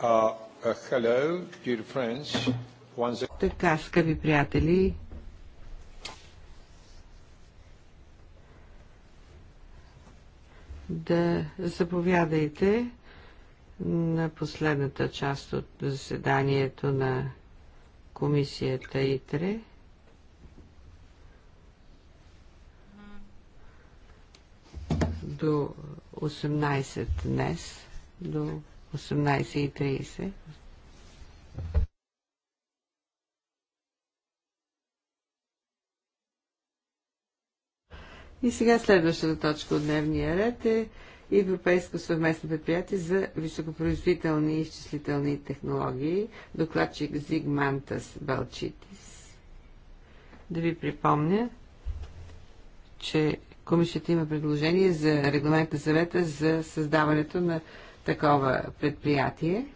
Uh, uh, така, скъпи приятели, да заповядайте на последната част от заседанието на комисията ИТРЕ. До 18 днес, до 18.30. И сега следващата точка от дневния ред е Европейско съвместно предприятие за високопроизводителни и изчислителни технологии. Докладчик Зигмантас Балчитис. Да ви припомня, че комисията има предложение за регламент на съвета за създаването на такова предприятие.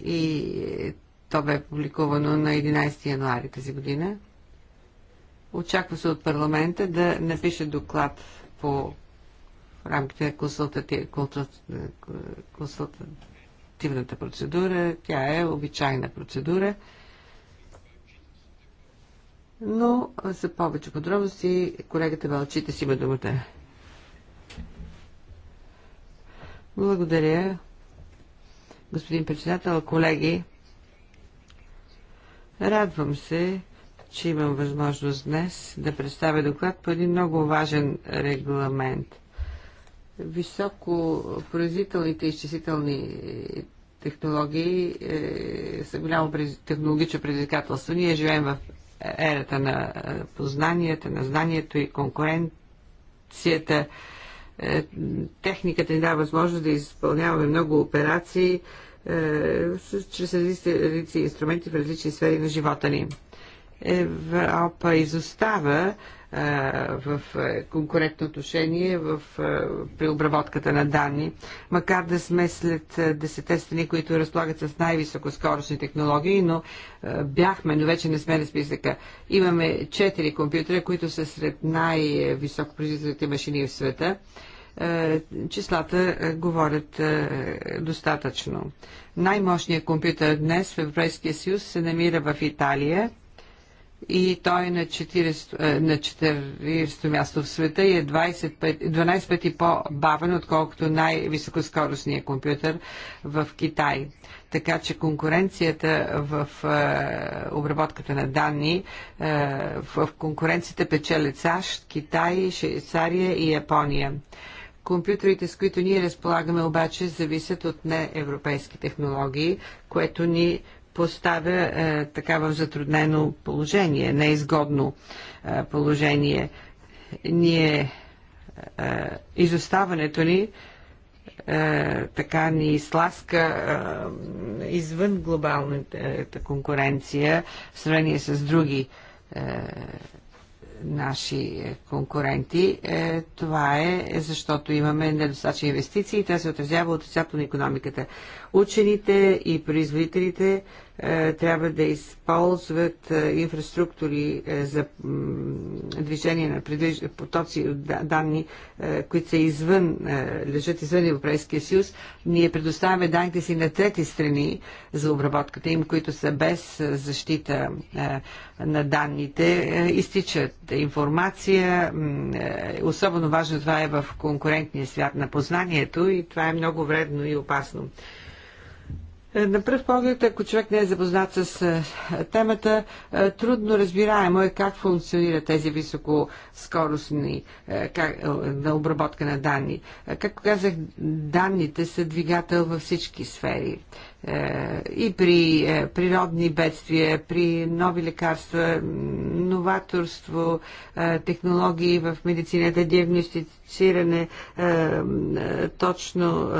И то бе публикувано на 11 януари тази година. Очаква се от парламента да напише доклад по в рамките на консултати... консултативната процедура. Тя е обичайна процедура. Но за повече подробности колегата Валчите си има думата. Благодаря, господин председател, колеги. Радвам се, че имам възможност днес да представя доклад по един много важен регламент. Високо производителните изчислителни технологии е, са голямо технологично предизвикателство. Ние живеем в ерата на е, познанията, на знанието и конкуренцията е, техниката ни дава възможност да изпълняваме много операции е, чрез различни инструменти в различни сфери на живота ни. Европа изостава в конкурентно отношение в, при обработката на данни, макар да сме след десете страни, които разполагат с най-високоскоростни технологии, но бяхме, но вече не сме на списъка. Имаме четири компютъра, които са сред най-високопроизводителните машини в света числата говорят достатъчно. Най-мощният компютър днес в Европейския съюз се намира в Италия и той на 40, е, на 40 място в света и е 12 пъти по-бавен, отколкото най-високоскоростния компютър в Китай. Така че конкуренцията в е, обработката на данни, е, в конкуренцията печелят САЩ, Китай, Швейцария и Япония. Компютрите, с които ние разполагаме обаче, зависят от неевропейски технологии, което ни поставя е, така в затруднено положение, неизгодно е, положение. Ние е, изоставането ни е, така ни сласка е, извън глобалната конкуренция в сравнение с други е, наши конкуренти. Това е защото имаме недостатъчни инвестиции и те се отразява отрицателно на економиката. Учените и производителите е, трябва да използват е, инфраструктури е, за движение на потоци от данни, които са извън, лежат извън Европейския съюз. Ние предоставяме данните си на трети страни за обработката им, които са без защита на данните. Изтичат информация. Особено важно това е в конкурентния свят на познанието и това е много вредно и опасно. Е, на пръв поглед, ако човек не е запознат с е, темата, е, трудно разбираемо е как функционира тези високоскоростни на обработка на данни. Както казах, данните са двигател във всички сфери е, и при е, природни бедствия, при нови лекарства, новаторство, е, технологии в медицината, диагностициране, точно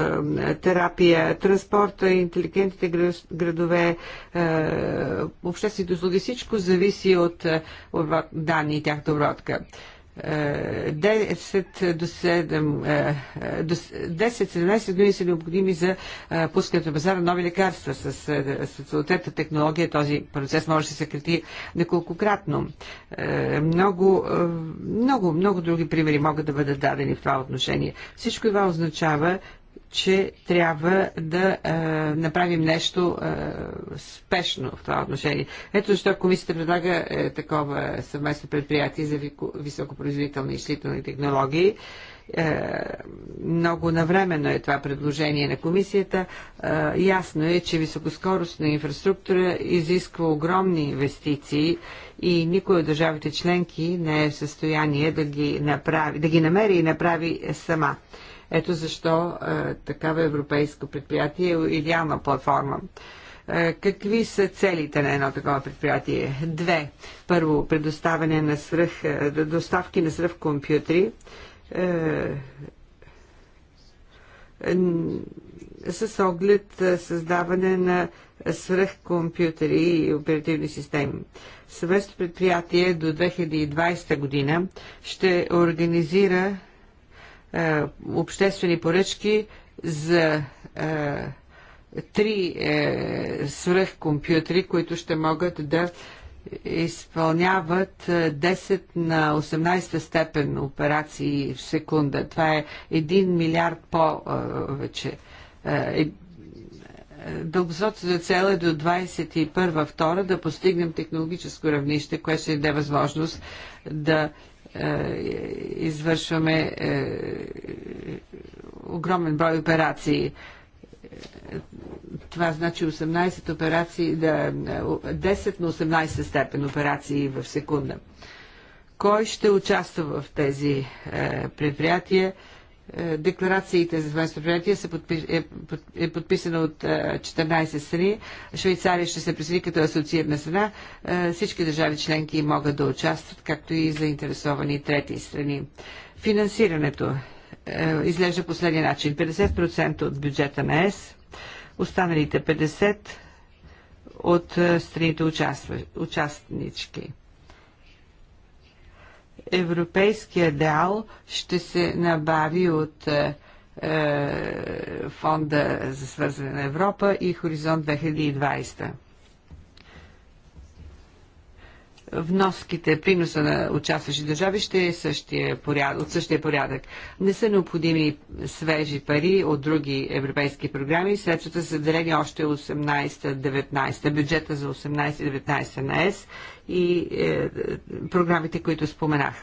терапия, транспорта, интелигентните градове, обществените услуги, всичко зависи от данни и тяхната обработка. 10 до 7, 10-17 е, години са необходими за е, пускането на пазара нови лекарства. С, е, с технология този процес може да се съкрати неколкократно. Много, много, много други примери могат да бъдат дадени в това отношение. Всичко това означава, че трябва да е, направим нещо е, спешно в това отношение. Ето защо комисията предлага е, такова съвместно предприятие за високопроизводителни и изчислителни технологии. Е, много навременно е това предложение на комисията. Е, ясно е, че високоскоростна инфраструктура изисква огромни инвестиции и никой от държавите членки не е в състояние да ги, направи, да ги намери и направи сама. Ето защо е, такава европейско предприятие е идеална платформа. Е, какви са целите на едно такова предприятие? Две. Първо, предоставяне на свръх, е, доставки на свръх компютри. Е, с оглед е, създаване на свръхкомпютъри и оперативни системи. Съвместно предприятие до 2020 година ще организира е, обществени поръчки за е, три е, свръхкомпютри, които ще могат да изпълняват 10 на 18 степен операции в секунда. Това е 1 милиард повече. за цел е до 21-2 да постигнем технологическо равнище, което ще даде възможност да е, извършваме е, огромен брой операции. Това значи 18 операции, да, 10 на 18 степен операции в секунда. Кой ще участва в тези е, предприятия? Е, декларациите за предприятия е, е подписана от 14 е, страни. Швейцария ще се присъедини като асоциирана страна. Всички държави членки могат да участват, както и заинтересовани трети страни. Финансирането изглежда последния начин. 50% от бюджета на ЕС, останалите 50% от страните участнички европейския дял ще се набави от е, е, Фонда за свързване на Европа и Хоризонт 2020. вноските, приноса на участващи държави ще е същия порядък, от същия порядък. Не са необходими свежи пари от други европейски програми. Средствата са заделени още 18-19. Бюджета за 18-19 на ЕС и е, програмите, които споменах.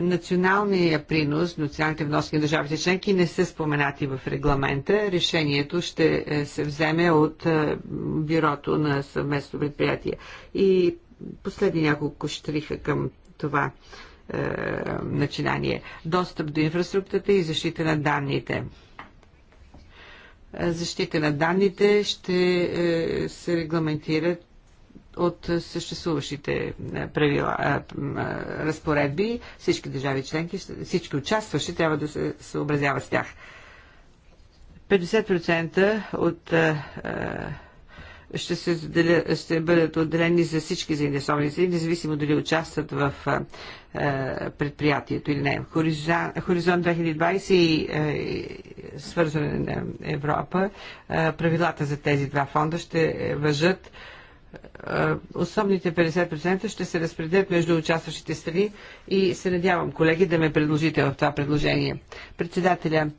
Националният принос, националните вноски на държавите членки не са споменати в регламента. Решението ще е, се вземе от е, бюрото на съвместно предприятие. И последни няколко штриха към това е, начинание. Достъп до инфраструктурата и защита на данните защита на данните ще е, се регламентират от съществуващите е, правила, е, е, разпоредби. Всички държави членки, всички участващи трябва да се съобразяват с тях. 50% от ще, се заделя, ще бъдат отделени за всички заинтересовани страни, независимо дали участват в предприятието или не. Хоризонт, 2020 и е, свързване на Европа, правилата за тези два фонда ще въжат Основните 50% ще се разпределят между участващите страни и се надявам, колеги, да ме предложите в това предложение. Председателя,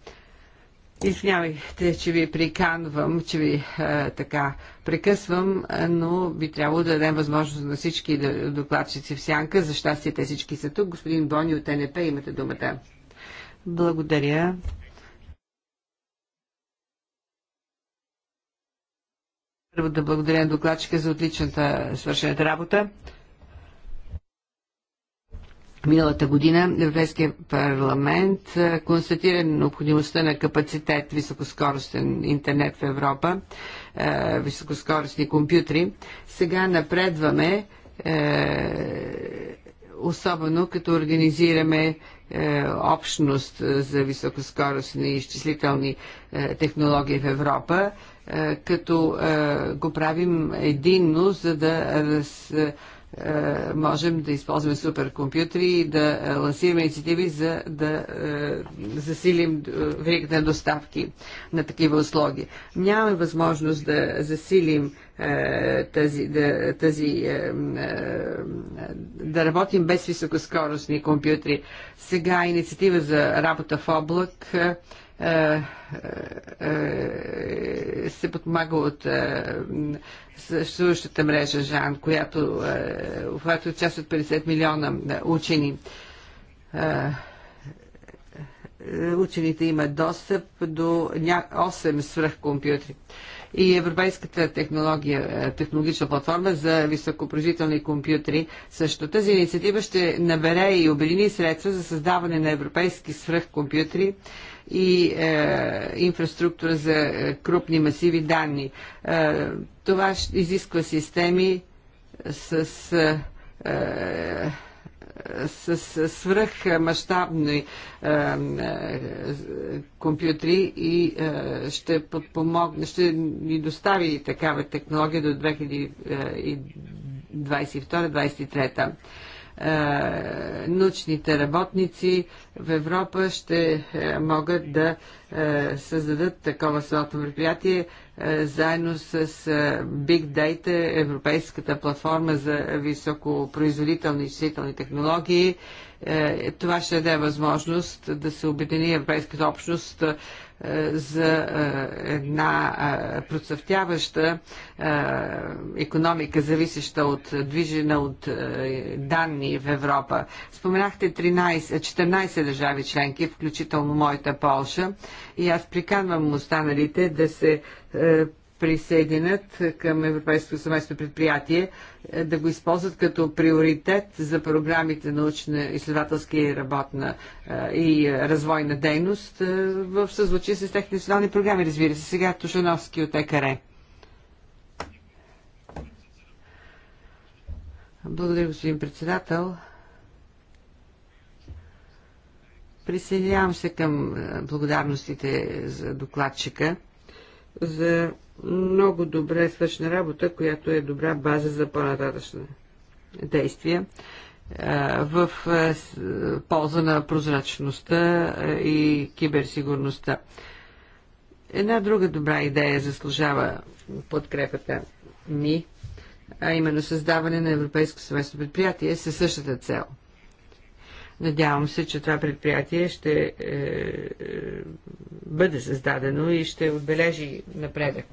Извинявайте, че ви приканвам, че ви а, така прекъсвам, но би трябвало да дадем възможност на всички докладчици в сянка. За щастие те всички са тук. Господин Бони от НП, имате думата. Благодаря. Първо да благодаря на докладчика за отличната свършената работа. Миналата година Европейския парламент констатира необходимостта на капацитет високоскоростен интернет в Европа, високоскоростни компютри. Сега напредваме, особено като организираме общност за високоскоростни изчислителни технологии в Европа е, като е, го правим единно, за да раз, е, можем да използваме суперкомпютри и да лансираме инициативи за да засилим веригата на доставки на такива услуги. Нямаме възможност да засилим тази, да, тази, да работим без високоскоростни компютри. Сега инициатива за работа в облак е, е, е, се подпомага от съществуващата мрежа ЖАН, която обхватва част от 50 милиона учени. Учените имат достъп до 8 свръхкомпютри и Европейската технология, технологична платформа за високопрожителни компютри. Също тази инициатива ще набере и обедини средства за създаване на европейски свръхкомпютри, и е, инфраструктура за е, крупни масиви данни. Е, това изисква системи с. Е, е с свръхмащабни е, е, компютри и е, ще подпомогне, ще ни достави такава технология до 2022-2023. Е, научните работници в Европа ще е, могат да е, създадат такова своето мероприятие, заедно с Big Data, Европейската платформа за високопроизводителни и числителни технологии е, това ще даде възможност да се обедини Европейската общност е, за е, една процъфтяваща економика, зависеща от движена от данни в Европа. Споменахте 13, 14 държави членки, включително моята Полша, и аз приканвам останалите да се присъединят към Европейското съвместно предприятие, е, да го използват като приоритет за програмите научна, изследователска и работна е, и развойна дейност е, в съзвучие с техните национални програми, разбира се. Сега Тушановски от ЕКР. Благодаря, господин председател. Присъединявам се към благодарностите за докладчика за много добре свършена работа, която е добра база за по-нататъчна действия в полза на прозрачността и киберсигурността. Една друга добра идея заслужава подкрепата ни, а именно създаване на Европейско съвместно предприятие със същата цел. Надявам се, че това предприятие ще е, е, бъде създадено и ще отбележи напредък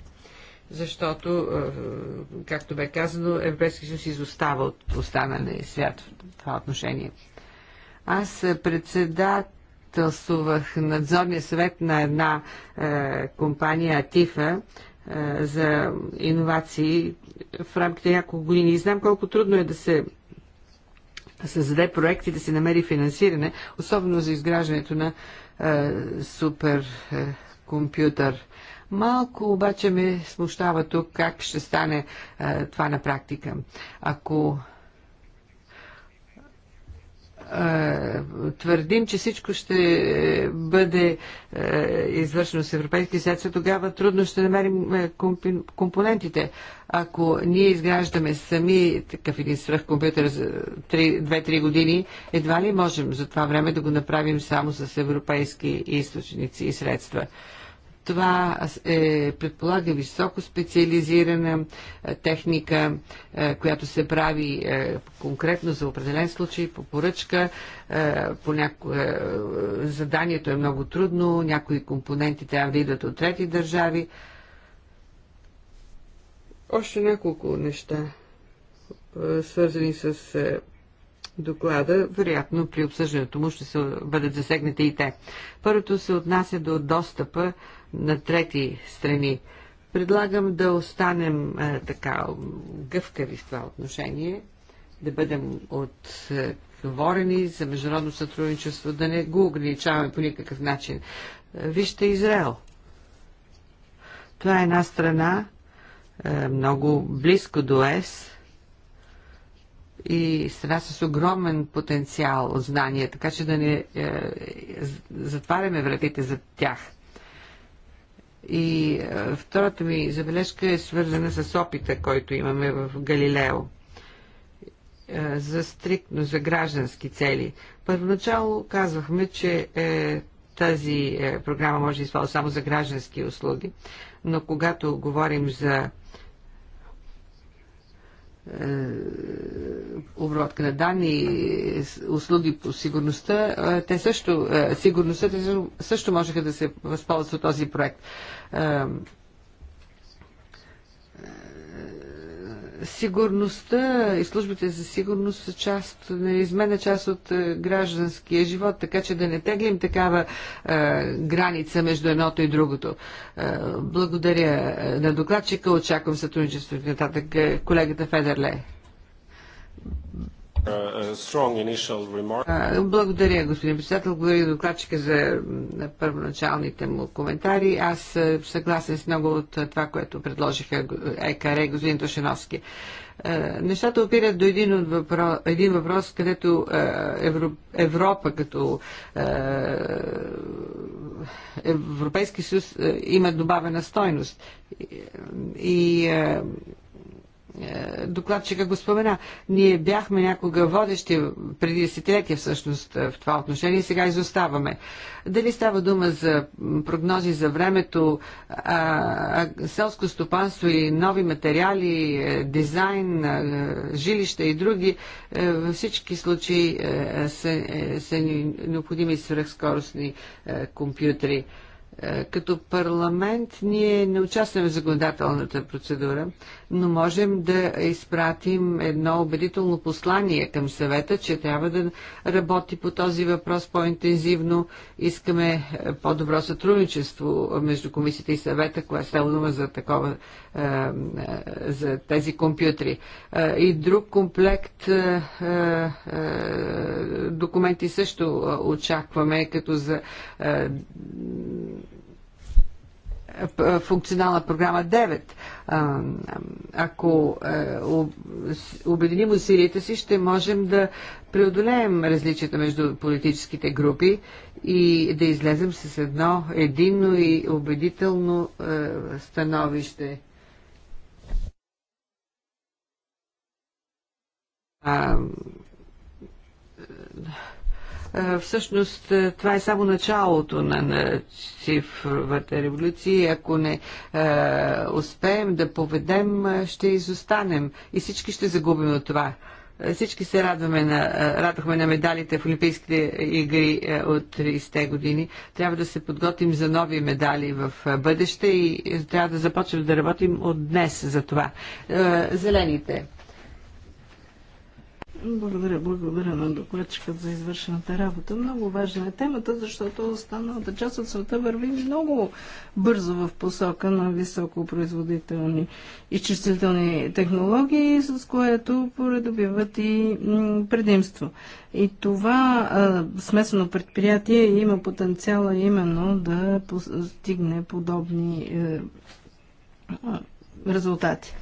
защото, е, както бе казано, Европейския съюз изостава от останалия свят в това отношение. Аз председателствах надзорния съвет на една е, компания Атифа е, за иновации в рамките на няколко години и знам колко трудно е да се създаде проект и да се намери финансиране, особено за изграждането на е, суперкомпютър. Е, Малко обаче ме смущава тук как ще стане а, е, това на практика. Ако е, твърдим, че всичко ще бъде е, извършено с европейски средства, тогава трудно ще намерим компонентите. Ако ние изграждаме сами такъв един свръхкомпютър за 2-3 години, едва ли можем за това време да го направим само с европейски източници и средства. Това е, предполага високо специализирана е, техника, е, която се прави е, конкретно за определен случай, по поръчка. няко... заданието е много трудно, някои компоненти трябва да идват от трети държави. Още няколко неща, свързани с доклада, вероятно при обсъждането му ще се бъдат засегнати и те. Първото се отнася до достъпа на трети страни. Предлагам да останем а, така гъвкави в това отношение, да бъдем отговорени за международно сътрудничество, да не го ограничаваме по никакъв начин. Вижте Израел. Това е една страна а, много близко до ЕС и страна с огромен потенциал знания, така че да не е, е затваряме вратите за тях. И е, втората ми забележка е свързана с опита, който имаме в Галилео е, за стриктно, за граждански цели. Първоначало казвахме, че е, тази е, програма може да използва само за граждански услуги, но когато говорим за е, обработка на данни, услуги по сигурността, е, те също, е, сигурността те също, също можеха да се възползват от този проект Сигурността и службите за сигурност са част, неизменна част от е, гражданския живот, така че да не теглим такава е, граница между едното и другото. Е, благодаря е, на докладчика, очаквам сътрудничеството нататък е, колегата Федерле. Благодаря, господин председател. Благодаря докладчика за първоначалните му коментари. Аз съгласен с много от това, което предложиха ЕКАРЕ, господин Тошеновски. Нещата опират до един, от въпрос, един въпрос, където Европа като Европейски съюз има добавена стойност. И е, докладчика го спомена. Ние бяхме някога водещи преди десетилетия всъщност е, в това отношение и сега изоставаме. Дали става дума за прогнози за времето, а, а, селско стопанство и нови материали, е, дизайн, а, жилища и други, а, във всички случаи а, са, а, са необходими свръхскоростни а, компютри. А, като парламент ние не участваме в законодателната процедура но можем да изпратим едно убедително послание към съвета, че трябва да работи по този въпрос по-интензивно. Искаме е, по-добро сътрудничество между комисията и съвета, което става дума за такова, е, е, за тези компютри. И друг комплект документи също очакваме, като за функционална програма 9. Ако е, обединим усилията си, ще можем да преодолеем различията между политическите групи и да излезем с едно единно и убедително е, становище. А, Всъщност това е само началото на, на цифровата революция. Ако не успеем да поведем, ще изостанем и всички ще загубим от това. Всички се радваме на, радвахме на медалите в Олимпийските игри от 30-те години. Трябва да се подготвим за нови медали в бъдеще и трябва да започнем да работим от днес за това. Зелените. Благодаря, благодаря на докладчика за извършената работа. Много важна е темата, защото останалата част от света върви много бързо в посока на високопроизводителни изчислителни технологии, с което придобиват и предимство. И това а, смесено предприятие има потенциала именно да постигне подобни е, резултати.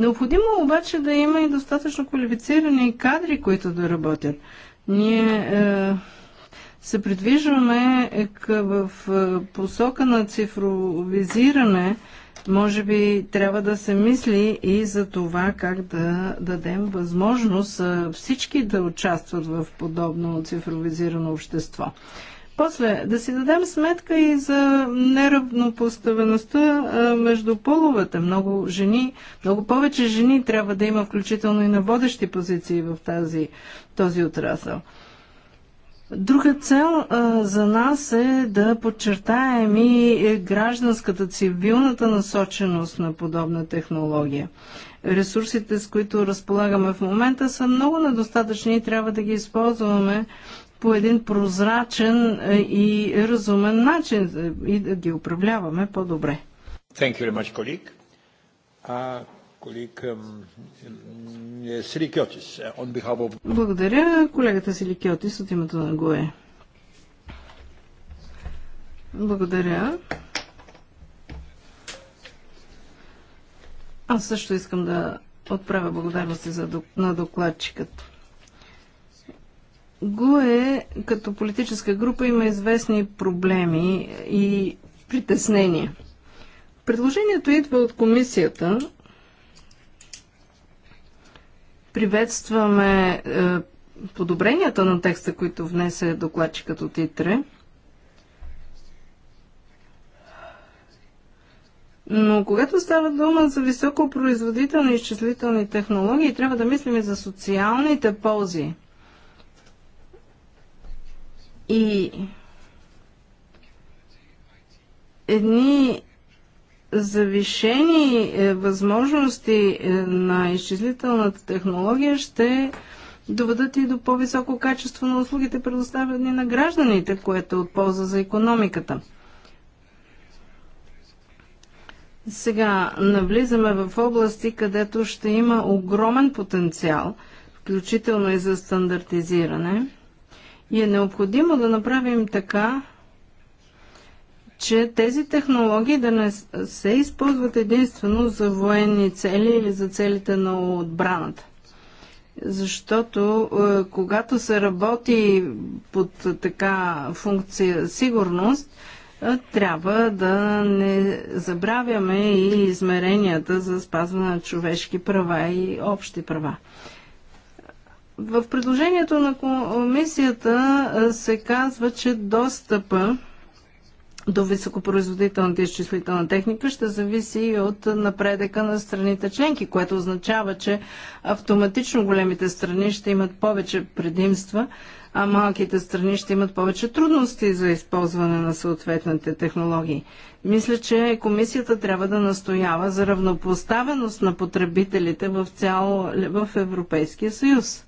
Необходимо е обаче да има и достатъчно квалифицирани кадри, които да работят. Ние е, се придвижваме в е, посока на цифровизиране. Може би трябва да се мисли и за това как да дадем възможност е, всички да участват в подобно цифровизирано общество. После, да си дадем сметка и за неравнопоставеността между половете. Много жени, много повече жени трябва да има, включително и на водещи позиции в тази, този отрасъл. Друга цел а, за нас е да подчертаем и гражданската, цивилната насоченост на подобна технология. Ресурсите, с които разполагаме в момента, са много недостатъчни и трябва да ги използваме по един прозрачен е, и разумен начин е, и да ги управляваме по-добре. Thank you very much, colleague. Е, on behalf of... Благодаря, колегата Силикиотис от името на ГОЕ. Благодаря. Аз също искам да отправя благодарности за, на докладчикът. ГУЕ като политическа група има известни проблеми и притеснения. Предложението идва от комисията. Приветстваме е, подобренията на текста, които внесе докладчикът от ИТРЕ. Но когато става дума за високопроизводителни изчислителни технологии, трябва да мислим и за социалните ползи. И едни завишени е, възможности е, на изчислителната технология ще доведат и до по-високо качество на услугите, предоставени на гражданите, което е от полза за економиката. Сега навлизаме в области, където ще има огромен потенциал, включително и за стандартизиране – и е необходимо да направим така, че тези технологии да не се използват единствено за военни цели или за целите на отбраната. Защото е, когато се работи под е, така функция сигурност, е, трябва да не забравяме и измеренията за спазване на човешки права и общи права. В предложението на комисията се казва, че достъпа до високопроизводителната изчислителна техника ще зависи и от напредъка на страните членки, което означава, че автоматично големите страни ще имат повече предимства, а малките страни ще имат повече трудности за използване на съответните технологии. Мисля, че комисията трябва да настоява за равнопоставеност на потребителите в цяло в Европейския съюз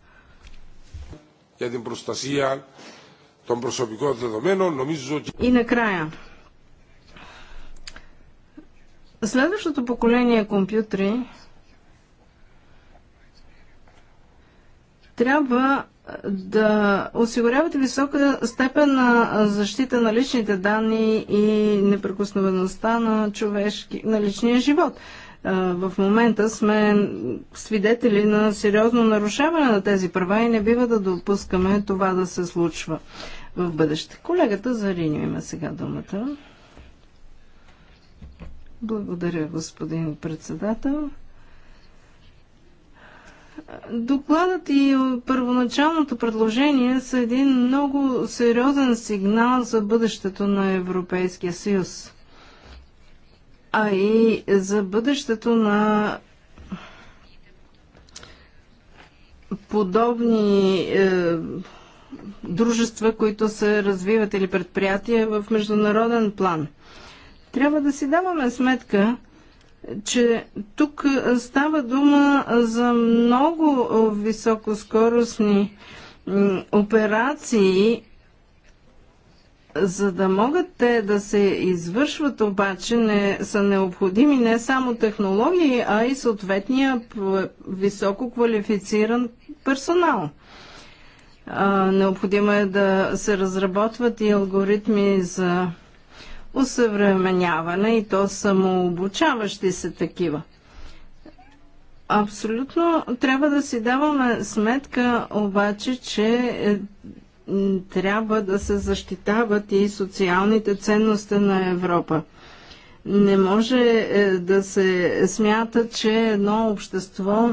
για την προστασία των προσωπικών δεδομένων. Νομίζω... ότι... Είναι κράια. Следващото поколение компютри трябва да осигуряват висока степен на защита на личните данни и неприкосновеността на, човешки, на личния живот в момента сме свидетели на сериозно нарушаване на тези права и не бива да допускаме това да се случва в бъдеще. Колегата Зарини има сега думата. Благодаря, господин председател. Докладът и първоначалното предложение са един много сериозен сигнал за бъдещето на Европейския съюз а и за бъдещето на подобни е, дружества, които се развиват или предприятия в международен план. Трябва да си даваме сметка, че тук става дума за много високоскоростни операции за да могат те да се извършват обаче не, са необходими не само технологии, а и съответния високо квалифициран персонал. А, необходимо е да се разработват и алгоритми за усъвременяване и то самообучаващи се такива. Абсолютно трябва да си даваме сметка обаче, че е, трябва да се защитават и социалните ценности на Европа. Не може е, да се смята, че едно общество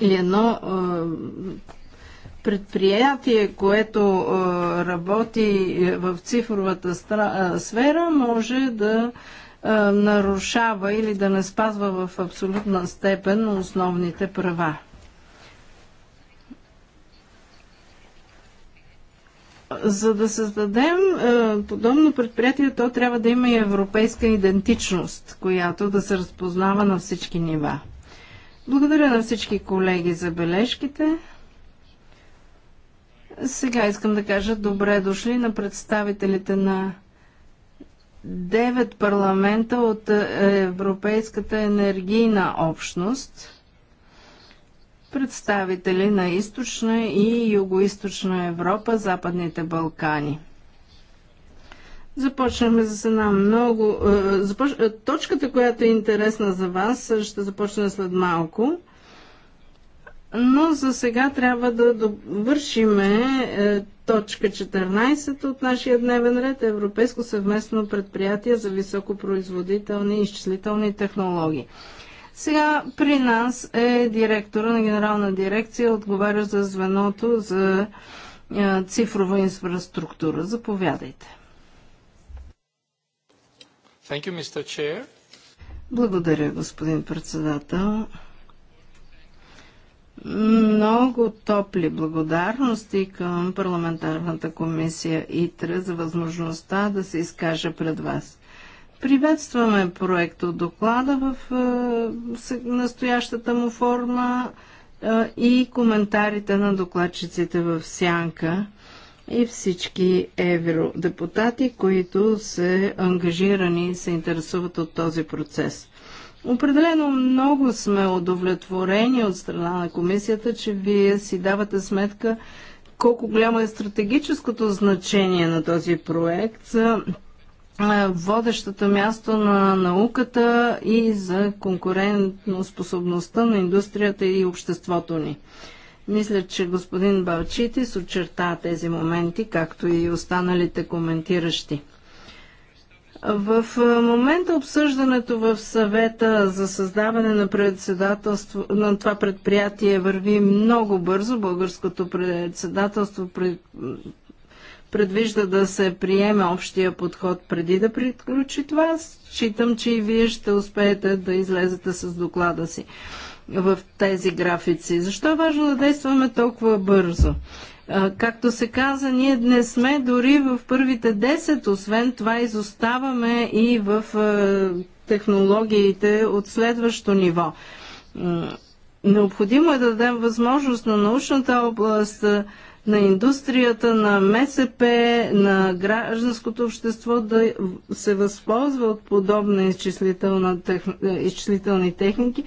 или едно е, предприятие, което е, работи в цифровата сфера, може да нарушава или да не спазва в абсолютна степен основните права. за да създадем е, подобно предприятие, то трябва да има и европейска идентичност, която да се разпознава на всички нива. Благодаря на всички колеги за бележките. Сега искам да кажа добре дошли на представителите на девет парламента от е, Европейската енергийна общност представители на източна и югоизточна Европа, Западните Балкани. Започваме с една много... Е, започ... Е, точката, която е интересна за вас, е, ще започне след малко. Но за сега трябва да довършиме е, точка 14 от нашия дневен ред Европейско съвместно предприятие за високопроизводителни и изчислителни технологии. Сега при нас е директора на генерална дирекция, отговаря за звеното за е, цифрова инфраструктура. Заповядайте. Thank you, Mr. Chair. Благодаря, господин председател. Много топли благодарности към парламентарната комисия ИТРА за възможността да се изкажа пред вас. Приветстваме от доклада в е, настоящата му форма е, и коментарите на докладчиците в Сянка и всички евродепутати, които са ангажирани и се интересуват от този процес. Определено много сме удовлетворени от страна на комисията, че вие си давате сметка колко голямо е стратегическото значение на този проект за водещото място на науката и за конкурентно способността на индустрията и обществото ни. Мисля, че господин Балчитис очерта тези моменти, както и останалите коментиращи. В момента обсъждането в съвета за създаване на председателство на това предприятие върви много бързо. Българското председателство предвижда да се приеме общия подход преди да приключи това. Считам, че и вие ще успеете да излезете с доклада си в тези графици. Защо е важно да действаме толкова бързо? Както се каза, ние не сме дори в първите 10, освен това изоставаме и в технологиите от следващо ниво. Необходимо е да дадем възможност на научната област на индустрията, на МСП, на гражданското общество да се възползва от подобна изчислителна изчислителни техники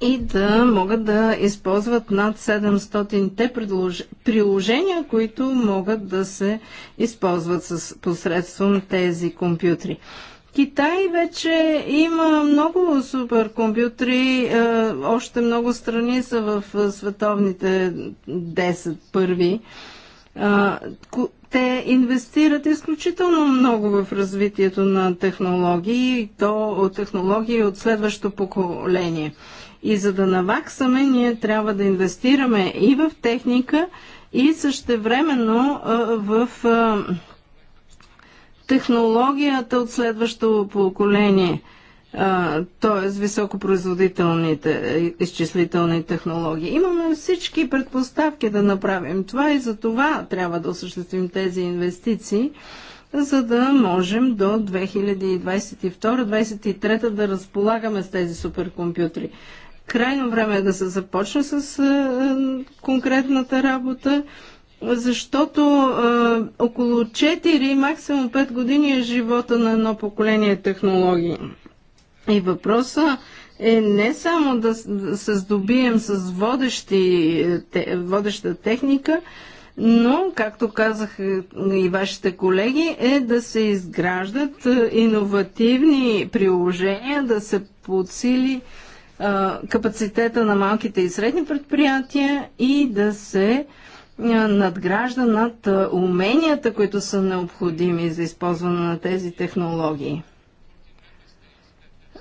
и да могат да използват над 700-те приложения, които могат да се използват с посредством тези компютри. Китай вече има много суперкомпютри, е, още много страни са в е, световните 10 първи. Е, те инвестират изключително много в развитието на технологии, то технологии от следващо поколение. И за да наваксаме, ние трябва да инвестираме и в техника, и същевременно в технологията от следващото поколение, т.е. високопроизводителните е, изчислителни технологии. Имаме всички предпоставки да направим това и за това трябва да осъществим тези инвестиции, за да можем до 2022-2023 да разполагаме с тези суперкомпютри. Крайно време е да се започне с е, е, конкретната работа защото а, около 4, максимум 5 години е живота на едно поколение технологии. И въпросът е не само да се здобием с водещи, е, те, водеща техника, но, както казах и вашите колеги, е да се изграждат е, иновативни приложения, да се подсили а, е, капацитета на малките и средни предприятия и да се а, надгражда над уменията, които са необходими за използване на тези технологии.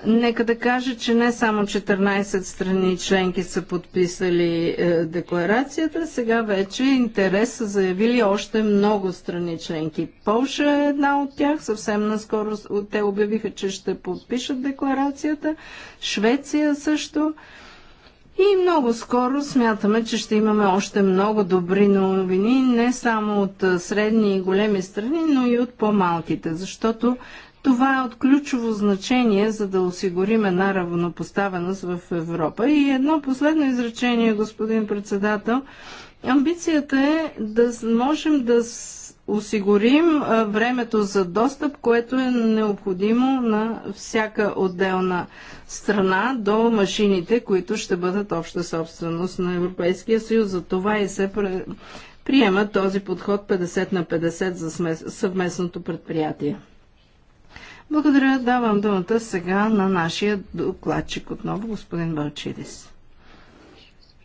Нека да кажа, че не само 14 страни членки са подписали е, декларацията, сега вече интерес са заявили още много страни членки. Полша е една от тях, съвсем наскоро те обявиха, че ще подпишат декларацията. Швеция също. Е, и много скоро смятаме, че ще имаме още много добри новини, не само от средни и големи страни, но и от по-малките, защото това е от ключово значение, за да осигурим една равнопоставеност в Европа. И едно последно изречение, господин председател. Амбицията е да можем да осигурим времето за достъп, което е необходимо на всяка отделна страна до машините, които ще бъдат обща собственост на Европейския съюз. За това и се приема този подход 50 на 50 за съвместното предприятие. Благодаря. Давам думата сега на нашия докладчик отново, господин Балчидис.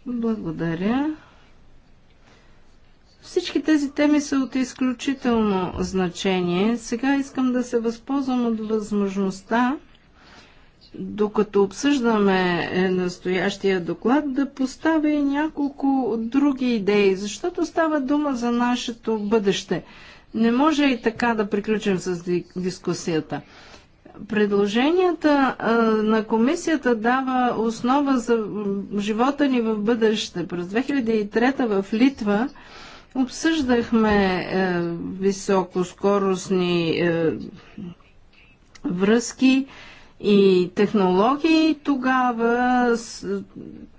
Благодаря. Всички тези теми са от изключително значение. Сега искам да се възползвам от възможността, докато обсъждаме е, настоящия доклад, да поставя и няколко други идеи, защото става дума за нашето бъдеще. Не може и така да приключим с дискусията. Предложенията на комисията дава основа за живота ни в бъдеще. През 2003 в Литва Обсъждахме е, високоскоростни е, връзки и технологии. Тогава с,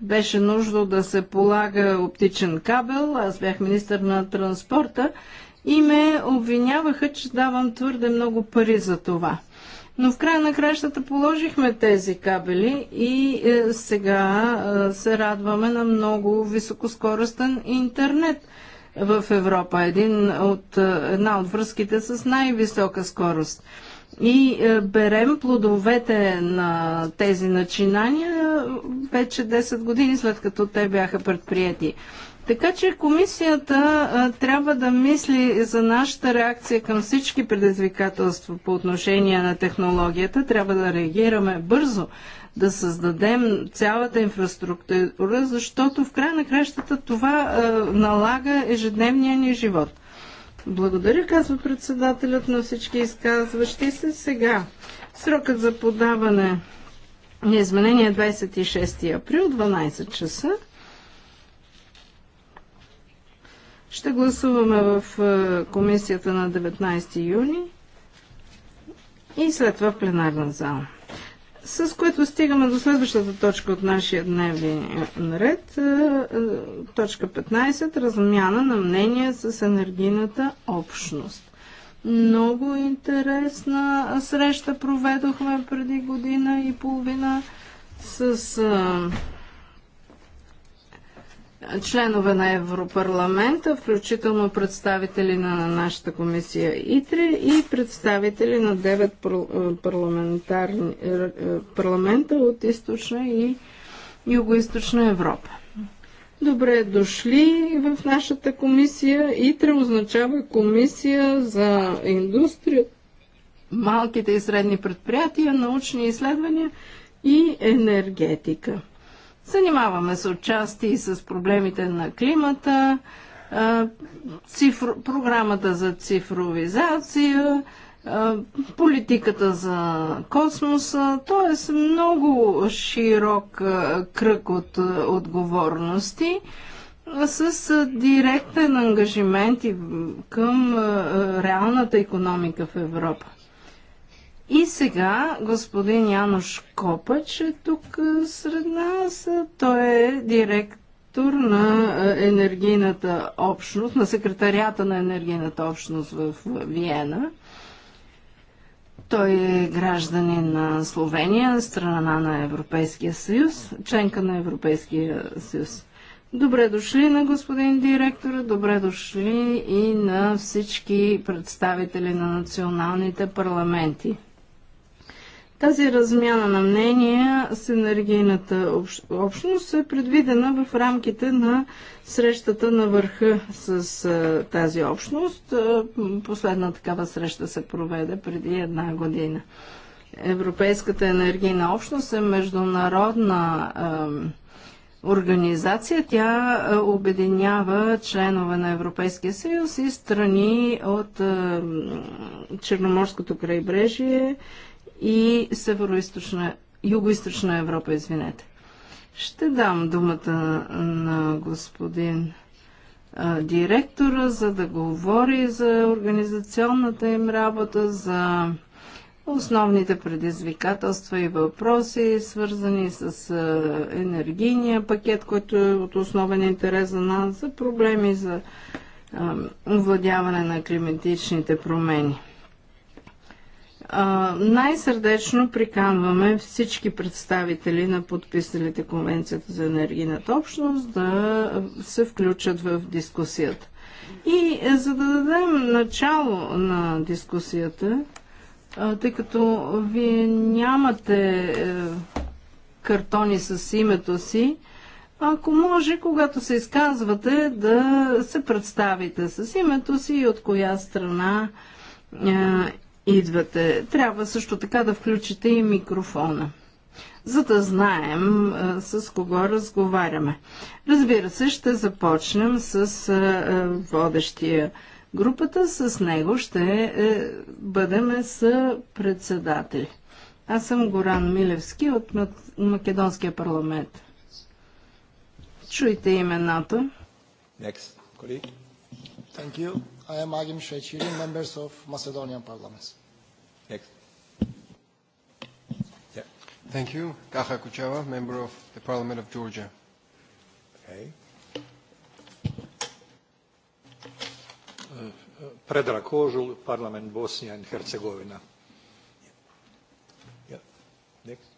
беше нужно да се полага оптичен кабел. Аз бях министър на транспорта и ме обвиняваха, че давам твърде много пари за това. Но в края на кращата положихме тези кабели и е, сега е, се радваме на много високоскоростен интернет в Европа. Един от, е, една от връзките с най-висока скорост. И е, берем плодовете на тези начинания вече 10 години след като те бяха предприяти. Така че комисията е, трябва да мисли за нашата реакция към всички предизвикателства по отношение на технологията. Трябва да реагираме бързо, да създадем цялата инфраструктура, защото в край на кращата това а, е, налага ежедневния ни живот. Благодаря, казва председателят на всички изказващи се сега. Срокът за подаване на изменение 26 април, 12 часа. Ще гласуваме в е, комисията на 19 юни и след това в пленарна зала. С което стигаме до следващата точка от нашия дневен ред. Е, е, точка 15. Размяна на мнение с енергийната общност. Много интересна среща проведохме преди година и половина с е, членове на Европарламента, включително представители на нашата комисия ИТРИ и представители на 9 е, е, парламента от източна и югоизточна Европа. Добре дошли в нашата комисия. ИТРА означава комисия за индустрия, малките и средни предприятия, научни изследвания и енергетика. Занимаваме се отчасти и с проблемите на климата, цифро, програмата за цифровизация, политиката за космоса, т.е. много широк кръг от отговорности с директен ангажимент към реалната економика в Европа. И сега господин Янош Копач е тук е, сред нас. Той е директор на е, енергийната общност, на секретарията на енергийната общност в Виена. Той е гражданин на Словения, страна на Европейския съюз, членка на Европейския съюз. Добре дошли на господин директора, добре дошли и на всички представители на националните парламенти. Тази размяна на мнения с енергийната общност е предвидена в рамките на срещата на върха с тази общност. Последна такава среща се проведе преди една година. Европейската енергийна общност е международна организация. Тя обединява членове на Европейския съюз и страни от Черноморското крайбрежие, и Северо-Источна, Юго-Источна Европа, извинете. Ще дам думата на господин а, директора, за да говори за организационната им работа, за основните предизвикателства и въпроси, свързани с енергийния пакет, който е от основен интерес за нас, за проблеми за овладяване на климатичните промени най-сърдечно приканваме всички представители на подписалите Конвенцията за енергийната общност да се включат в дискусията. И е, за да дадем начало на дискусията, тъй като вие нямате е, картони с името си, ако може, когато се изказвате, да се представите с името си и от коя страна е, идвате. Трябва също така да включите и микрофона, за да знаем а, с кого разговаряме. Разбира се, ще започнем с а, водещия групата. С него ще а, е, бъдем с председатели. Аз съм Горан Милевски от Македонския парламент. Чуйте имената. Next, colleague. Thank you. I am Agim Shechiri, members of Macedonian Parliament. Next. Yeah. Thank you. Kaha Kuchava, member of the Parliament of Georgia. Okay. Predrag Kožul, Parliament Bosnia and Herzegovina. Yeah. Next.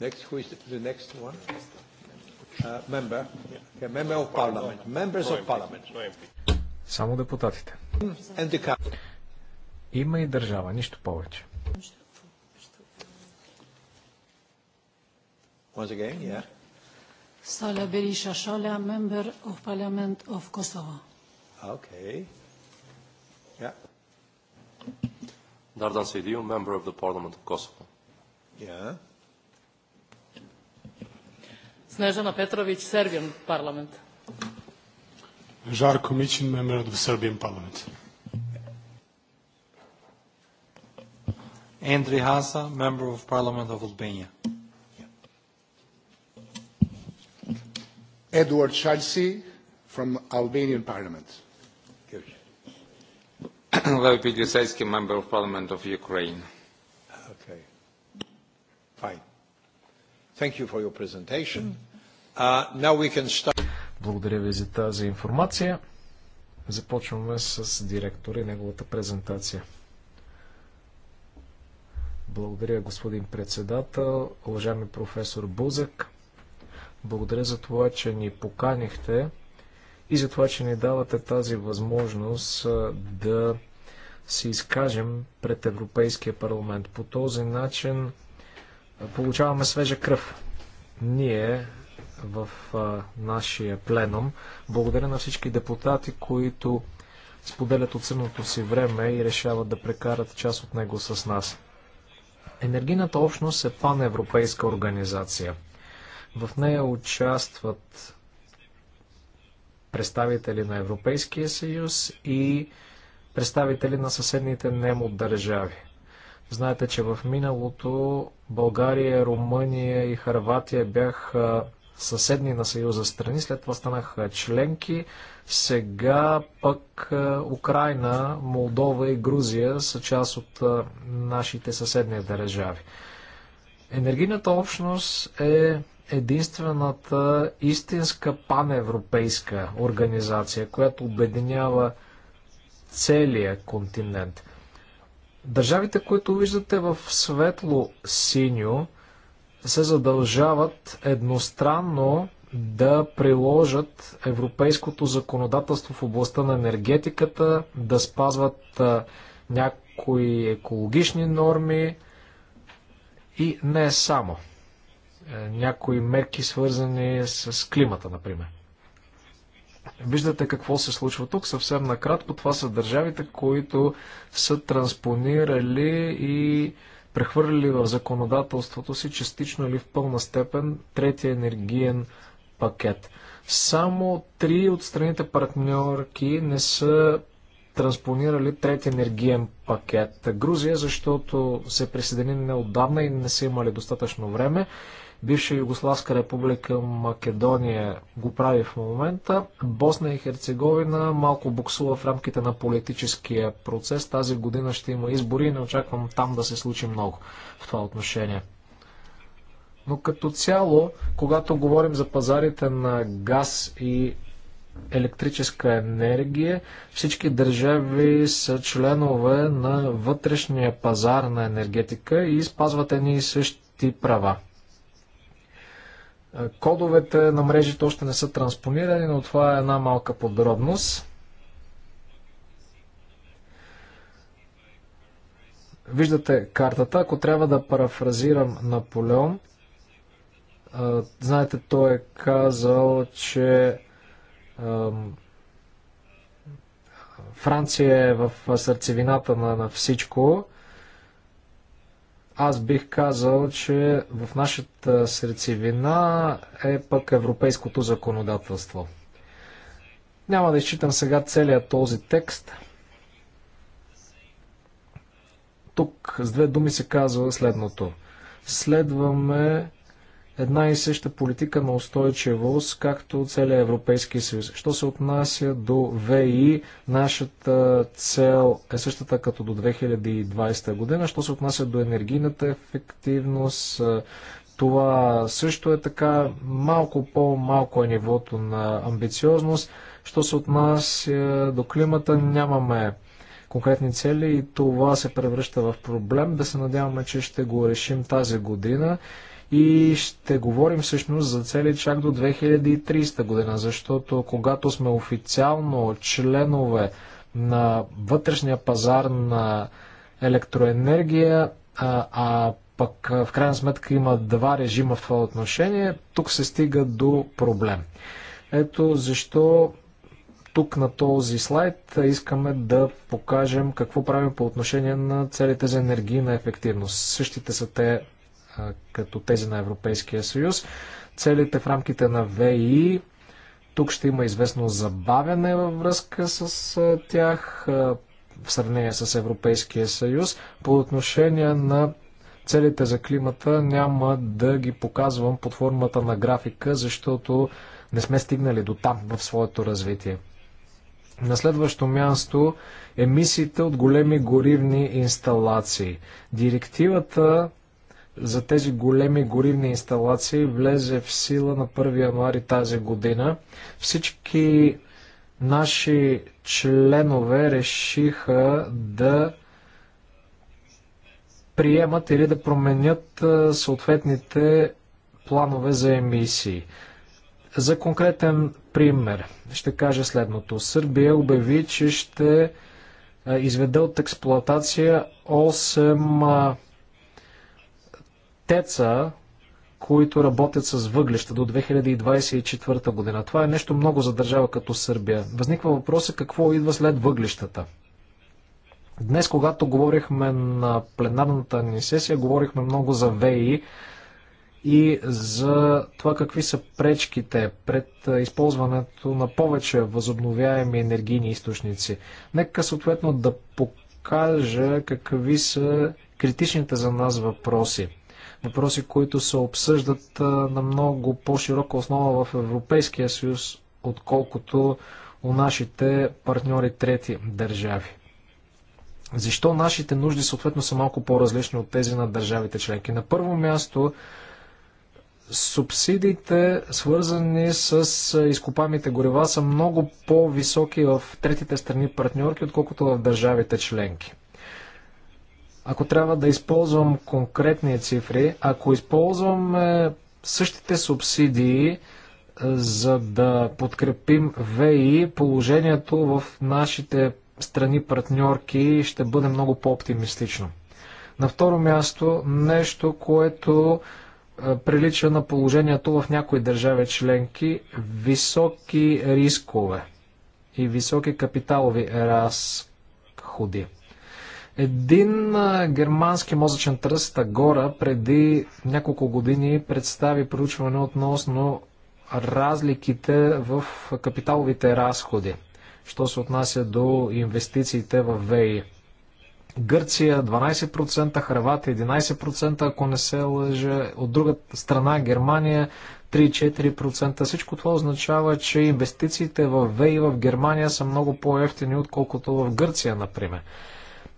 Next, who is the, next one? Uh, member. Yeah. Okay, member of Parliament. Members of Parliament. No само депутатите. Има и държава, нищо повече. Once again, yeah. Sala Berisha Shala, member of Parliament of Kosovo. Okay. Yeah. Dardan Sediu, member of the Parliament of Kosovo. Yeah. Snežana Petrović, Serbian Parliament. Žarko Komičin, member of the Serbian Parliament. Andri Hasa, member of Parliament of Albania. Edward Chalsi from Albanian Parliament. Lev Pidiseski, member of Parliament of Ukraine. Okay. Fine. Thank you for your presentation. Uh, now we can start. Благодаря ви за тази информация. Започваме с директора и неговата презентация. Благодаря, господин председател, уважаеми професор Бузък. Благодаря за това, че ни поканихте и за това, че ни давате тази възможност да се изкажем пред Европейския парламент. По този начин получаваме свежа кръв. Ние в а, нашия пленум. Благодаря на всички депутати, които споделят от ценното си време и решават да прекарат част от него с нас. Енергийната общност е паневропейска организация. В нея участват представители на Европейския съюз и представители на съседните немо държави. Знаете, че в миналото България, Румъния и Харватия бяха съседни на Съюза страни, след това станаха членки. Сега пък е, Украина, Молдова и Грузия са част от е, нашите съседни държави. Енергийната общност е единствената истинска паневропейска организация, която обединява целия континент. Държавите, които виждате в светло синьо, се задължават едностранно да приложат европейското законодателство в областта на енергетиката, да спазват някои екологични норми и не само. Е, някои мерки свързани с климата, например. Виждате какво се случва тук. Съвсем накратко това са държавите, които са транспонирали и прехвърлили в законодателството си частично или в пълна степен третия енергиен пакет. Само три от страните партньорки не са транспонирали трети енергиен пакет. Грузия, защото се присъедини неодавна и не са имали достатъчно време бивша Югославска република Македония го прави в момента. Босна и Херцеговина малко буксува в рамките на политическия процес. Тази година ще има избори и не очаквам там да се случи много в това отношение. Но като цяло, когато говорим за пазарите на газ и електрическа енергия, всички държави са членове на вътрешния пазар на енергетика и спазват едни и същи права. Кодовете на мрежите още не са транспонирани, но това е една малка подробност. Виждате картата. Ако трябва да парафразирам Наполеон, знаете, той е казал, че Франция е в сърцевината на, всичко. Аз бих казал, че в нашата сърцевина е пък европейското законодателство. Няма да изчитам сега целият този текст. Тук с две думи се казва следното. Следваме една и съща политика на устойчивост, както целият Европейски съюз. Що се отнася до ВИ, нашата цел е същата като до 2020 година. Що се отнася до енергийната ефективност, това също е така малко по-малко е нивото на амбициозност. Що се отнася до климата, нямаме конкретни цели и това се превръща в проблем. Да се надяваме, че ще го решим тази година и ще говорим всъщност за цели чак до 2300 година, защото когато сме официално членове на вътрешния пазар на електроенергия, а, а пък в крайна сметка има два режима в това отношение, тук се стига до проблем. Ето защо тук на този слайд искаме да покажем какво правим по отношение на целите за енергийна ефективност. Същите са те като тези на Европейския съюз. Целите в рамките на ВИ тук ще има известно забавяне във връзка с тях в сравнение с Европейския съюз. По отношение на целите за климата няма да ги показвам под формата на графика, защото не сме стигнали до там в своето развитие. На следващо място емисиите от големи горивни инсталации. Директивата за тези големи горивни инсталации влезе в сила на 1 януари тази година. Всички наши членове решиха да приемат или да променят съответните планове за емисии. За конкретен пример ще кажа следното. Сърбия обяви, че ще изведе от експлоатация 8 теца, които работят с въглеща до 2024 година. Това е нещо много за държава като Сърбия. Възниква въпроса какво идва след въглищата. Днес, когато говорихме на пленарната ни сесия, говорихме много за ВЕИ и за това какви са пречките пред използването на повече възобновяеми енергийни източници. Нека съответно да покажа какви са критичните за нас въпроси въпроси, които се обсъждат на много по-широка основа в Европейския съюз, отколкото у нашите партньори трети държави. Защо нашите нужди съответно са малко по-различни от тези на държавите членки? На първо място, субсидиите, свързани с изкопамите горива, са много по-високи в третите страни партньорки, отколкото в държавите членки. Ако трябва да използвам конкретни цифри, ако използваме същите субсидии, е, за да подкрепим ВИ, положението в нашите страни партньорки ще бъде много по-оптимистично. На второ място, нещо, което е, прилича на положението в някои държави членки, високи рискове и високи капиталови разходи. Един германски мозъчен тръст, Агора, преди няколко години представи проучване относно разликите в капиталовите разходи, що се отнася до инвестициите в ВЕИ. Гърция 12%, Хрватия 11%, ако не се лъжа. От друга страна Германия 3-4%. Всичко това означава, че инвестициите в ВЕИ в Германия са много по-ефтини, отколкото в Гърция, например.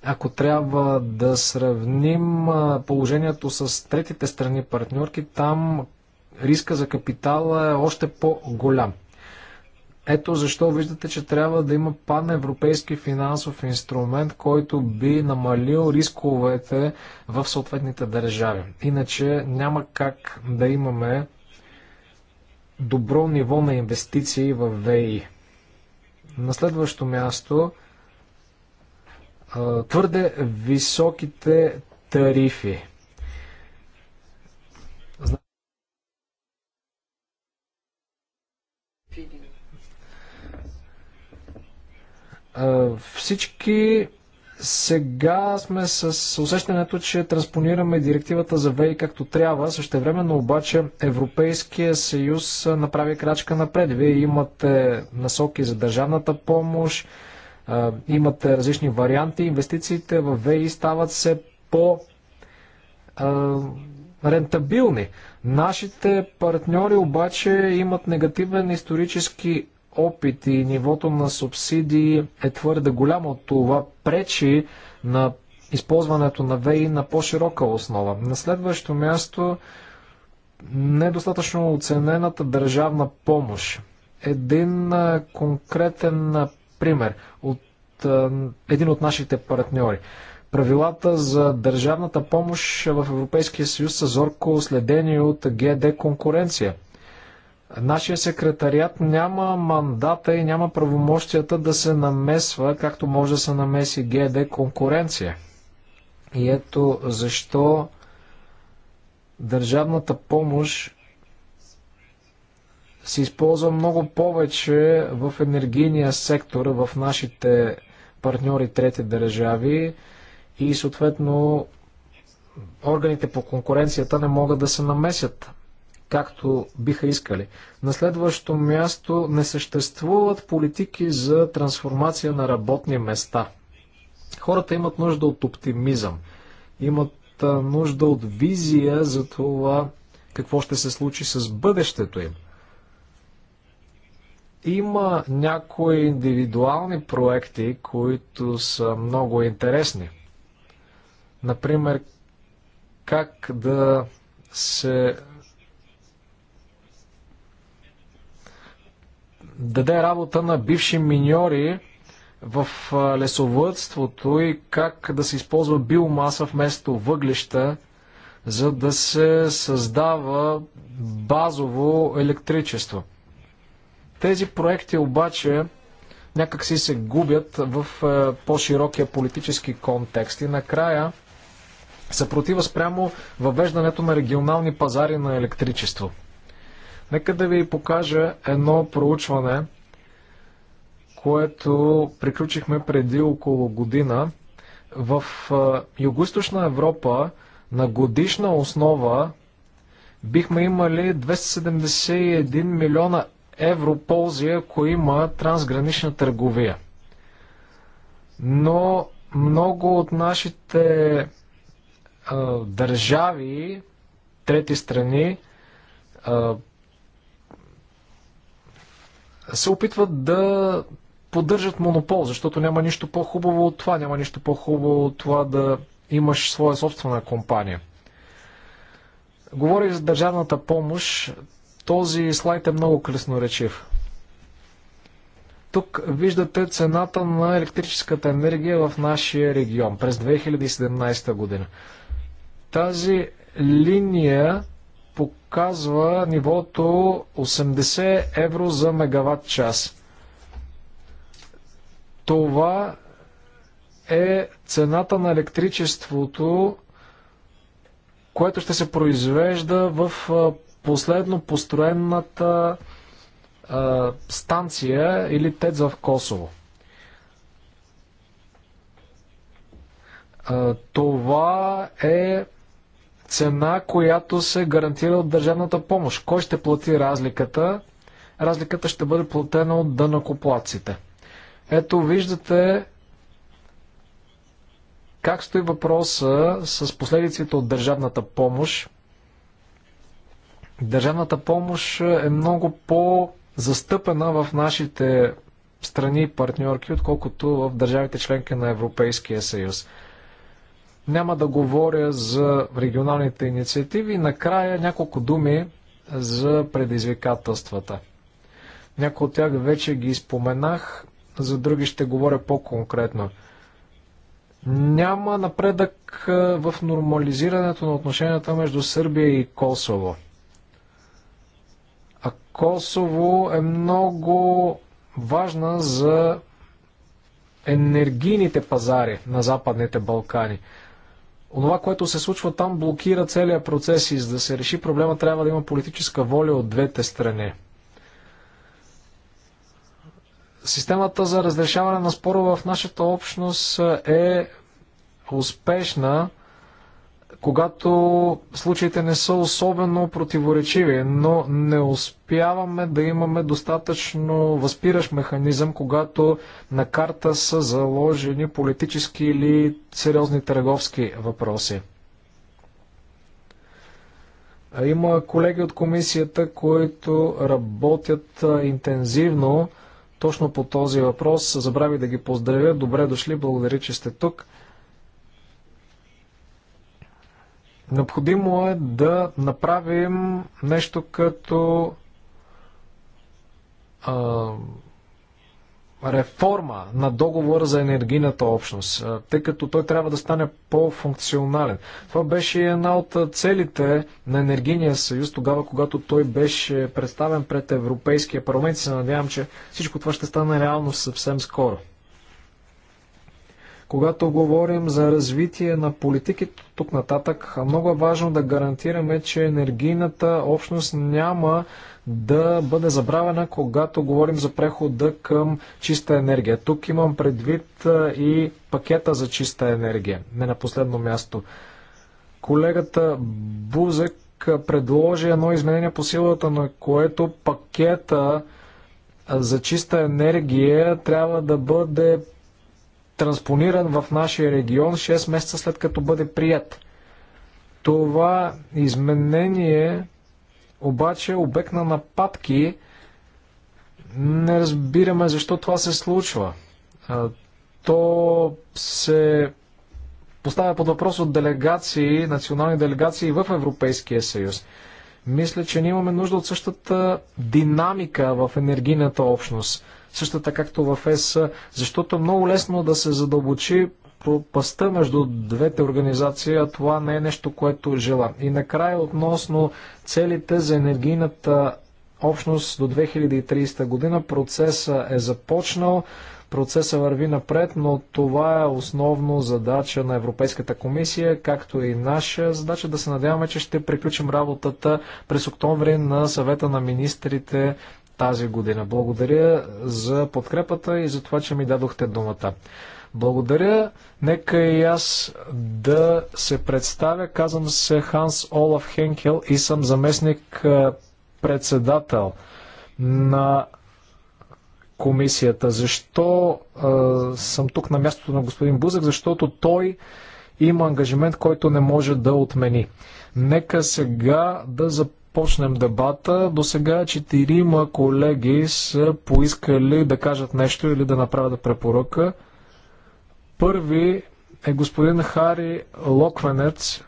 Ако трябва да сравним положението с третите страни партньорки, там риска за капитала е още по-голям. Ето защо виждате, че трябва да има паневропейски финансов инструмент, който би намалил рисковете в съответните държави. Иначе няма как да имаме добро ниво на инвестиции в ВИ. На следващо място твърде високите тарифи. Всички сега сме с усещането, че транспонираме директивата за ВЕИ както трябва. Същевременно обаче Европейския съюз направи крачка напред. Вие имате насоки за държавната помощ, имате различни варианти, инвестициите в ВИ стават все по рентабилни. Нашите партньори обаче имат негативен исторически опит и нивото на субсидии е твърде голямо. Това пречи на използването на ВИ на по-широка основа. На следващо място недостатъчно оценената държавна помощ. Един конкретен пример от един от нашите партньори. Правилата за държавната помощ в Европейския съюз са зорко следени от ГД конкуренция. Нашия секретариат няма мандата и няма правомощията да се намесва, както може да се намеси ГД конкуренция. И ето защо държавната помощ се използва много повече в енергийния сектор, в нашите партньори трети държави и съответно органите по конкуренцията не могат да се намесят както биха искали. На следващо място не съществуват политики за трансформация на работни места. Хората имат нужда от оптимизъм, имат нужда от визия за това какво ще се случи с бъдещето им. Има някои индивидуални проекти, които са много интересни. Например, как да се даде работа на бивши миньори в лесовътството и как да се използва биомаса вместо въглища, за да се създава базово електричество – тези проекти обаче някак си се губят в е, по-широкия политически контекст и накрая съпротива спрямо въвеждането на регионални пазари на електричество. Нека да ви покажа едно проучване, което приключихме преди около година. В е, Югоизточна Европа на годишна основа бихме имали 271 милиона Евроползия, ако има трансгранична търговия. Но много от нашите а, държави, трети страни, а, се опитват да поддържат монопол, защото няма нищо по-хубаво от това, няма нищо по-хубаво от това да имаш своя собствена компания. Говори за държавната помощ. Този слайд е много красноречив. Тук виждате цената на електрическата енергия в нашия регион през 2017 година. Тази линия показва нивото 80 евро за мегаватт час. Това е цената на електричеството, което ще се произвежда в последно построената а, станция или ТЕЦ в Косово. А, това е цена, която се гарантира от държавната помощ. Кой ще плати разликата? Разликата ще бъде платена от дънакоплаците. Ето виждате как стои въпроса с последиците от държавната помощ държавната помощ е много по-застъпена в нашите страни и партньорки, отколкото в държавите членки на Европейския съюз. Няма да говоря за регионалните инициативи. Накрая няколко думи за предизвикателствата. Някои от тях вече ги споменах, за други ще говоря по-конкретно. Няма напредък в нормализирането на отношенията между Сърбия и Косово. А Косово е много важна за енергийните пазари на Западните Балкани. Онова, което се случва там, блокира целият процес и за да се реши проблема, трябва да има политическа воля от двете страни. Системата за разрешаване на спорове в нашата общност е успешна когато случаите не са особено противоречиви, но не успяваме да имаме достатъчно възпиращ механизъм, когато на карта са заложени политически или сериозни търговски въпроси. Има колеги от комисията, които работят интензивно точно по този въпрос. Забрави да ги поздравя. Добре дошли, благодаря, че сте тук. Необходимо е да направим нещо като а, реформа на договора за енергийната общност, тъй като той трябва да стане по-функционален. Това беше една от целите на Енергийния съюз тогава, когато той беше представен пред Европейския парламент. и Се надявам, че всичко това ще стане реално съвсем скоро. Когато говорим за развитие на политики тук нататък, много е важно да гарантираме, че енергийната общност няма да бъде забравена, когато говорим за прехода към чиста енергия. Тук имам предвид и пакета за чиста енергия, не на последно място. Колегата Бузек предложи едно изменение по силата, на което пакета за чиста енергия трябва да бъде транспониран в нашия регион 6 месеца след като бъде прият. Това изменение обаче е обект на нападки. Не разбираме защо това се случва. То се поставя под въпрос от делегации, национални делегации в Европейския съюз. Мисля, че ние имаме нужда от същата динамика в енергийната общност същата както в ЕС, защото е много лесно да се задълбочи пропаста между двете организации, а това не е нещо, което жела. И накрая относно целите за енергийната общност до 2030 година. Процеса е започнал, процеса върви напред, но това е основно задача на Европейската комисия, както и наша задача да се надяваме, че ще приключим работата през октомври на съвета на министрите тази година. Благодаря за подкрепата и за това, че ми дадохте думата. Благодаря. Нека и аз да се представя. Казвам се Ханс Олаф Хенкел и съм заместник председател на комисията. Защо а, съм тук на мястото на господин Бузък? Защото той има ангажимент, който не може да отмени. Нека сега да започнем започнем дебата. До сега четирима колеги са поискали да кажат нещо или да направят препоръка. Първи е господин Хари Локвенец,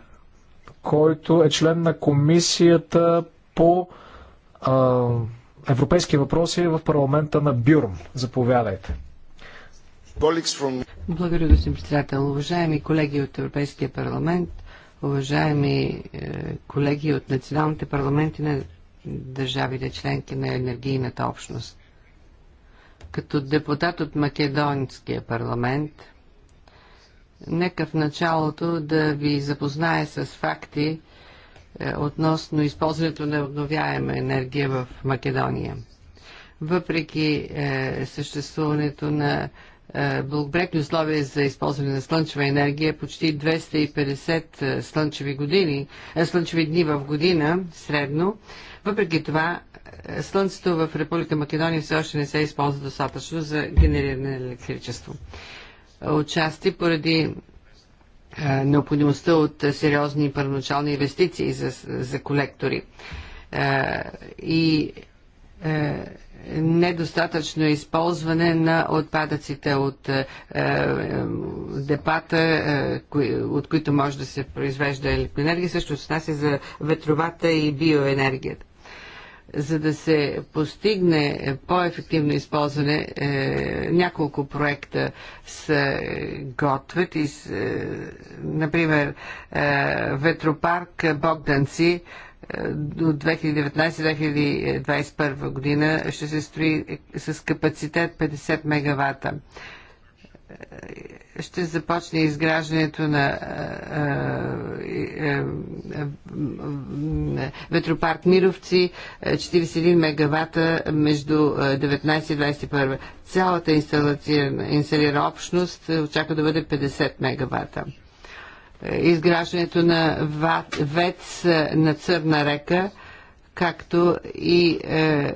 който е член на комисията по а, европейски въпроси в парламента на Бюрм. Заповядайте. Благодаря, господин председател. Уважаеми колеги от Европейския парламент, уважаеми е, колеги от националните парламенти на държавите членки на енергийната общност. Като депутат от Македонския парламент, нека в началото да ви запознае с факти е, относно използването на обновяема енергия в Македония. Въпреки е, съществуването на е, благоприятни условия за използване на слънчева енергия, почти 250 е, слънчеви, години, е, слънчеви дни в година средно. Въпреки това, слънцето в Република Македония все още не се използва достатъчно за генериране на електричество. Отчасти поради необходимостта от сериозни първоначални инвестиции за, за колектори. И недостатъчно използване на отпадъците от е, е, депата, е, кои, от които може да се произвежда електроенергия, също се е за ветровата и биоенергията. За да се постигне по-ефективно използване, е, няколко проекта се готвят. И, с, е, например, е, ветропарк Богданци е, до 2019-2021 година ще се строи с капацитет 50 мегавата. Ще започне изграждането на ветропарк Мировци 41 мегавата между 19 и 21. Цялата инсталирана общност очаква да бъде 50 мегавата изграждането на ВЕЦ е, на Църна река, както и е,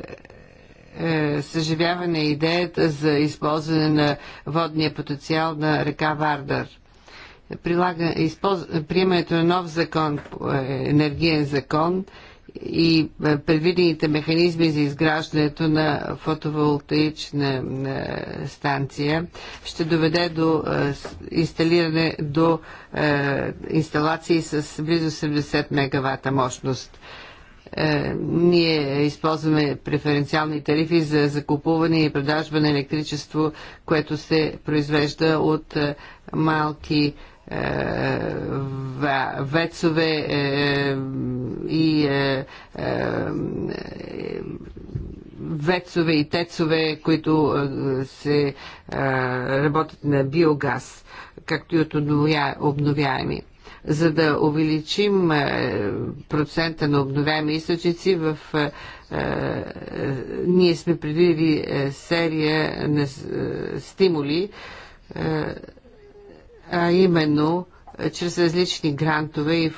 е, съживяване идеята за използване на водния потенциал на река Вардар. Прилага, използ... Приемането на нов закон, е, енергиен закон, е, и е, предвидените механизми за изграждането на фотоволтаична е, станция ще доведе до е, инсталиране до инсталации с близо 70 мегавата мощност ние използваме преференциални тарифи за закупуване и продажба на електричество, което се произвежда от малки е, вецове е, и е, вецове и тецове, които се работят на биогаз, както и от обновяеми за да увеличим процента на обновяеми източници в ние сме предвидили серия на стимули а именно чрез различни грантове и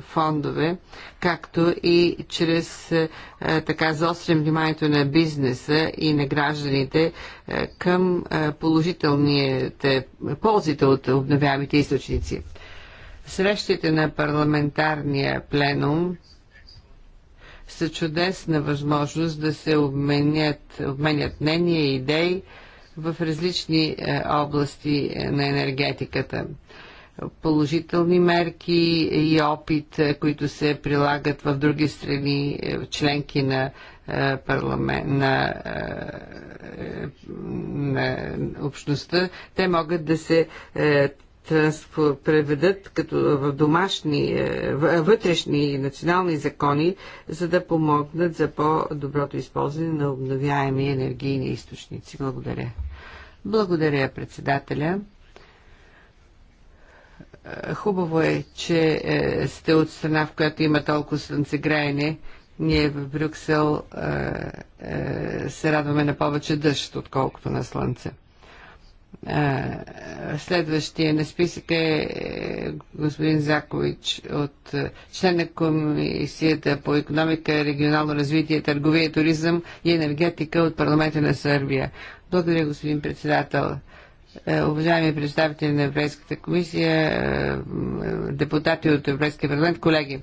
фондове, както и чрез така заострим вниманието на бизнеса и на гражданите към положителните ползите от обновяемите източници. Срещите на парламентарния пленум са чудесна възможност да се обменят, обменят мнения и идеи, в различни е, области е, на енергетиката. Положителни мерки и опит, е, които се прилагат в други страни, членки на парламент, на, на общността, те могат да се преведат като в домашни, е, е, вътрешни и национални закони, за да помогнат за по-доброто използване на обновяеми енергийни източници. Благодаря. Благодаря, председателя. Е, хубаво е, че сте от страна, в която има толкова слънцеграене. Ние в Брюксел се радваме на повече дъжд, отколкото на слънце. Следващия на списък е, е господин Закович от е, член на Комисията по економика, регионално развитие, търговия, туризъм и енергетика от парламента на Сърбия. Благодаря, господин председател. Е, уважаеми представители на Европейската комисия, депутати от Европейския парламент, колеги.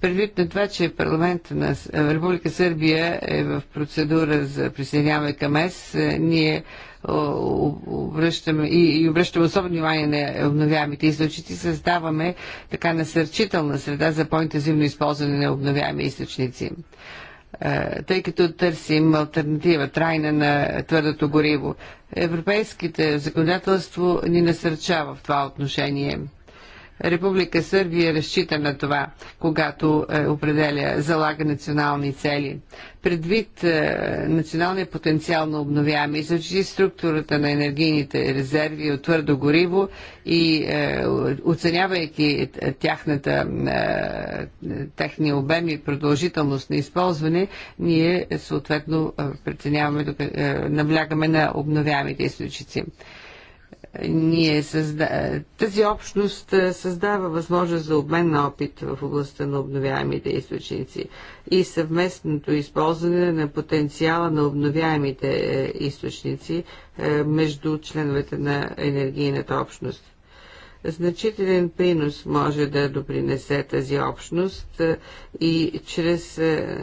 Предвид на това, че парламент на е, Република Сърбия е в процедура за присъединяване към ЕС, е, ние обръщаме и, и обръщаме особено внимание на обновяемите източници, създаваме така насърчителна среда за по-интензивно използване на обновяеми източници е, тъй като търсим альтернатива, трайна на твърдото гориво. Европейските законодателство ни насърчава в това отношение. Република Сърбия разчита на това, когато е, определя, залага национални цели. Предвид е, националния потенциал на обновяеми източни, структурата на енергийните резерви е от твърдо гориво и е, оценявайки е, тяхната, е, техния обем и продължителност на използване, ние съответно преценяваме, наблягаме на обновяемите източници ние създа... тази общност създава възможност за обмен на опит в областта на обновяемите източници и съвместното използване на потенциала на обновяемите е, източници е, между членовете на енергийната общност. Значителен принос може да допринесе тази общност е, и чрез е,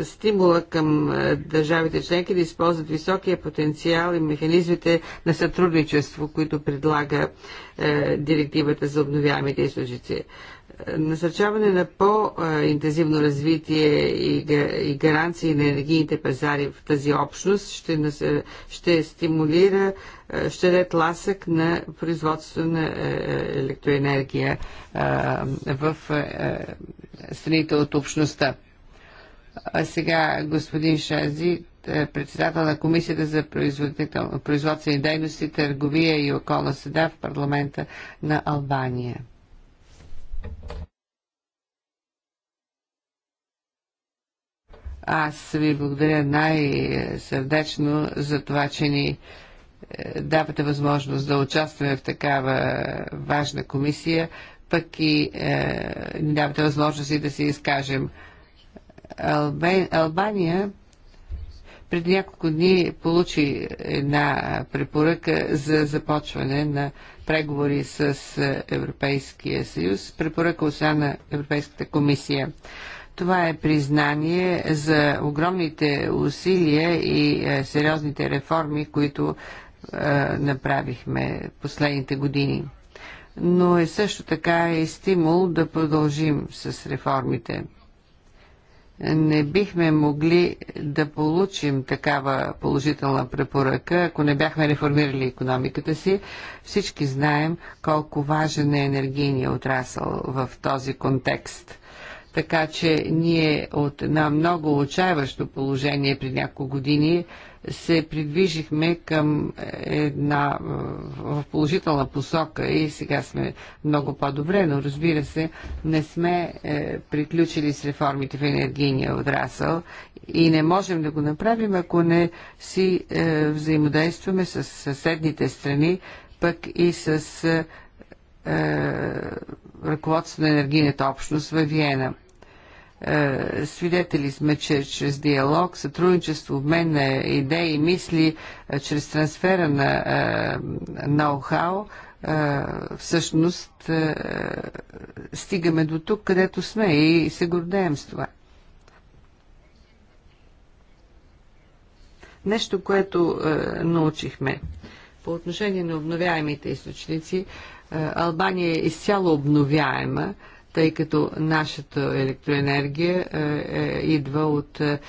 е, стимула към държавите членки да използват високия потенциал и механизмите на сътрудничество, които предлага директивата за обновяемите източници насърчаване на по-интензивно развитие и гаранции на енергийните пазари в тази общност ще, ще стимулира, ще даде тласък на производство на електроенергия в страните от общността. А сега господин Шази, председател на Комисията за производствени дейности, търговия и околна седа в парламента на Албания. Аз ви благодаря най-сърдечно за това, че ни е, давате възможност да участваме в такава важна комисия, пък и е, ни давате възможност и да се изкажем. Албания преди няколко дни получи една препоръка за започване на преговори с е, Европейския съюз, препоръка от на Европейската комисия. Това е признание за огромните усилия и е, сериозните реформи, които е, направихме последните години. Но е също така и стимул да продължим с реформите не бихме могли да получим такава положителна препоръка, ако не бяхме реформирали економиката си. Всички знаем колко важен е енергийният отрасъл в този контекст. Така че ние от едно много отчаяващо положение при няколко години се придвижихме към една в положителна посока и сега сме много по-добре, но разбира се, не сме е, приключили с реформите в енергийния отрасъл и не можем да го направим, ако не си е, взаимодействаме с съседните страни, пък и с е, ръководство на енергийната общност във Виена – е, свидетели сме, че чрез диалог, сътрудничество, обмен на идеи, мисли, е, чрез трансфера на е, ноу-хау, всъщност стигаме до тук, където сме и се гордеем с това. Нещо, което е, научихме по отношение на обновяемите източници, е, Албания е изцяло обновяема. Е, тъй като нашата електроенергия е, е, идва от е,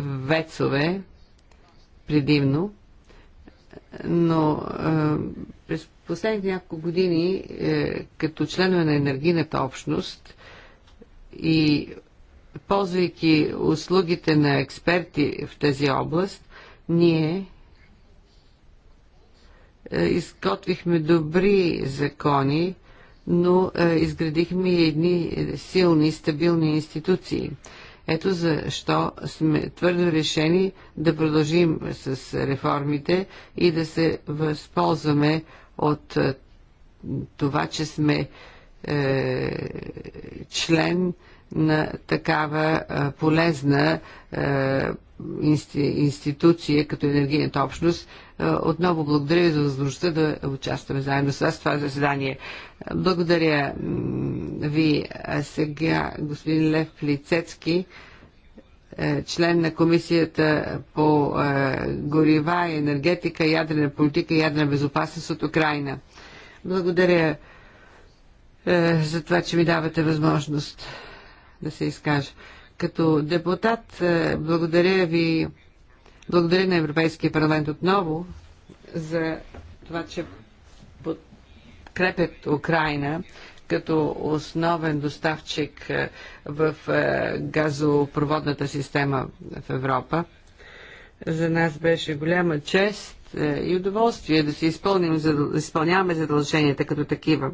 вецове предимно, но е, през последните няколко години е, като членове на енергийната общност и ползвайки услугите на експерти в тази област, ние е, изготвихме добри закони, но е, изградихме и едни силни, стабилни институции. Ето защо сме твърдо решени да продължим с реформите и да се възползваме от е, това, че сме е, член на такава е, полезна е, институция като енергийната общност, е, отново благодаря ви за възможността да участваме заедно с вас в това заседание. Благодаря ви сега, господин Лев Лицецки, е, член на Комисията по е, горива, енергетика, ядрена политика и ядрена безопасност от Украина. Благодаря за това, че ми давате възможност да се изкажа. Като депутат, благодаря ви благодаря на Европейския парламент отново за това, че подкрепят Украина като основен доставчик е, в е, газопроводната система в Европа. За нас беше голяма чест е, и удоволствие да се изпълним, изпълняваме задълженията като такива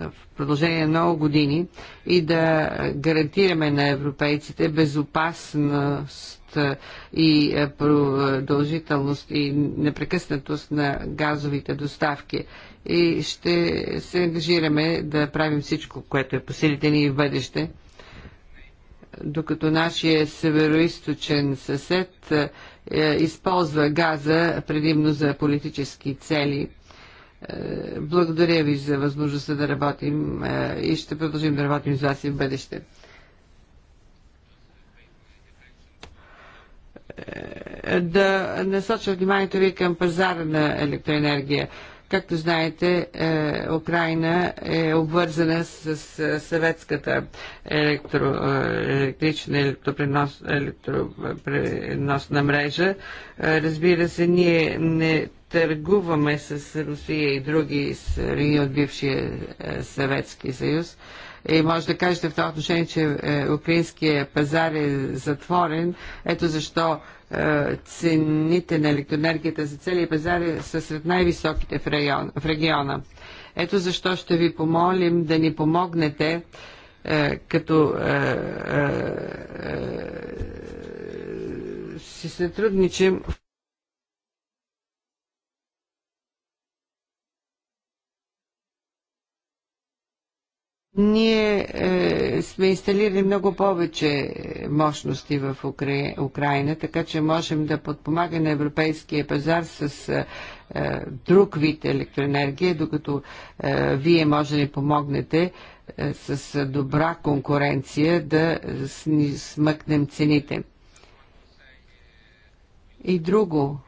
в продължение на много години и да гарантираме на европейците безопасност и продължителност и непрекъснатост на газовите доставки. И ще се ангажираме да правим всичко, което е по силите ни в бъдеще, докато нашия североисточен съсед е, използва газа предимно за политически цели – е, благодаря ви за възможността да работим е, и ще продължим да работим с вас и в бъдеще. Е, да насоча вниманието ви към пазара на електроенергия. Както знаете, е, Украина е обвързана с съветската електро, е, електрична електропренос, електропреносна мрежа. Е, разбира се, ние не търгуваме с Русия и други страни от бившия Съветски съюз. И може да кажете в това отношение, че е, украинския пазар е затворен. Ето защо е, цените на електроенергията за целия пазар са сред най-високите в, район, в региона. Ето защо ще ви помолим да ни помогнете е, като е, е, е си сътрудничим. Ние е, сме инсталирали много повече мощности в Укра... Украина, така че можем да подпомагаме европейския пазар с е, е, друг вид електроенергия, докато е, вие може да ни помогнете е, с добра конкуренция да смъкнем цените. И друго,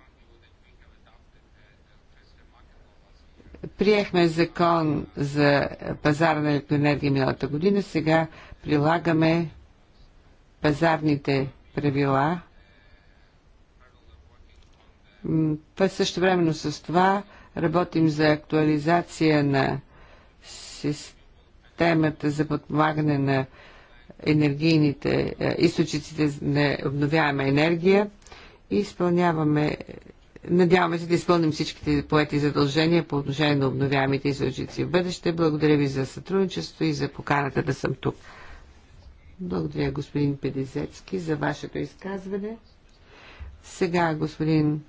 Приехме закон за пазара на електроенергия миналата година, сега прилагаме пазарните правила. Също времено с това работим за актуализация на системата за подпомагане на енергийните е, източниците на обновяема енергия и изпълняваме Надяваме се да изпълним всичките поети задължения по отношение на обновяемите излъжици в бъдеще. Благодаря ви за сътрудничество и за поканата да съм тук. Благодаря, господин Педизецки, за вашето изказване. Сега господин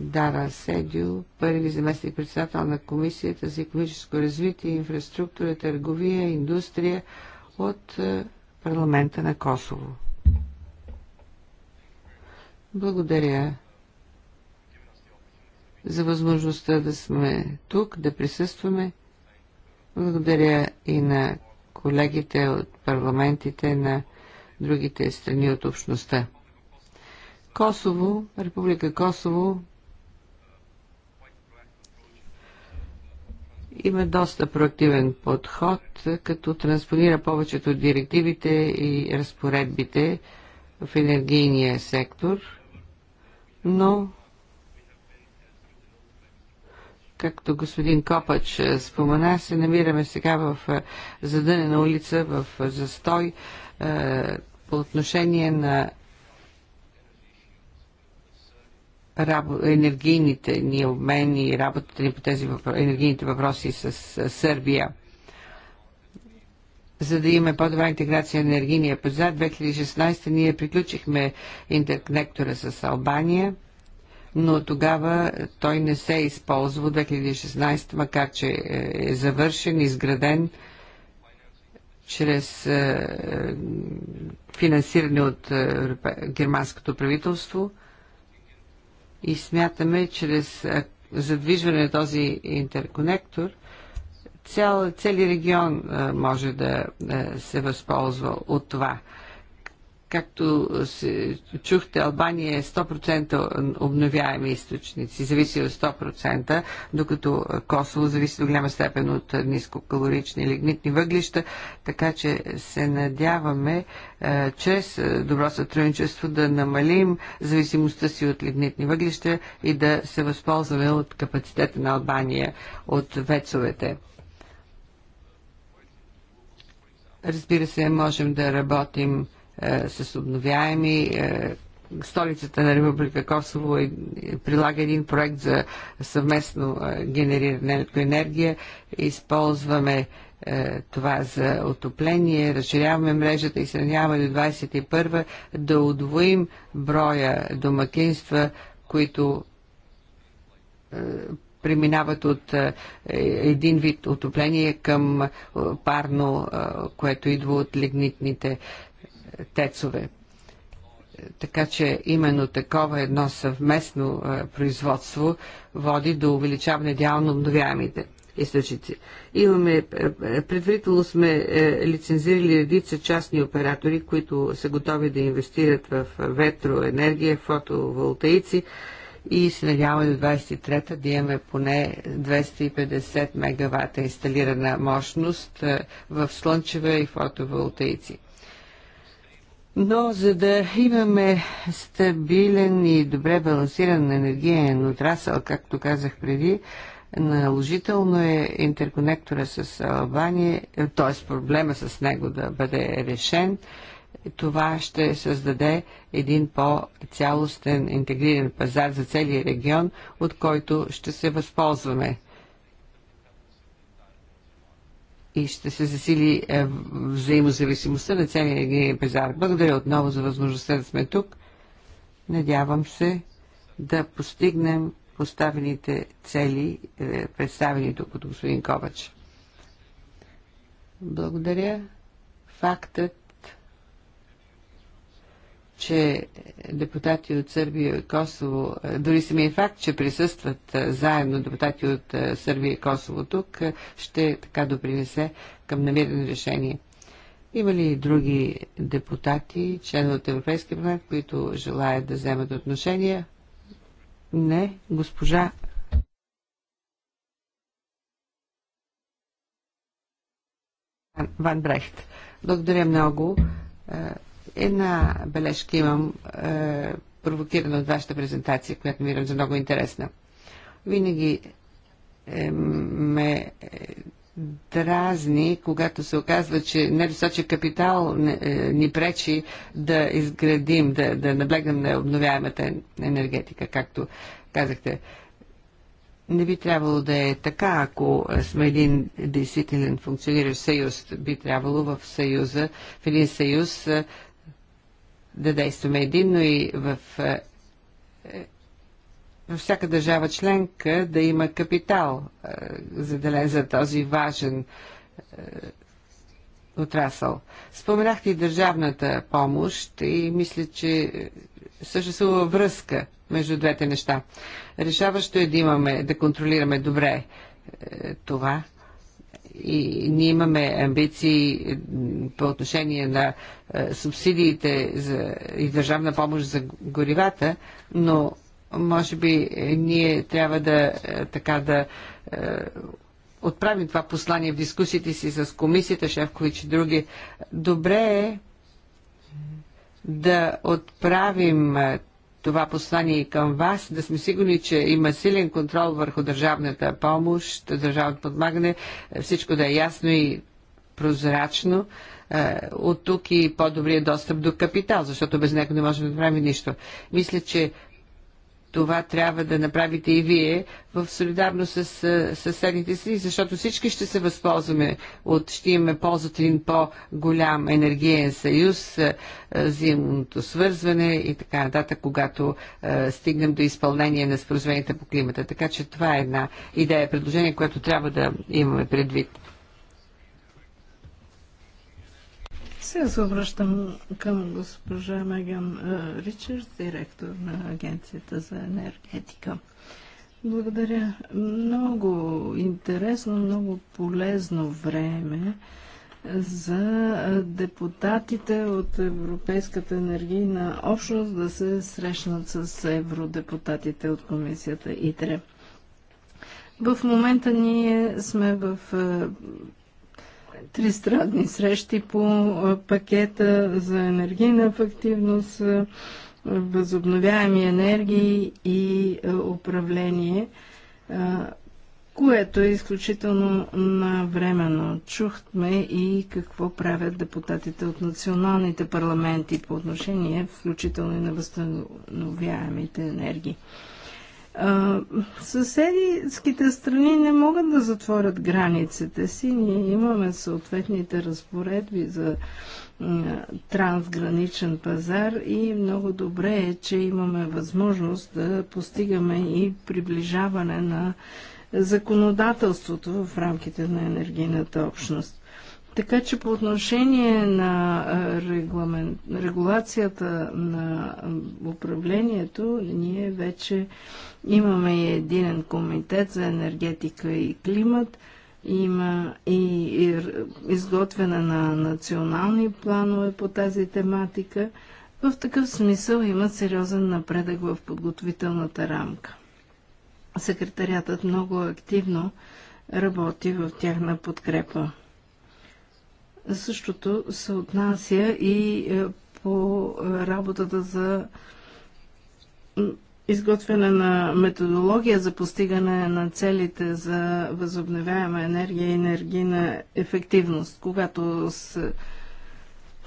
Дара Седио, първи заместник председател на Комисията за економическо развитие, инфраструктура, търговия, индустрия от е, парламента на Косово. Благодаря, за възможността да сме тук, да присъстваме. Благодаря и на колегите от парламентите на другите страни от общността. Косово, Република Косово има доста проактивен подход, като транспонира повечето от директивите и разпоредбите в енергийния сектор, но Както господин Копач е, спомена, се намираме сега в е, задънена улица, в е, застой по отношение на енергийните ни обмени и работата ни по тези въпро... енергийните въпроси с Сърбия. За да имаме по-добра интеграция на енергийния пазар, 2016 ние приключихме интерконектора с Албания но тогава той не се е използвал 2016, макар че е, е завършен, изграден чрез е, финансиране от е, германското правителство и смятаме, чрез задвижване на този интерконектор, цял, цели регион може да се възползва от това. Както се, чухте, Албания е 100% обновяеми източници, зависи от 100%, докато Косово зависи до голяма степен от нискокалорични лигнитни въглища, така че се надяваме е, чрез е, добро сътрудничество да намалим зависимостта си от лигнитни въглища и да се възползваме от капацитета на Албания, от вецовете. Разбира се, можем да работим е, с обновяеми е, столицата на Република Косово е, прилага един проект за съвместно е, генериране на енергия. Използваме това за отопление, разширяваме мрежата и сравняваме до 21 да удвоим броя домакинства, които е, преминават от един вид отопление към парно, което идва от лигнитните тецове. Така че именно такова едно съвместно е, производство води до увеличаване дялно обновяемите източници. Имаме, е, е, предварително сме лицензирали редица частни оператори, които са готови да инвестират в ветроенергия, фотоволтаици и се надяваме до 23-та да имаме поне 250 мегавата инсталирана мощност в слънчева и фотоволтаици. Но за да имаме стабилен и добре балансиран енергиен отрасъл, както казах преди, наложително е интерконектора с Албания, т.е. проблема с него да бъде решен. Това ще създаде един по-цялостен интегриран пазар за целия регион, от който ще се възползваме и ще се засили е, взаимозависимостта на целия енергиен пазар. Благодаря отново за възможността да сме тук. Надявам се да постигнем поставените цели, е, представени тук от господин Ковач. Благодаря. Фактът, че депутати от Сърбия и Косово, е, дори самия факт, че присъстват е, заедно депутати от е, Сърбия и Косово тук, ще така допринесе към намирено решение. Има ли други депутати, членове от Европейския парламент, които желаят да вземат отношения? Не, госпожа. Ван Брехт. Благодаря много. Една бележка имам, е, провокирана от вашата презентация, която мирам за много интересна. Винаги е, ме е, дразни, когато се оказва, че недостатъчен капитал е, ни пречи да изградим, да, да наблегнем на обновяемата енергетика, както казахте. Не би трябвало да е така, ако сме един действителен функциониращ съюз. Би трябвало в съюза, в един съюз е, да действаме единно и в е, е, в всяка държава членка да има капитал, е, заделен за този важен отрасъл. Споменахте и държавната помощ и мисля, че съществува връзка между двете неща. Решаващо е да имаме, да контролираме добре това и ние имаме амбиции по отношение на е, субсидиите за, и държавна помощ за горивата, но може би е, ние трябва да е, така да отправим това послание в дискусиите си с комисията, Шефкович и други. Добре е да отправим това послание и към вас, да сме сигурни, че има силен контрол върху държавната помощ, държавното подмагане, всичко да е ясно и прозрачно. Е, от тук и по-добрия достъп до капитал, защото без него не можем да направим нищо. Мисля, че това трябва да направите и вие в солидарност с съседните си, защото всички ще се възползваме от, ще имаме полза от един по-голям енергиен съюз, взаимното свързване и така нататък, когато стигнем до изпълнение на споразуменията по климата. Така че това е една идея, предложение, което трябва да имаме предвид. се обръщам към госпожа Меган Ричардс, директор на Агенцията за енергетика. Благодаря. Много интересно, много полезно време за депутатите от Европейската енергийна общност да се срещнат с евродепутатите от комисията ИТРЕ. В момента ние сме в тристранни срещи по пакета за енергийна ефективност, възобновяеми енергии и управление, което е изключително навременно. Чухме и какво правят депутатите от националните парламенти по отношение, включително и на възстановяемите енергии съседските страни не могат да затворят границите си. Ние имаме съответните разпоредби за трансграничен пазар и много добре е, че имаме възможност да постигаме и приближаване на законодателството в рамките на енергийната общност. Така че по отношение на регламент, регулацията на управлението, ние вече имаме и единен комитет за енергетика и климат, има и, и изготвяне на национални планове по тази тематика. В такъв смисъл има сериозен напредък в подготовителната рамка. Секретариатът много активно работи в тяхна подкрепа. Същото се отнася и е, по работата за изготвяне на методология за постигане на целите за възобновяема енергия и енергийна ефективност. Когато с...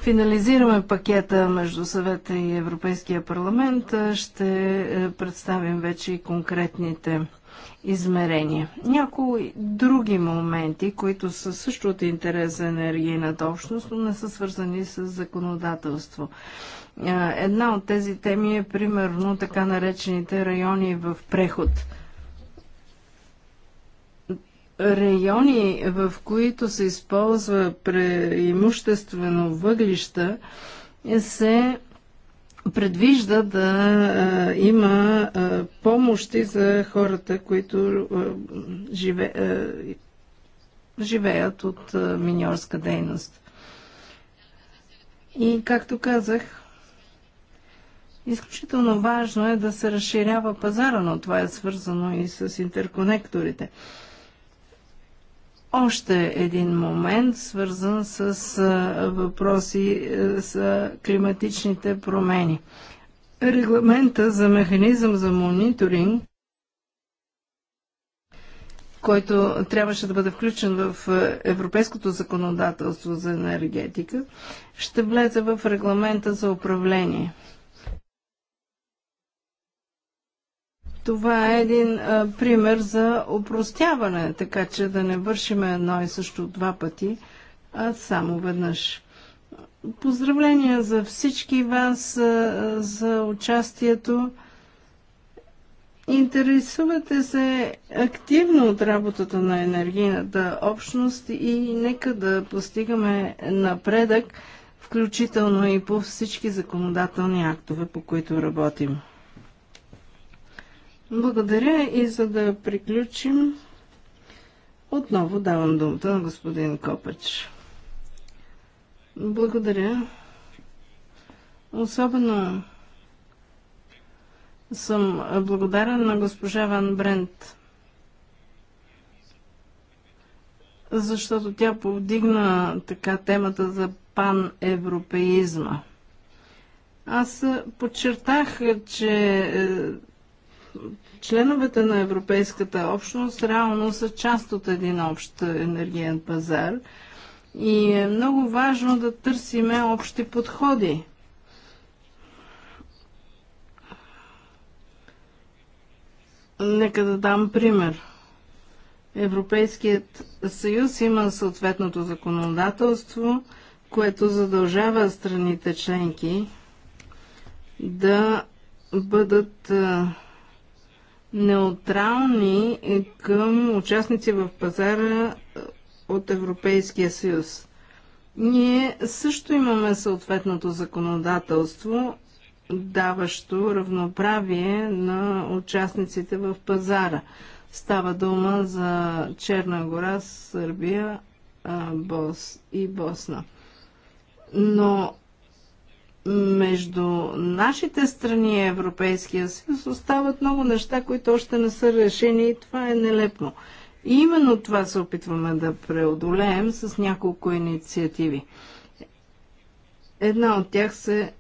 финализираме пакета между съвета и Европейския парламент, е, ще е, представим вече и конкретните измерение. Някои други моменти, които са също от интерес за енергийната общност, но не са свързани с законодателство. Една от тези теми е примерно така наречените райони в преход райони, в които се използва преимуществено въглища, се предвижда да има помощи за хората, които живе, живеят от миньорска дейност. И както казах, изключително важно е да се разширява пазара, но това е свързано и с интерконекторите. Още един момент, свързан с въпроси за климатичните промени. Регламента за механизъм за мониторинг който трябваше да бъде включен в европейското законодателство за енергетика, ще влезе в регламента за управление. Това е един а, пример за опростяване, така че да не вършим едно и също два пъти, а само веднъж. Поздравления за всички вас, а, за участието. Интересувате се активно от работата на енергийната общност и нека да постигаме напредък, включително и по всички законодателни актове, по които работим. Благодаря и за да приключим, отново давам думата на господин Копач. Благодаря. Особено съм благодарен на госпожа Ван Брент, защото тя повдигна така темата за паневропеизма. Аз подчертах, че е, членовете на Европейската общност реално са част от един общ енергиен пазар и е много важно да търсиме общи подходи. Нека да дам пример. Европейският съюз има съответното законодателство, което задължава страните членки да бъдат неутрални към участници в пазара е, от Европейския съюз. Ние също имаме съответното законодателство, даващо равноправие на участниците в пазара. Става дума за Черна гора, Сърбия Бос и Босна. Но между нашите страни и Европейския съюз остават много неща, които още не са решени и това е нелепно. И именно това се опитваме да преодолеем с няколко инициативи. Една от тях се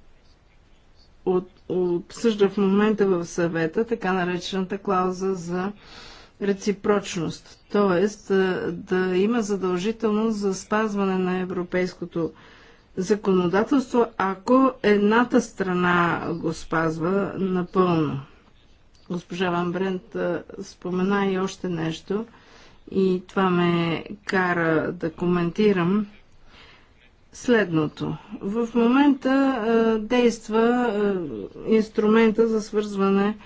от, обсъжда в момента в съвета, така наречената клауза за реципрочност. Тоест да има задължителност за спазване на европейското законодателство, ако едната страна го спазва напълно. Госпожа Ван Брент спомена и още нещо и това ме кара да коментирам следното. В момента е, действа е, инструмента за свързване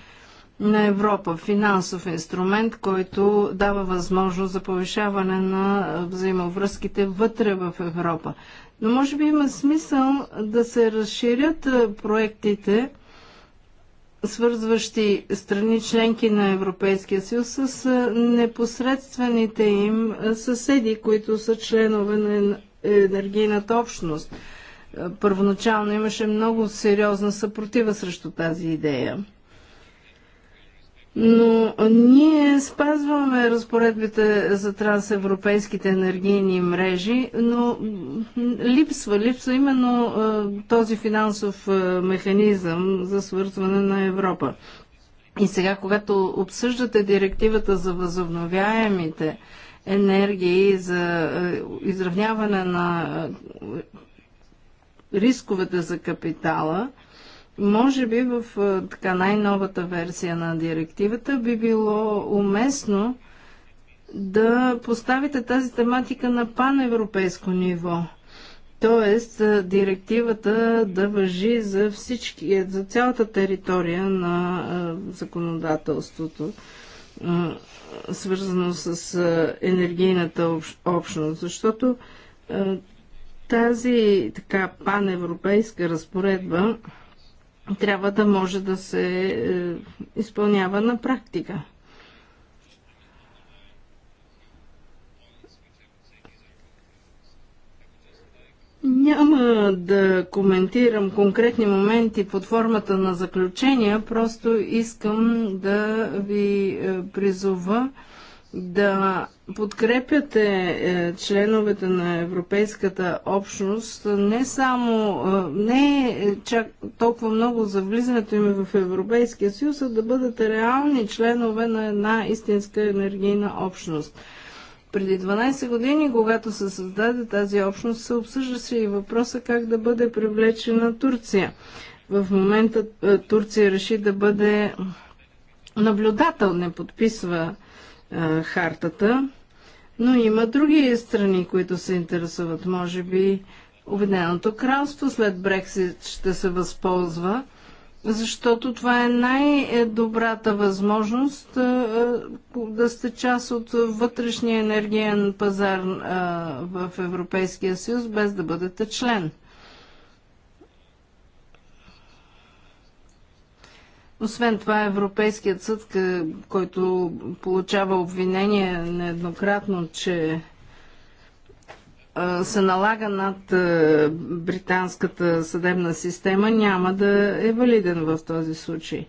на Европа, финансов инструмент, който дава възможност за повишаване на взаимовръзките вътре в Европа. Но може би има смисъл да се разширят проектите, свързващи страни членки на Европейския съюз с непосредствените им съседи, които са членове на енергийната общност. Първоначално имаше много сериозна съпротива срещу тази идея но ние спазваме разпоредбите за трансевропейските енергийни мрежи, но липсва, липсва именно този финансов механизъм за свързване на Европа. И сега, когато обсъждате директивата за възобновяемите енергии, за изравняване на рисковете за капитала, може би в така най-новата версия на директивата би било уместно да поставите тази тематика на паневропейско ниво. Тоест, директивата да въжи за всички, е, за цялата територия на законодателството, свързано с енергийната общност, защото тази така паневропейска разпоредба трябва да може да се е, изпълнява на практика. Няма да коментирам конкретни моменти под формата на заключения, просто искам да ви е, призова да подкрепяте е, членовете на Европейската общност не само, е, не е чак толкова много за влизането им в Европейския съюз, а да бъдете реални членове на една истинска енергийна общност. Преди 12 години, когато се създаде тази общност, се обсъждаше и въпроса как да бъде привлечена Турция. В момента Турция реши да бъде наблюдател, не подписва а, хартата, но има други страни, които се интересуват. Може би Обединеното кралство след Брексит ще се възползва, защото това е най-добрата възможност а, да сте част от вътрешния енергиен пазар а, в Европейския съюз, без да бъдете член. Освен това, Европейският съд, който получава обвинение нееднократно, че се налага над британската съдебна система, няма да е валиден в този случай.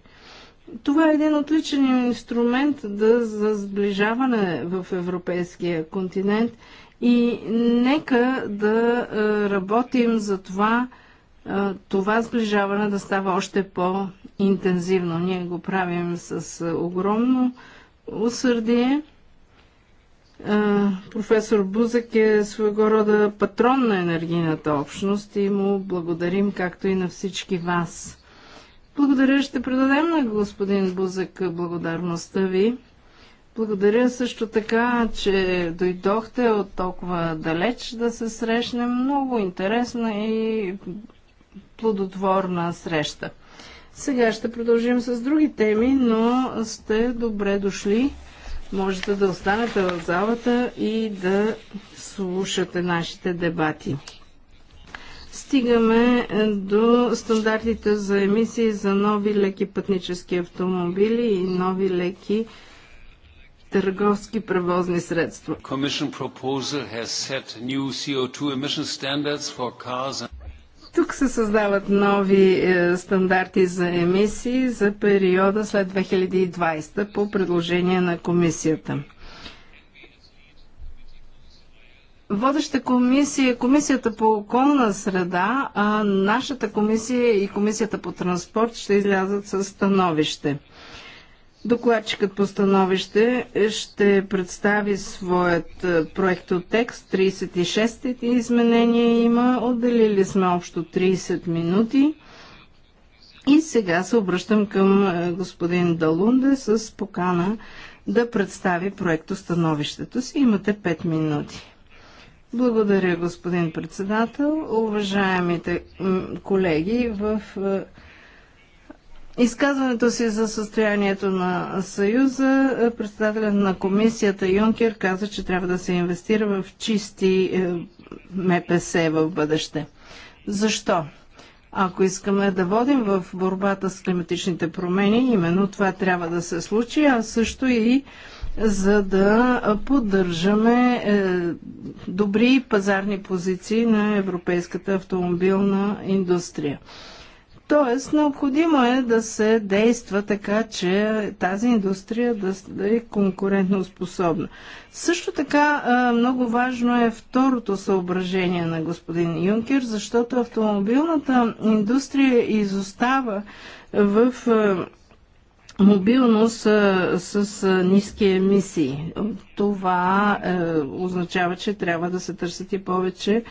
Това е един отличен инструмент да, за сближаване в европейския континент и нека да работим за това това сближаване да става още по-интензивно. Ние го правим с огромно усърдие. Професор Бузък е своего рода патрон на енергийната общност и му благодарим, както и на всички вас. Благодаря, ще предадем на господин Бузък благодарността ви. Благодаря също така, че дойдохте от толкова далеч да се срещнем. Много интересна и плодотворна среща. Сега ще продължим с други теми, но сте добре дошли. Можете да останете в залата и да слушате нашите дебати. Стигаме е, до стандартите за емисии за нови леки пътнически автомобили и нови леки търговски превозни средства. Тук се създават нови е, стандарти за емисии за периода след 2020 по предложение на комисията. Водеща комисия е Комисията по околна среда, а нашата комисия и Комисията по транспорт ще излязат с становище. Докладчикът по становище ще представи своят е, проект от текст. 36 изменения има. Отделили сме общо 30 минути. И сега се обръщам към е, господин Далунде с покана да представи проекто становището си. Имате 5 минути. Благодаря, господин председател. Уважаемите колеги, в е, изказването си за състоянието на Съюза, е, председателят на комисията Юнкер каза, че трябва да се инвестира в чисти е, МПС в бъдеще. Защо? Ако искаме да водим в борбата с климатичните промени, именно това трябва да се случи, а също и за да поддържаме е, добри пазарни позиции на европейската автомобилна индустрия. Тоест, необходимо е да се действа така, че тази индустрия да, да е конкурентно способна. Също така, много важно е второто съображение на господин Юнкер, защото автомобилната индустрия изостава в мобилност с, с ниски емисии. Това е, означава, че трябва да се търсят и повече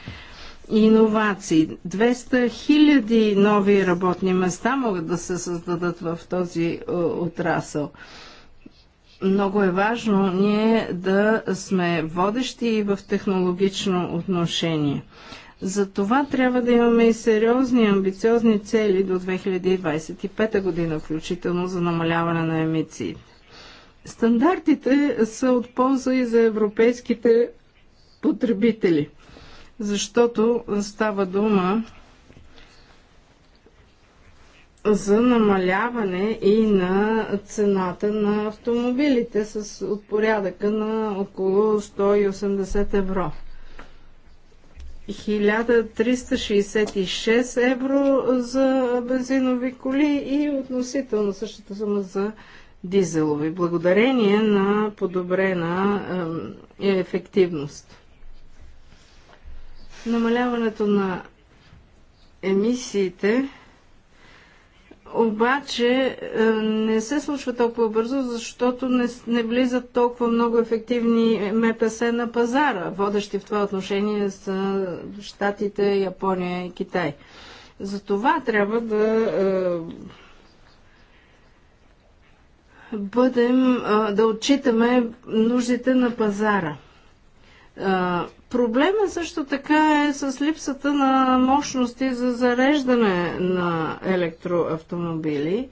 иновации. 200 хиляди нови работни места могат да се създадат в този е, отрасъл. Много е важно ние да сме водещи и в технологично отношение. За това трябва да имаме и сериозни, амбициозни цели до 2025 година, включително за намаляване на емисиите. Стандартите са от полза и за европейските потребители – защото става дума за намаляване и на цената на автомобилите с от порядъка на около 180 евро. 1366 евро за бензинови коли и относително същата сума за дизелови, благодарение на подобрена ефективност намаляването на емисиите, обаче е, не се случва толкова бързо, защото не, не влизат толкова много ефективни МПС на пазара. Водещи в това отношение с Штатите, Япония и Китай. Затова трябва да е, бъдем, е, да отчитаме нуждите на пазара. Проблема също така е с липсата на мощности за зареждане на електроавтомобили.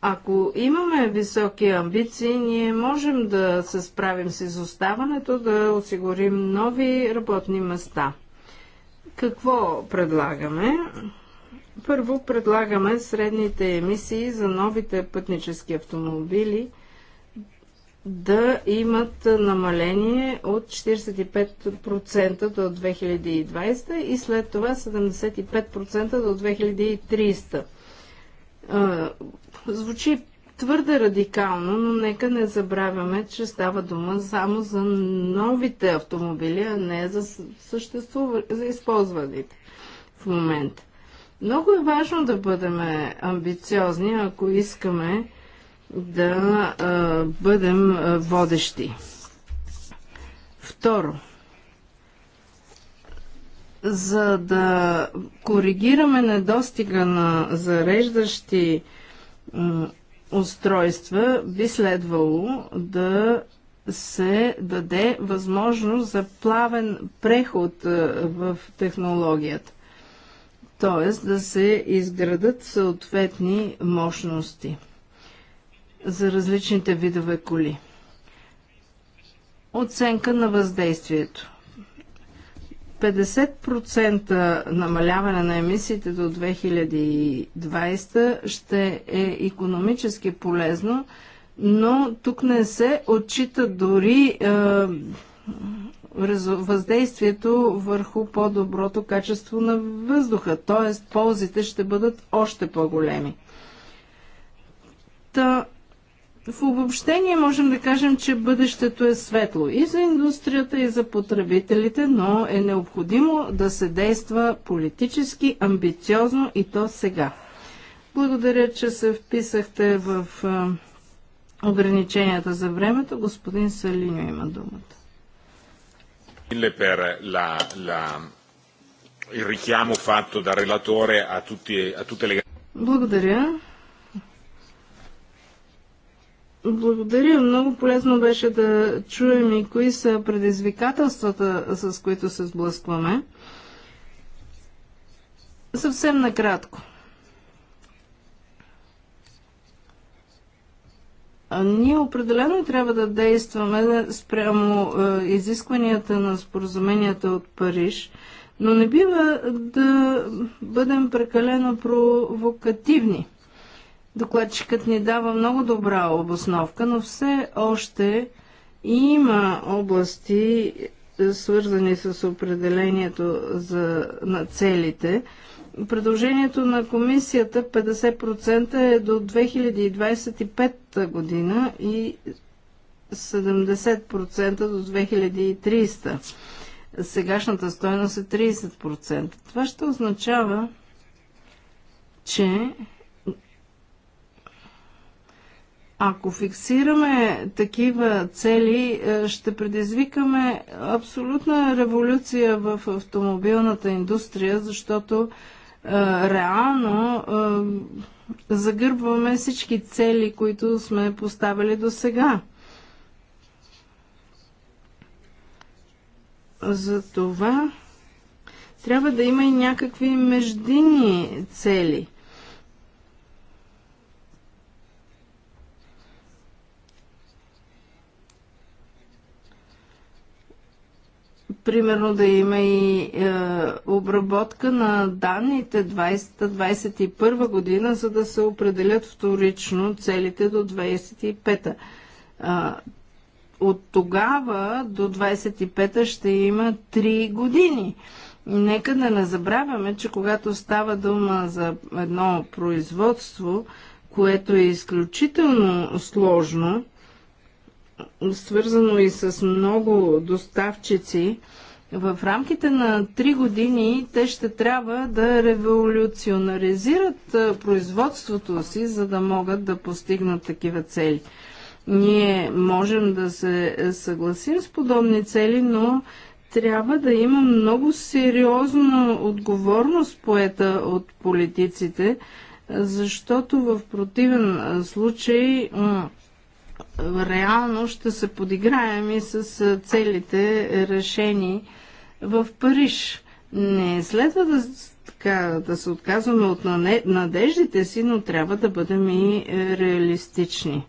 Ако имаме високи амбиции, ние можем да се справим с изоставането, да осигурим нови работни места. Какво предлагаме? Първо предлагаме средните емисии за новите пътнически автомобили – да имат намаление от 45% до 2020 и след това 75% до 2300. Звучи твърде радикално, но нека не забравяме, че става дума само за новите автомобили, а не за, съществува, за използваните в момента. Много е важно да бъдем амбициозни, ако искаме да а, бъдем а, водещи. Второ, за да коригираме недостига на зареждащи устройства, би следвало да се даде възможност за плавен преход в технологията. Т.е. да се изградат съответни мощности за различните видове коли. Оценка на въздействието. 50% намаляване на емисиите до 2020 ще е економически полезно, но тук не се отчита дори е, въздействието върху по-доброто качество на въздуха, т.е. ползите ще бъдат още по-големи. Та в обобщение можем да кажем, че бъдещето е светло и за индустрията, и за потребителите, но е необходимо да се действа политически, амбициозно и то сега. Благодаря, че се вписахте в ограниченията за времето. Господин Салиньо има думата. Благодаря. Благодаря. Много полезно беше да чуем и кои са предизвикателствата, с които се сблъскваме. Съвсем накратко. А ние определено трябва да действаме спрямо е, изискванията на споразуменията от Париж, но не бива да бъдем прекалено провокативни. Докладчикът ни дава много добра обосновка, но все още има области, свързани с определението за, на целите. Предложението на комисията 50% е до 2025 година и 70% до 2300. Сегашната стойност е 30%. Това ще означава, че ако фиксираме такива цели, е, ще предизвикаме абсолютна революция в автомобилната индустрия, защото е, реално е, загърбваме всички цели, които сме поставили до сега. За това трябва да има и някакви междинни цели – примерно да има и е, обработка на данните 2021 година, за да се определят вторично целите до 25-та. Е, от тогава до 25-та ще има 3 години. Нека да не забравяме, че когато става дума за едно производство, което е изключително сложно, свързано и с много доставчици, в рамките на 3 години те ще трябва да революционаризират производството си, за да могат да постигнат такива цели. Ние можем да се съгласим с подобни цели, но трябва да има много сериозна отговорност поета от политиците, защото в противен случай реално ще се подиграем и с целите решени в Париж. Не е следва да, така, да се отказваме от надеждите си, но трябва да бъдем и е, реалистични.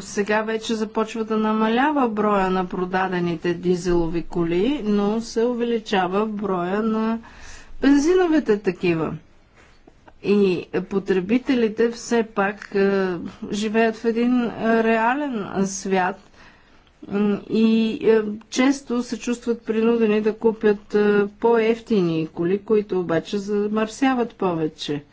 сега вече започва да намалява броя на продадените дизелови коли, но се увеличава броя на бензиновите такива. И потребителите все пак е, живеят в един е, реален е, свят и често се чувстват принудени да купят по-ефтини коли, които обаче замърсяват повече.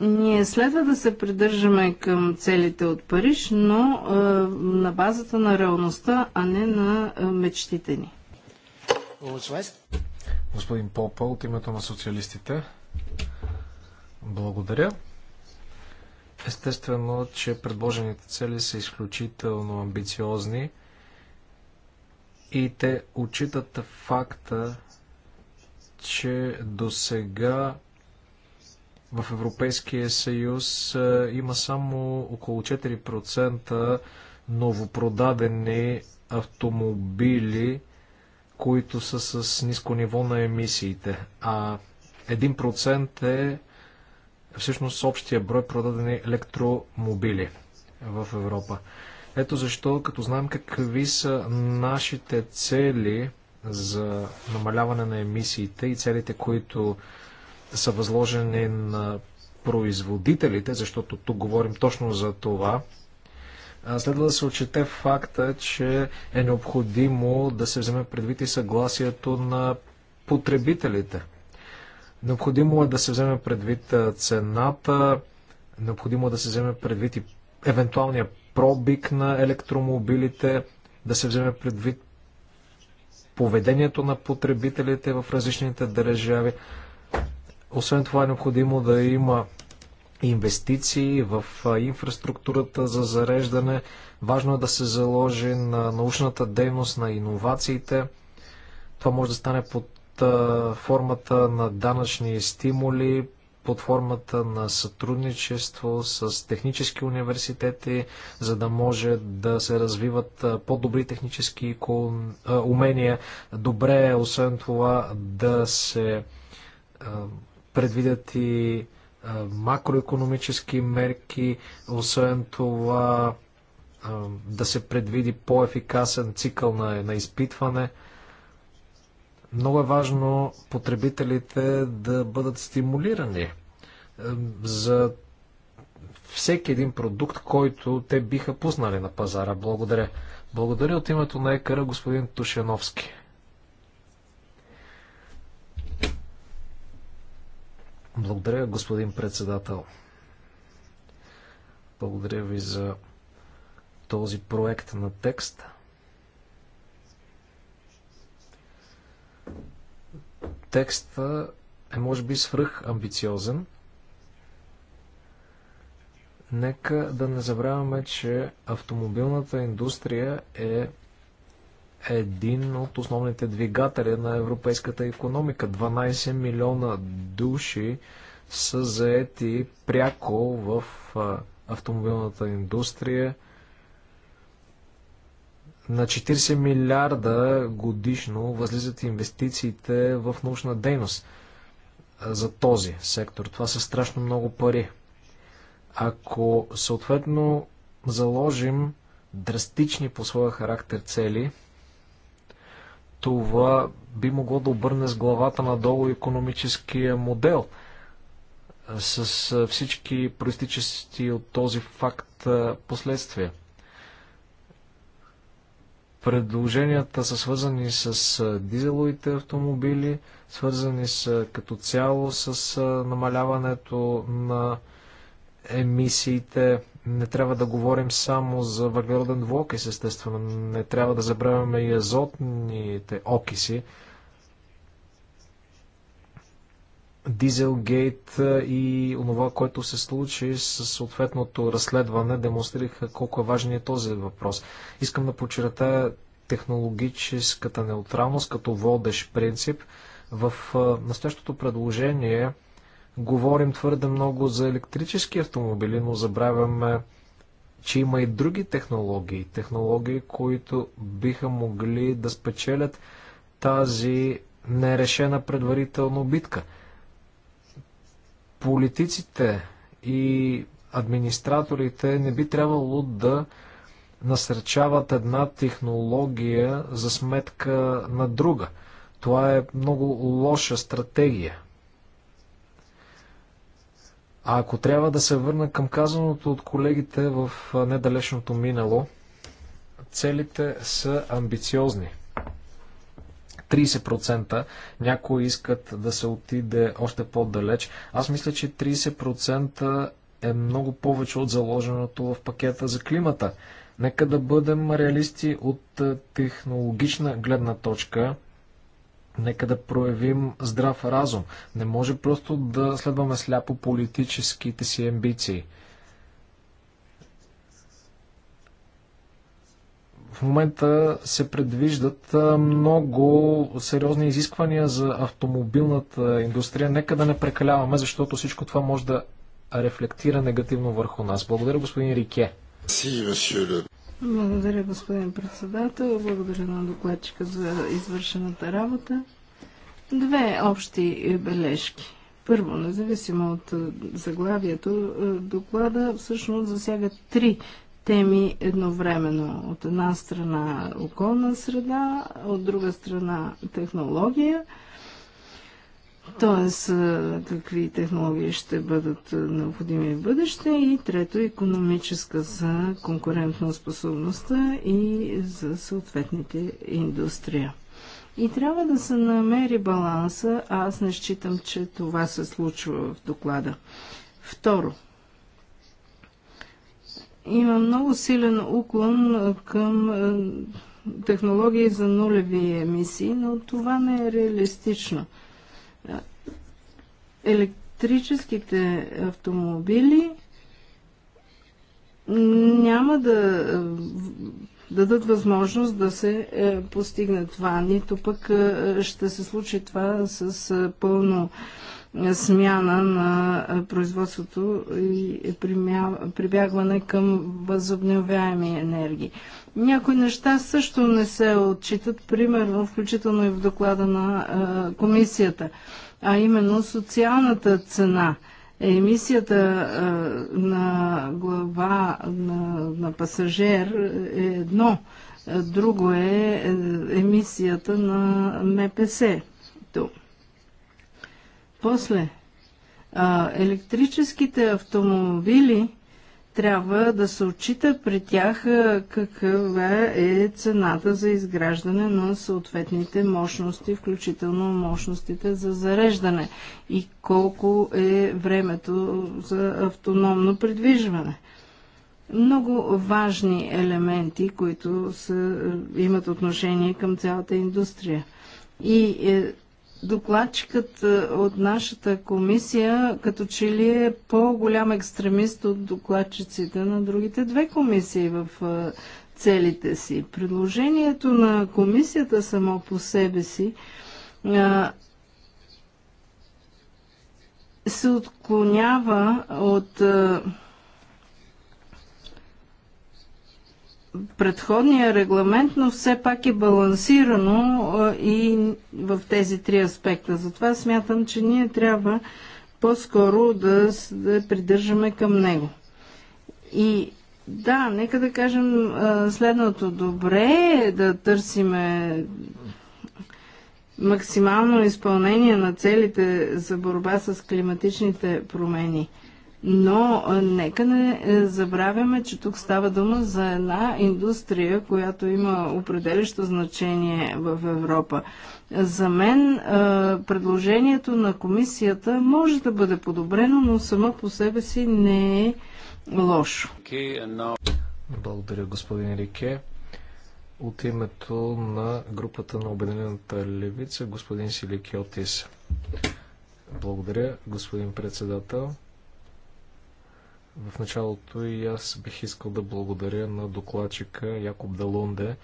Ние следва да се придържаме към целите от Париж, но на базата на реалността, а не на мечтите ни. Господин Попа от името на социалистите. Благодаря. Естествено, че предложените цели са изключително амбициозни и те отчитат факта, че до сега в Европейския съюз е, има само около 4% новопродадени автомобили, които са с ниско ниво на емисиите, а 1% е всъщност общия брой продадени електромобили в Европа. Ето защо, като знаем какви са нашите цели за намаляване на емисиите и целите, които са възложени на производителите, защото тук говорим точно за това, следва да се отчете факта, че е необходимо да се вземе предвид и съгласието на потребителите. Необходимо е да се вземе предвид цената, необходимо е да се вземе предвид и евентуалния пробик на електромобилите, да се вземе предвид поведението на потребителите в различните държави. Освен това е необходимо да има инвестиции в инфраструктурата за зареждане. Важно е да се заложи на научната дейност, на иновациите. Това може да стане под формата на данъчни стимули, под формата на сътрудничество с технически университети, за да може да се развиват по-добри технически умения. Добре е, освен това, да се предвидят и макроекономически мерки, освен това да се предвиди по-ефикасен цикъл на, на изпитване – много е важно потребителите да бъдат стимулирани за всеки един продукт, който те биха пуснали на пазара. Благодаря. Благодаря от името на екара господин Тушеновски. Благодаря, господин председател. Благодаря ви за този проект на текста. Текст е може би свръх амбициозен. Нека да не забравяме, че автомобилната индустрия е един от основните двигатели на европейската економика. 12 милиона души са заети пряко в автомобилната индустрия. На 40 милиарда годишно възлизат инвестициите в научна дейност за този сектор. Това са страшно много пари. Ако съответно заложим драстични по своя характер цели, това би могло да обърне с главата надолу економическия модел с всички проистичащи от този факт последствия. Предложенията са свързани с дизеловите автомобили, свързани с като цяло с намаляването на емисиите. Не трябва да говорим само за въглероден двуокис, естествено. Не трябва да забравяме и азотните окиси. Дизелгейт и онова, което се случи с съответното разследване, демонстрираха колко е важен е този въпрос. Искам да подчертая технологическата неутралност като водещ принцип. В настоящото предложение говорим твърде много за електрически автомобили, но забравяме, че има и други технологии. Технологии, които биха могли да спечелят тази нерешена предварително битка – Политиците и администраторите не би трябвало да насърчават една технология за сметка на друга. Това е много лоша стратегия. А ако трябва да се върна към казаното от колегите в недалечното минало, целите са амбициозни – 30%. Някои искат да се отиде още по-далеч. Аз мисля, че 30% е много повече от заложеното в пакета за климата. Нека да бъдем реалисти от е, технологична гледна точка. Нека да проявим здрав разум. Не може просто да следваме сляпо политическите си амбиции. В момента се предвиждат много сериозни изисквания за автомобилната индустрия. Нека да не прекаляваме, защото всичко това може да рефлектира негативно върху нас. Благодаря, господин Рике. Благодаря, господин председател. Благодаря на докладчика за извършената работа. Две общи бележки. Първо, независимо от заглавието, доклада всъщност засяга три теми едновременно. От една страна околна среда, от друга страна технология, т.е. какви технологии ще бъдат необходими в бъдеще и трето економическа за конкурентна способността и за съответните индустрия. И трябва да се намери баланса, а аз не считам, че това се случва в доклада. Второ, има много силен уклон към технологии за нулеви емисии, но това не е реалистично. Електрическите автомобили няма да дадат възможност да се е, постигне това, нито пък ще се случи това с пълно смяна на производството и прибягване към възобновяеми енергии. Някои неща също не се отчитат, примерно, включително и в доклада на комисията, а именно социалната цена – емисията а, на глава на, на пасажер е едно, друго е, е емисията на МПС. Тук. После, а, електрическите автомобили трябва да се отчита при тях каква е, е цената за изграждане на съответните мощности, включително мощностите за зареждане и колко е времето за автономно придвижване. Много важни елементи, които са, имат отношение към цялата индустрия. И е, докладчикът е, от нашата комисия като че ли е по-голям екстремист от докладчиците на другите две комисии в е, целите си. Предложението на комисията само по себе си е, се отклонява от предходния регламент, но все пак е балансирано и в тези три аспекта. Затова смятам, че ние трябва по-скоро да, се придържаме към него. И да, нека да кажем следното. Добре е да търсиме максимално изпълнение на целите за борба с климатичните промени – но нека не е, забравяме, че тук става дума за една индустрия, която има определящо значение в Европа. За мен предложението на комисията може да бъде подобрено, но само по себе си не е лошо. Благодаря, господин Рике. От името на групата на Обединената левица, господин Силикиотис. Благодаря, господин председател. В началото и аз бих искал да благодаря на докладчика Якоб Далонде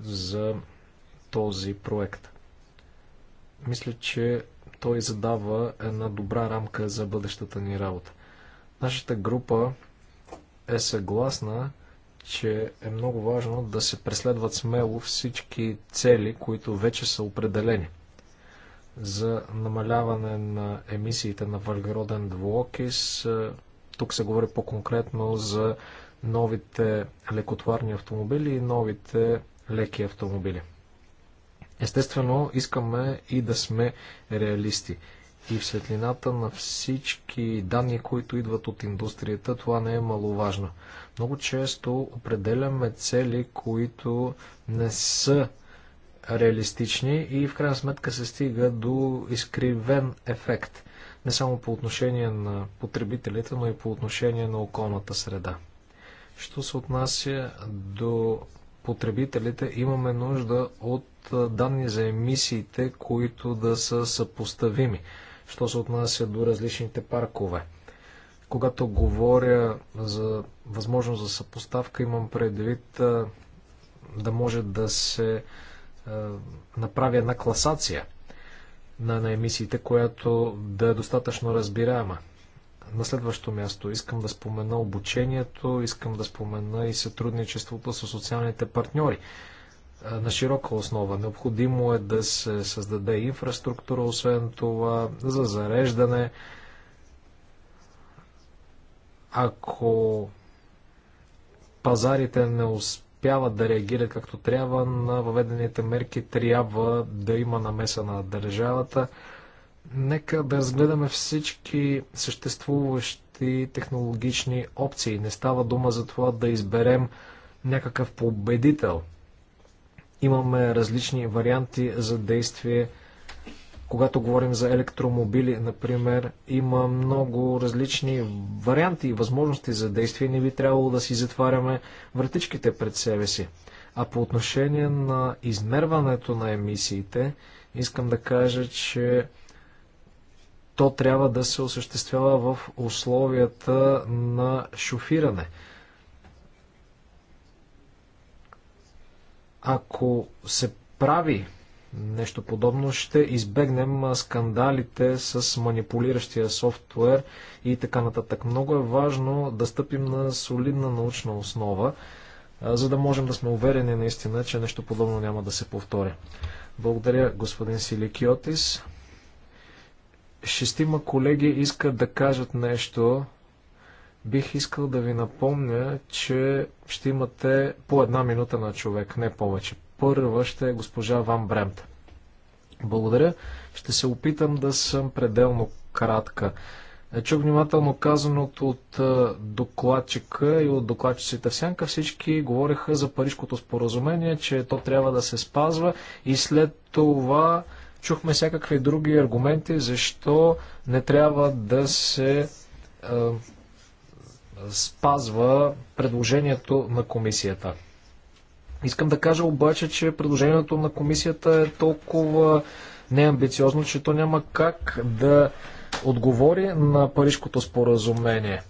за този проект. Мисля, че той задава една добра рамка за бъдещата ни работа. Нашата група е съгласна, че е много важно да се преследват смело всички цели, които вече са определени за намаляване на емисиите на въглероден двуокис, тук се говори по-конкретно за новите лекотварни автомобили и новите леки автомобили. Естествено, искаме и да сме реалисти. И в светлината на всички данни, които идват от индустрията, това не е маловажно. Много често определяме цели, които не са реалистични и в крайна сметка се стига до изкривен ефект не само по отношение на потребителите, но и по отношение на околната среда. Що се отнася до потребителите, имаме нужда от данни за емисиите, които да са съпоставими, що се отнася до различните паркове. Когато говоря за възможност за съпоставка, имам предвид да може да се направи една класация на, на емисиите, която да е достатъчно разбираема. На следващо място искам да спомена обучението, искам да спомена и сътрудничеството с социалните партньори. На широка основа необходимо е да се създаде инфраструктура, освен това, за зареждане. Ако пазарите не успеят, успяват да реагират както трябва на въведените мерки, трябва да има намеса на държавата. Нека да разгледаме всички съществуващи технологични опции. Не става дума за това да изберем някакъв победител. Имаме различни варианти за действие – когато говорим за електромобили, например, има много различни варианти и възможности за действие. Не би трябвало да си затваряме вратичките пред себе си. А по отношение на измерването на емисиите, искам да кажа, че то трябва да се осъществява в условията на шофиране. Ако се прави нещо подобно, ще избегнем скандалите с манипулиращия софтуер и така нататък. Много е важно да стъпим на солидна научна основа, за да можем да сме уверени наистина, че нещо подобно няма да се повтори. Благодаря, господин Силикиотис. Шестима колеги искат да кажат нещо. Бих искал да ви напомня, че ще имате по една минута на човек, не повече. Първа ще е госпожа Ван Бремт. Благодаря. Ще се опитам да съм пределно кратка. Е, чух внимателно казаното от е, докладчика и от докладчиците в Сянка. Всички говореха за Парижкото споразумение, че то трябва да се спазва и след това чухме всякакви други аргументи, защо не трябва да се е, спазва предложението на комисията. Искам да кажа обаче, че предложението на комисията е толкова неамбициозно, че то няма как да отговори на Парижкото споразумение.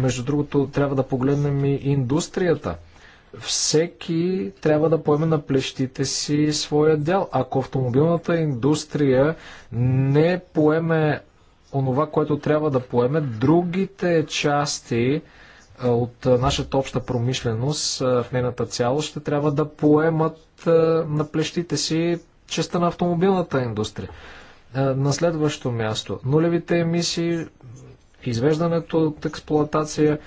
Между другото, трябва да погледнем и индустрията. Всеки трябва да поеме на плещите си своя дял. Ако автомобилната индустрия не поеме онова, което трябва да поеме, другите части от нашата обща промишленост в нейната цялост ще трябва да поемат на плещите си честа на автомобилната индустрия. На следващо място, нулевите емисии, извеждането от експлоатация,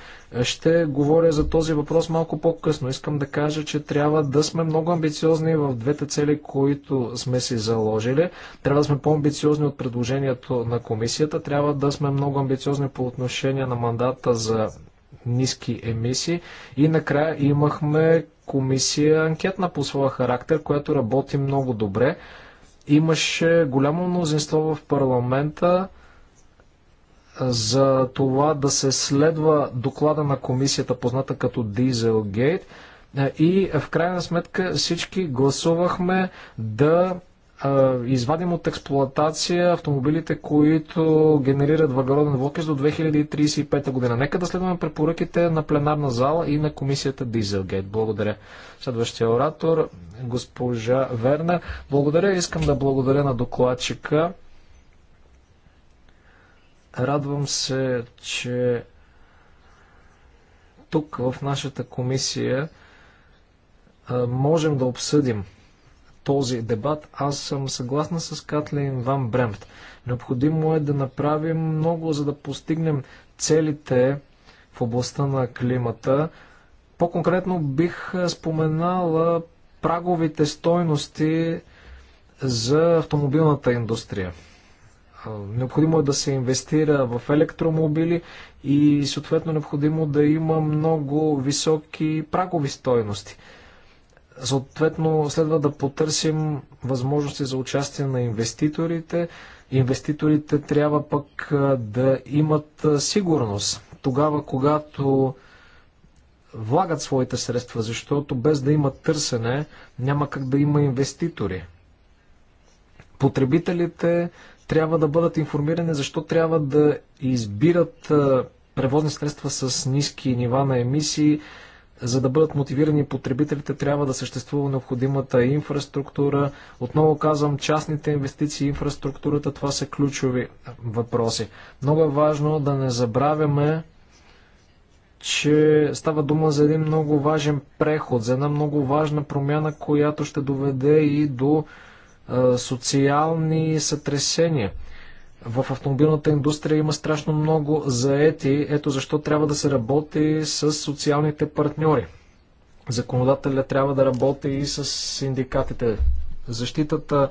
ще говоря за този въпрос малко по-късно. Искам да кажа, че трябва да сме много амбициозни в двете цели, които сме си заложили. Трябва да сме по-амбициозни от предложението на комисията. Трябва да сме много амбициозни по отношение на мандата за ниски емисии. И накрая имахме комисия анкетна по своя характер, която работи много добре. Имаше голямо мнозинство в парламента за това да се следва доклада на комисията, позната като Dieselgate. И в крайна сметка всички гласувахме да извадим от експлоатация автомобилите, които генерират въглероден двуокис до 2035 година. Нека да следваме препоръките на пленарна зала и на комисията Дизелгейт. Благодаря. Следващия оратор, госпожа Верна. Благодаря. Искам да благодаря на докладчика. Радвам се, че тук в нашата комисия можем да обсъдим този дебат. Аз съм съгласна с Катлин Ван Бремт. Необходимо е да направим много, за да постигнем целите в областта на климата. По-конкретно бих споменала праговите стойности за автомобилната индустрия. Необходимо е да се инвестира в електромобили и съответно необходимо да има много високи прагови стойности Съответно, следва да потърсим възможности за участие на инвеститорите. Инвеститорите трябва пък да имат сигурност тогава, когато влагат своите средства, защото без да има търсене, няма как да има инвеститори. Потребителите трябва да бъдат информирани защо трябва да избират превозни средства с ниски нива на емисии, за да бъдат мотивирани потребителите, трябва да съществува необходимата инфраструктура. Отново казвам, частните инвестиции, инфраструктурата, това са ключови въпроси. Много е важно да не забравяме, че става дума за един много важен преход, за една много важна промяна, която ще доведе и до социални сътресения. В автомобилната индустрия има страшно много заети. Ето защо трябва да се работи с социалните партньори. Законодателя трябва да работи и с синдикатите. Защитата,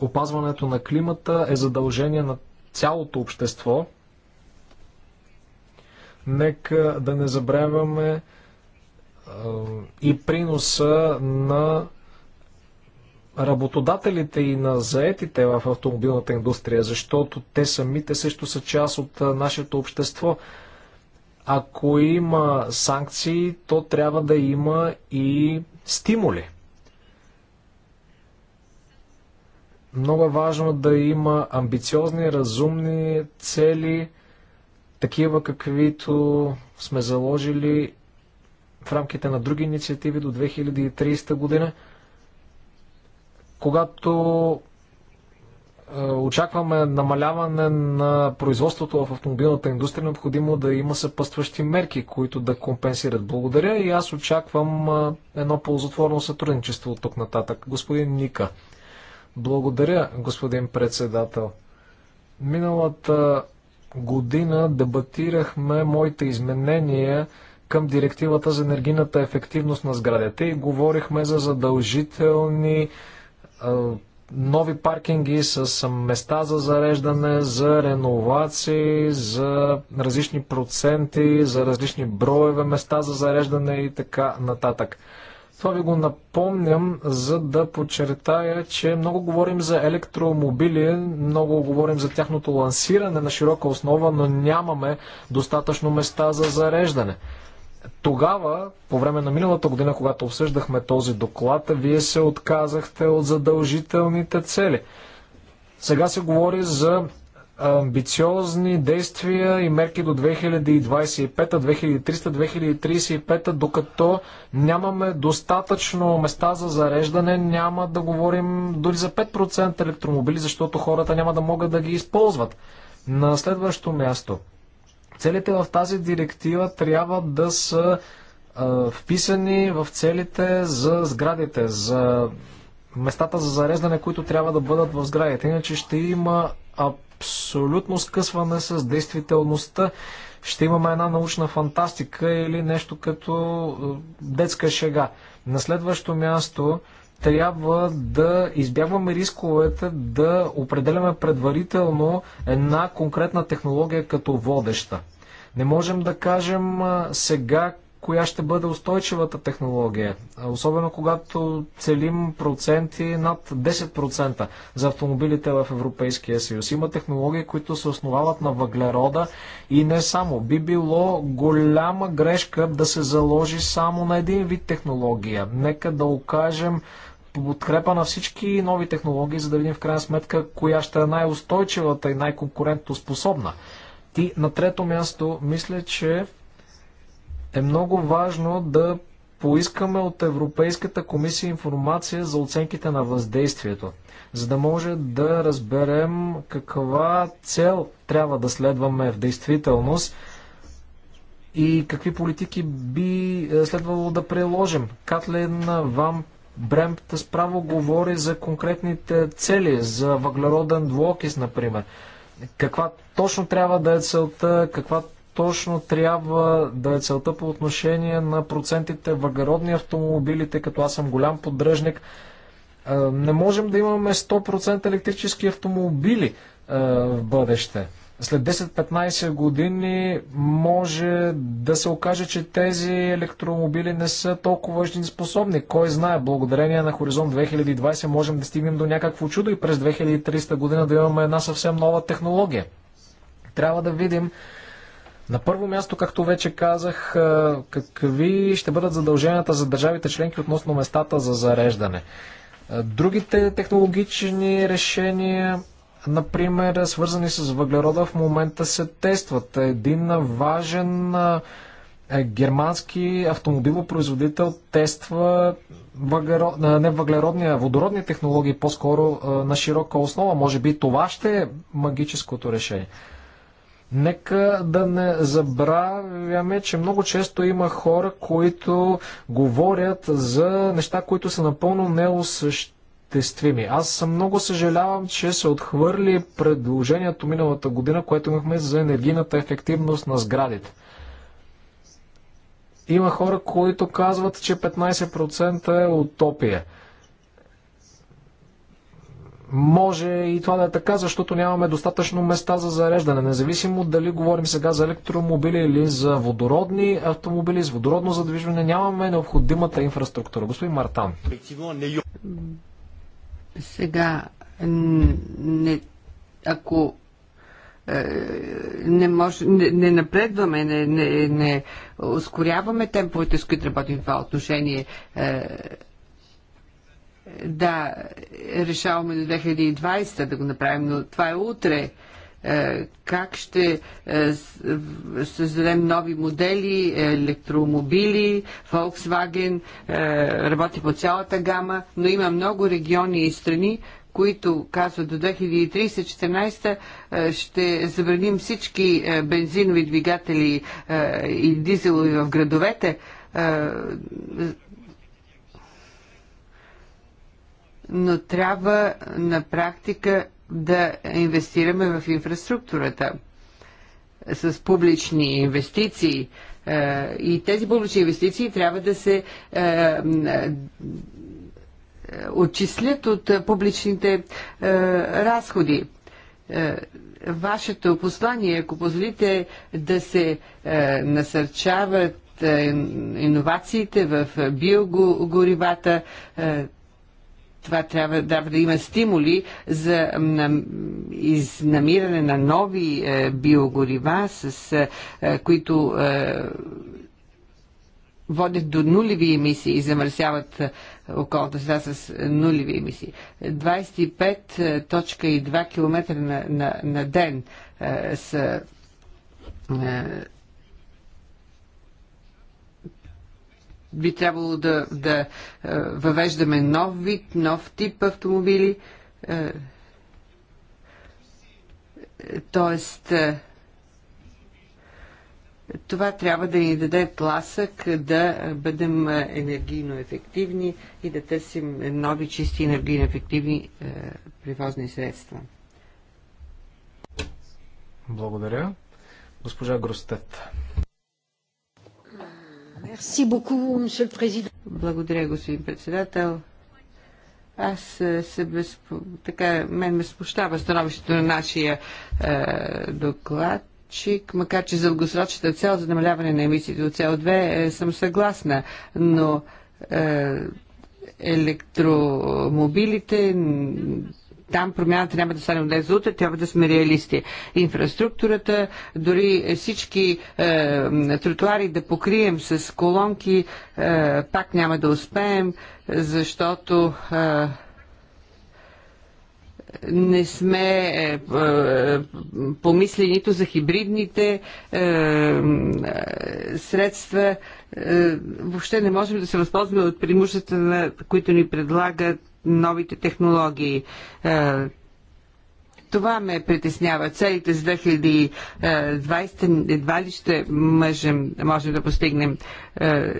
опазването на климата е задължение на цялото общество. Нека да не забравяме и приноса на работодателите и на заетите в автомобилната индустрия, защото те самите също са част от нашето общество. Ако има санкции, то трябва да има и стимули. Много е важно да има амбициозни, разумни цели, такива каквито сме заложили в рамките на други инициативи до 2030 година – когато е, очакваме намаляване на производството в автомобилната индустрия, е необходимо да има съпъстващи мерки, които да компенсират. Благодаря и аз очаквам е, едно ползотворно сътрудничество от тук нататък. Господин Ника. Благодаря, господин председател. Миналата година дебатирахме моите изменения към директивата за енергийната ефективност на сградите и говорихме за задължителни нови паркинги с места за зареждане, за реновации, за различни проценти, за различни броеве места за зареждане и така нататък. Това ви го напомням, за да подчертая, че много говорим за електромобили, много говорим за тяхното лансиране на широка основа, но нямаме достатъчно места за зареждане. Тогава, по време на миналата година, когато обсъждахме този доклад, вие се отказахте от задължителните цели. Сега се говори за амбициозни действия и мерки до 2025, 2300, 2035, докато нямаме достатъчно места за зареждане, няма да говорим дори за 5% електромобили, защото хората няма да могат да ги използват. На следващо място – Целите в тази директива трябва да са а, вписани в целите за сградите, за местата за зареждане, които трябва да бъдат в сградите. Иначе ще има абсолютно скъсване с действителността. Ще имаме една научна фантастика или нещо като детска шега. На следващо място трябва да избягваме рисковете да определяме предварително една конкретна технология като водеща. Не можем да кажем сега коя ще бъде устойчивата технология. Особено когато целим проценти над 10% за автомобилите в Европейския съюз. Има технологии, които се основават на въглерода и не само. Би било голяма грешка да се заложи само на един вид технология. Нека да окажем подкрепа на всички нови технологии, за да видим в крайна сметка коя ще е най-устойчивата и най-конкурентоспособна. Ти на трето място, мисля, че е много важно да поискаме от Европейската комисия информация за оценките на въздействието, за да може да разберем каква цел трябва да следваме в действителност и какви политики би е, следвало да приложим. Катлин Вам Бремт справо говори за конкретните цели, за въглероден двуокис, например. Каква точно трябва да е целта, каква точно трябва да е целта по отношение на процентите въглеродни автомобили, тъй като аз съм голям поддръжник. Не можем да имаме 100% електрически автомобили в бъдеще. След 10-15 години може да се окаже, че тези електромобили не са толкова способни. Кой знае, благодарение на Хоризонт 2020 можем да стигнем до някакво чудо и през 2300 година да имаме една съвсем нова технология. Трябва да видим на първо място, както вече казах, какви ще бъдат задълженията за държавите членки относно местата за зареждане. Другите технологични решения, например, свързани с въглерода, в момента се тестват. Един важен е, германски автомобилопроизводител тества въглерод, не въглеродни, а водородни технологии по-скоро на широка основа. Може би това ще е магическото решение. Нека да не забравяме, че много често има хора, които говорят за неща, които са напълно неосъществими. Аз съм много съжалявам, че се отхвърли предложението миналата година, което имахме за енергийната ефективност на сградите. Има хора, които казват, че 15% е утопия. Може и това да е така, защото нямаме достатъчно места за зареждане, независимо дали говорим сега за електромобили или за водородни автомобили с водородно задвижване, нямаме необходимата инфраструктура. Господин Мартан. Сега, не, ако е, не, може, не, не напредваме, не, не, не ускоряваме темповете, с които работим в това отношение. Е, да, решаваме до 2020 да го направим, но това е утре. Е, как ще е, създадем нови модели, е, електромобили, Volkswagen работи по цялата гама, но има много региони и страни, които казват до 2030-2014 ще забраним всички бензинови двигатели и дизелови в градовете но трябва на практика да инвестираме в инфраструктурата с публични инвестиции. Е, и тези публични инвестиции трябва да се е, е, отчислят от публичните разходи вашето послание, ако позволите да се насърчават иновациите в биогоривата, това трябва да, да има стимули за изнамиране на нови е, биогорива, с е, е, които водят до нулеви емисии и замърсяват околната среда с нулеви емисии. 25.2 км на, на, на ден са би трябвало да, да е, въвеждаме нов вид, нов тип автомобили. Е, тоест, е, това трябва да ни даде тласък да бъдем енергийно ефективни и да търсим нови чисти енергийно ефективни превозни средства. Благодаря. Госпожа Гростет. Благодаря, господин председател. Аз е, се без... така, мен ме смущава становището на нашия е, доклад докладчик, макар че за дългосрочната цел за намаляване на емисиите от СО2 е, съм съгласна, но е, електромобилите там промяната няма да стане от днес за утре, трябва да сме реалисти. Инфраструктурата, дори всички е, тротуари да покрием с колонки, е, пак няма да успеем, защото е, не сме е, е помисли нито за хибридните е, е средства, е, въобще не можем да се възползваме от преимуществата, които ни предлагат новите технологии. Е, това ме притеснява. Целите за 2020 едва ли ще можем, можем да постигнем. Е,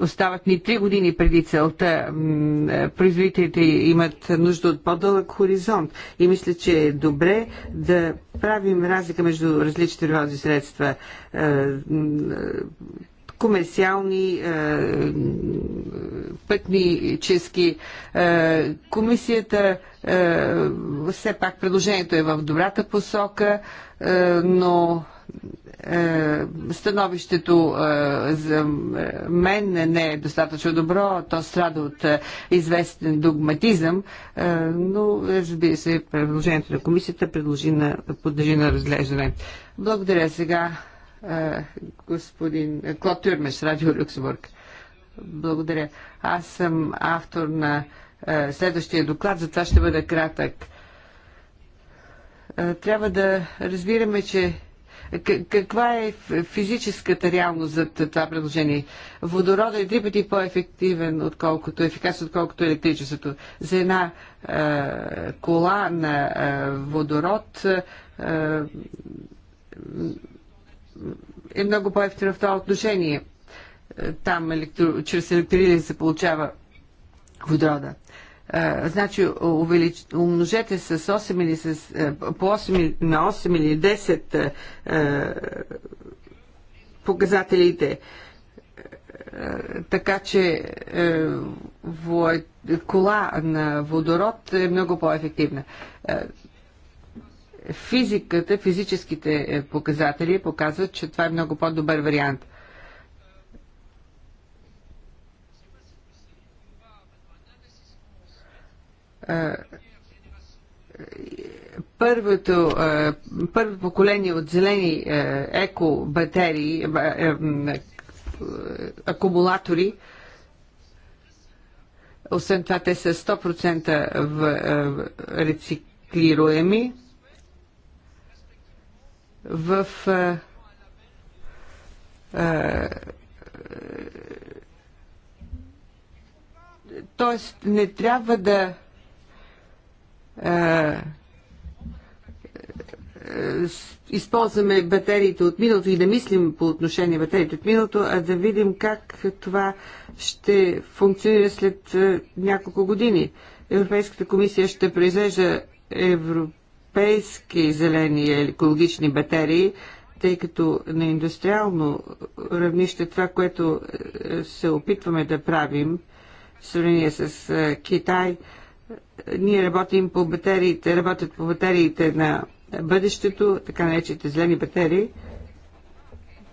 остават ни три години преди целта. Производителите имат нужда от по-дълъг хоризонт. И мисля, че е добре да правим разлика между различните превозни средства комерциални е, пътнически. Е, комисията е, все пак предложението е в добрата посока, но становището за мен не е достатъчно добро, то страда от известен догматизъм, но разбира се, предложението на комисията предложи на, подлежи на разглеждане. Благодаря сега господин Клод Тюрмеш, Радио Люксембург. Благодаря. Аз съм автор на следващия доклад, затова ще бъда кратък. Трябва да разбираме, че каква е физическата реалност за това предложение? Водорода е три пъти по-ефективен, отколкото ефикасен, отколкото електричеството. За една кола на водород е много по-ефтино в това отношение. Е, там електро, чрез електролиза се получава водорода. Е, значи увелич... умножете с 8 или с, е, по 8, на 8 или 10 показателите така че е, кола на водород е много по-ефективна физиката, физическите е, показатели показват, че това е много по-добър вариант. Е, първото, е, първо поколение от зелени еко батерии, акумулатори, освен това, те са 100% в, рециклируеми в а, а, Тоест, не трябва да а, използваме батериите от миналото и да мислим по отношение на батериите от миналото, а да видим как това ще функционира след няколко години. Европейската комисия ще произвежда европейски европейски зелени екологични батерии, тъй като на индустриално равнище това, което е, се опитваме да правим в сравнение с е, Китай, е, ние работим по батериите, работят по батериите на бъдещето, така наречените зелени батерии.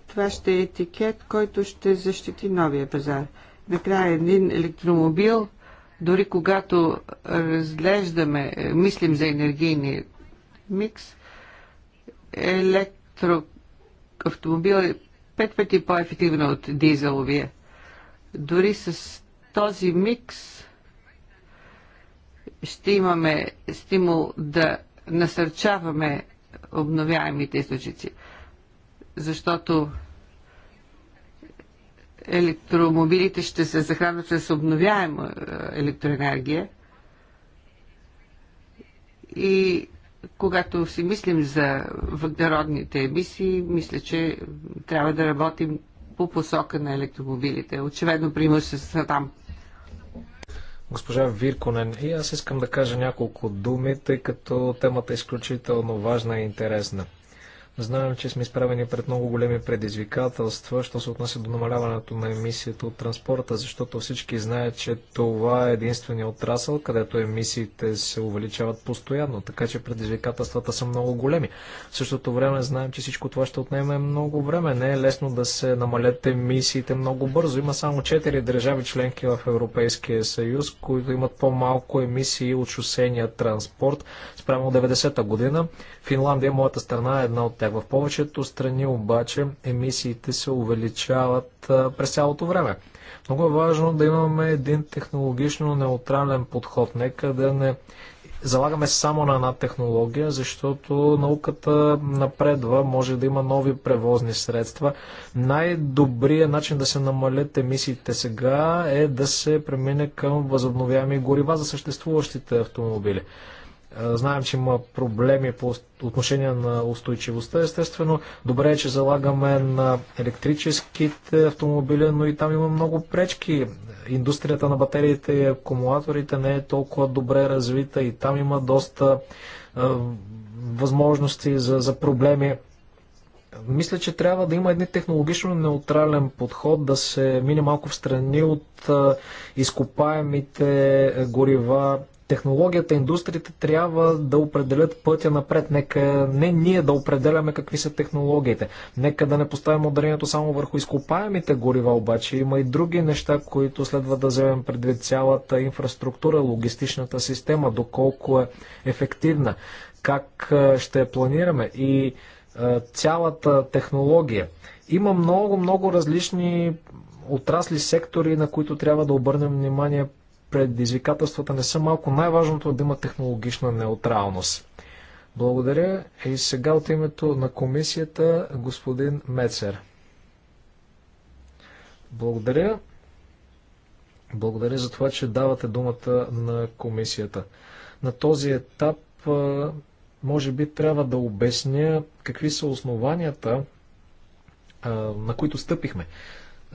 Това ще е етикет, който ще защити новия пазар. Накрая един електромобил, дори когато разглеждаме, мислим за енергийни микс. Електроавтомобил е пет пъти по-ефективно от дизеловия. Дори с този микс ще имаме стимул да насърчаваме обновяемите източници, защото електромобилите ще се захранват с обновяема е, електроенергия и когато си мислим за въглеродните емисии, мисля, че трябва да работим по посока на електромобилите. Очевидно, преимуществата са там. Госпожа Вирконен, и аз искам да кажа няколко думи, тъй като темата е изключително важна и интересна. Знаем, че сме изправени пред много големи предизвикателства, що се отнася до намаляването на емисията от транспорта, защото всички знаят, че това е единствения отрасъл, където емисиите се увеличават постоянно, така че предизвикателствата са много големи. В същото време знаем, че всичко това ще отнеме много време. Не е лесно да се намалят емисиите много бързо. Има само 4 държави членки в Европейския съюз, които имат по-малко емисии от шосения транспорт спрямо 90-та година. Финландия, е моята страна, е една от тях. В повечето страни обаче емисиите се увеличават през цялото време. Много е важно да имаме един технологично неутрален подход. Нека да не залагаме само на една технология, защото науката напредва, може да има нови превозни средства. Най-добрият начин да се намалят емисиите сега е да се премине към възобновяеми горива за съществуващите автомобили. Е, знаем, че има проблеми по отношение на устойчивостта, естествено. Добре е, че залагаме на електрическите автомобили, но и там има много пречки. Индустрията на батериите и акумулаторите не е толкова добре развита и там има доста е, възможности за, за проблеми. Мисля, че трябва да има един технологично неутрален подход, да се мине малко в страни от е, изкопаемите горива, технологията, индустриите трябва да определят пътя напред. Нека не ние да определяме какви са технологиите. Нека да не поставим ударението само върху изкопаемите горива, обаче има и други неща, които следва да вземем предвид цялата инфраструктура, логистичната система, доколко е ефективна, как ще я планираме и цялата технология. Има много, много различни отрасли, сектори, на които трябва да обърнем внимание предизвикателствата не са малко. Най-важното е да има технологична неутралност. Благодаря и сега от името на комисията господин Мецер. Благодаря. Благодаря за това, че давате думата на комисията. На този етап може би трябва да обясня какви са основанията, на които стъпихме,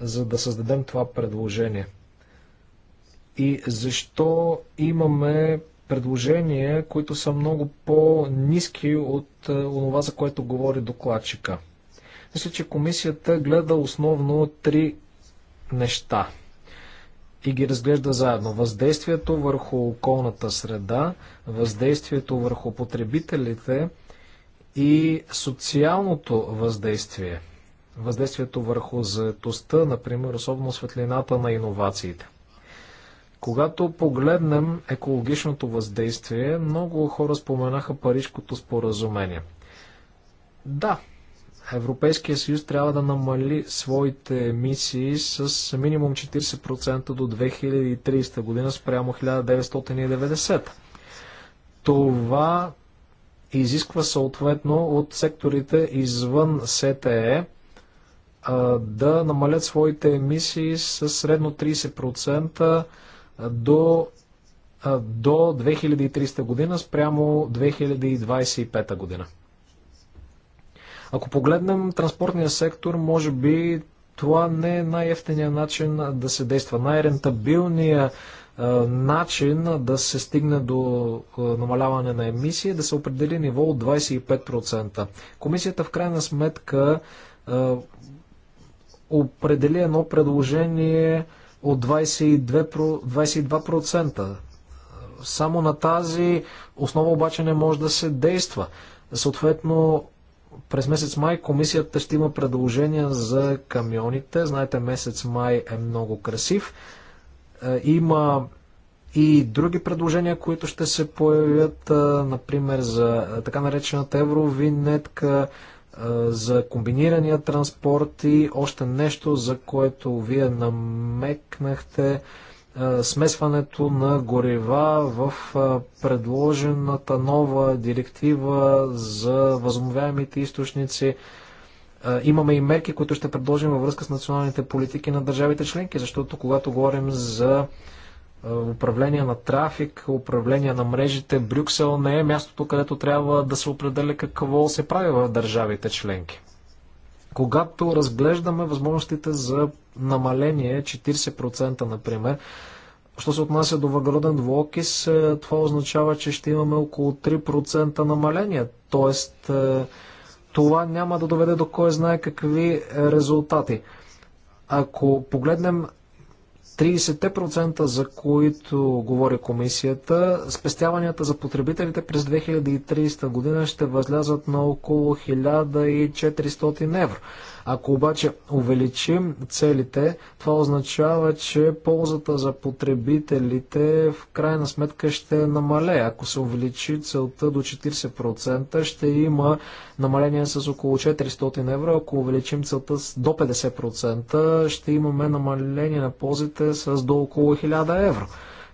за да създадем това предложение и защо имаме предложения, които са много по-низки от е, онова, за което говори докладчика. Мисля, че комисията гледа основно три неща и ги разглежда заедно. Въздействието върху околната среда, въздействието върху потребителите и социалното въздействие. Въздействието върху заетостта, например, особено светлината на иновациите. Когато погледнем екологичното въздействие, много хора споменаха Парижкото споразумение. Да, Европейския съюз трябва да намали своите емисии с минимум 40% до 2030 година спрямо 1990. Това изисква съответно от секторите извън СТЕ да намалят своите емисии с средно 30% до, до 2300 година спрямо 2025 година. Ако погледнем транспортния сектор, може би това не е най ефтения начин да се действа. Най-рентабилният начин да се стигне до намаляване на емисии е да се определи ниво от 25%. Комисията в крайна сметка определи едно предложение от 22%, 22%. Само на тази основа обаче не може да се действа. Съответно, през месец май комисията ще има предложения за камионите. Знаете, месец май е много красив. Е, има и други предложения, които ще се появят, е, например за е, така наречената евровинетка, за комбинирания транспорт и още нещо, за което вие намекнахте смесването на горива в предложената нова директива за възмовяемите източници. Имаме и мерки, които ще предложим във връзка с националните политики на държавите членки, защото когато говорим за е, управление на трафик, управление на мрежите. Брюксел не е мястото, където трябва да се определя какво се прави в държавите членки. Когато разглеждаме възможностите за намаление, 40% например, Що се отнася до въгроден двуокис, е, това означава, че ще имаме около 3% намаление. Тоест, е, това няма да доведе до кой знае какви резултати. Ако погледнем 30% за които говори комисията, спестяванията за потребителите през 2030 година ще възлязат на около 1400 евро. Ако обаче увеличим целите, това означава, че ползата за потребителите в крайна сметка ще намалее. Ако се увеличи целта до 40%, ще има намаление с около 400 евро. Ако увеличим целта до 50%, ще имаме намаление на ползите с до около 1000 евро.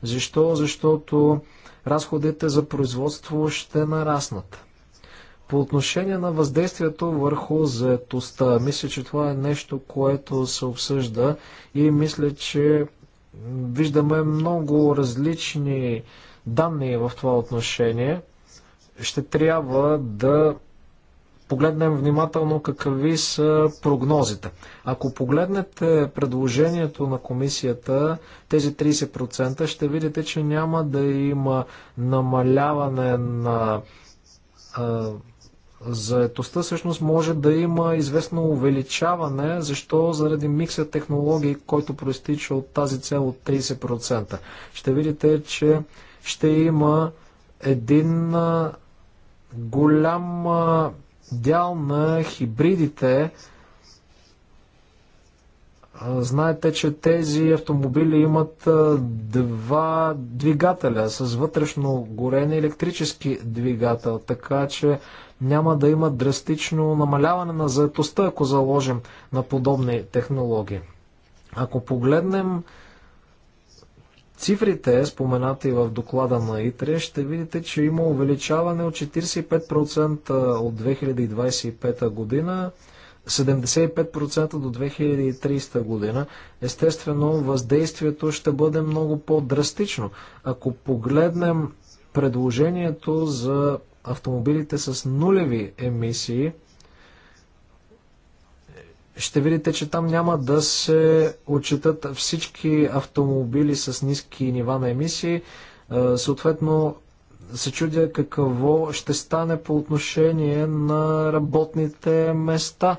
Защо? Защото разходите за производство ще нараснат. По отношение на въздействието върху заетостта, мисля, че това е нещо, което се обсъжда и мисля, че виждаме много различни данни в това отношение. Ще трябва да погледнем внимателно какви са прогнозите. Ако погледнете предложението на комисията, тези 30%, ще видите, че няма да има намаляване на заетостта всъщност може да има известно увеличаване, защо заради микса технологии, който проистича от тази цел от 30%. Ще видите, че ще има един голям дял на хибридите, Знаете, че тези автомобили имат два двигателя с вътрешно горен електрически двигател, така че няма да има драстично намаляване на заетостта, ако заложим на подобни технологии. Ако погледнем цифрите, споменати в доклада на ИТРЕ, ще видите, че има увеличаване от 45% от 2025 година 75% до 2030 година, естествено въздействието ще бъде много по-драстично. Ако погледнем предложението за автомобилите с нулеви емисии, ще видите, че там няма да се отчитат всички автомобили с ниски нива на емисии. Е, съответно, се чудя какво ще стане по отношение на работните места.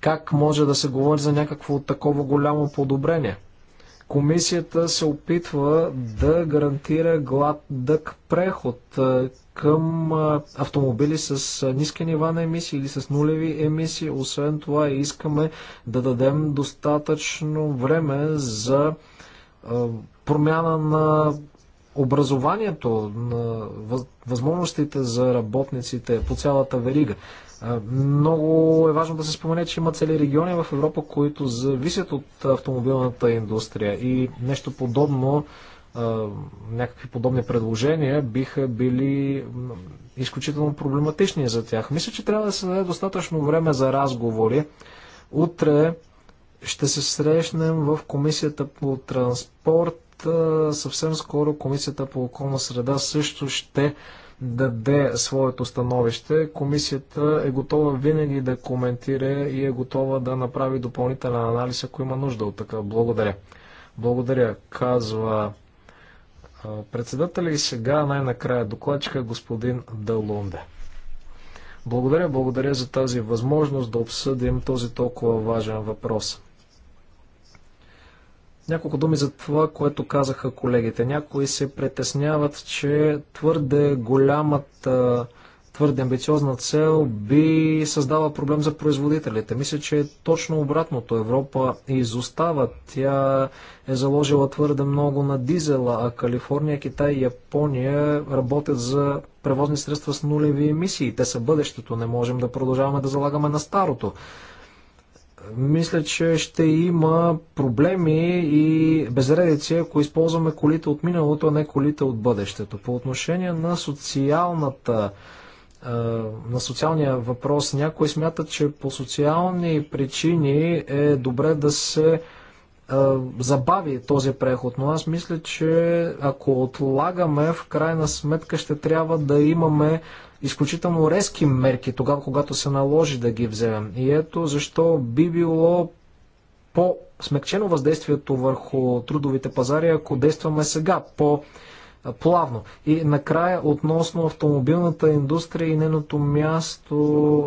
Как може да се говори за някакво такова голямо подобрение? Комисията се опитва да гарантира гладък преход към автомобили с ниски нива на емисии или с нулеви емисии. Освен това искаме да дадем достатъчно време за промяна на образованието, на възможностите за работниците по цялата верига. Много е важно да се спомене, че има цели региони в Европа, които зависят от автомобилната индустрия и нещо подобно, някакви подобни предложения биха били изключително проблематични за тях. Мисля, че трябва да се даде достатъчно време за разговори. Утре ще се срещнем в комисията по транспорт съвсем скоро Комисията по околна среда също ще даде своето становище. Комисията е готова винаги да коментира и е готова да направи допълнителен анализ, ако има нужда от така. Благодаря. Благодаря, казва председателя и сега най-накрая докладчика е господин Далунде. Благодаря, благодаря за тази възможност да обсъдим този толкова важен въпрос. Няколко думи за това, което казаха колегите. Някои се притесняват, че твърде голямата, твърде амбициозна цел би създава проблем за производителите. Мисля, че е точно обратното. Европа изостава. Тя е заложила твърде много на дизела, а Калифорния, Китай и Япония работят за превозни средства с нулеви емисии. Те са бъдещето. Не можем да продължаваме да залагаме на старото мисля, че ще има проблеми и безредици, ако използваме колите от миналото, а не колите от бъдещето. По отношение на социалната на социалния въпрос. Някои смятат, че по социални причини е добре да се забави този преход, но аз мисля, че ако отлагаме, в крайна сметка ще трябва да имаме изключително резки мерки тогава, когато се наложи да ги вземем. И ето защо би било по-смекчено въздействието върху трудовите пазари, ако действаме сега по- плавно. И накрая относно автомобилната индустрия и неното място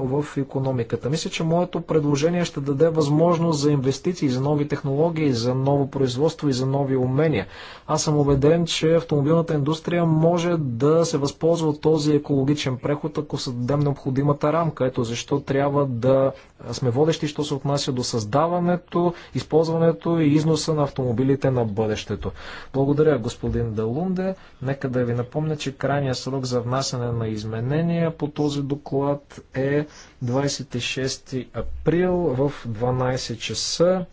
в економиката. Мисля, че моето предложение ще даде възможност за инвестиции, за нови технологии, за ново производство и за нови умения. Аз съм убеден, че автомобилната индустрия може да се възползва от този екологичен преход, ако създадем необходимата рамка. Ето защо трябва да сме водещи, що се отнася до създаването, използването и износа на автомобилите на бъдещето. Благодаря, господин Далунде. Нека да ви напомня, че крайният срок за внасяне на изменения по този доклад е 26 април в 12 часа.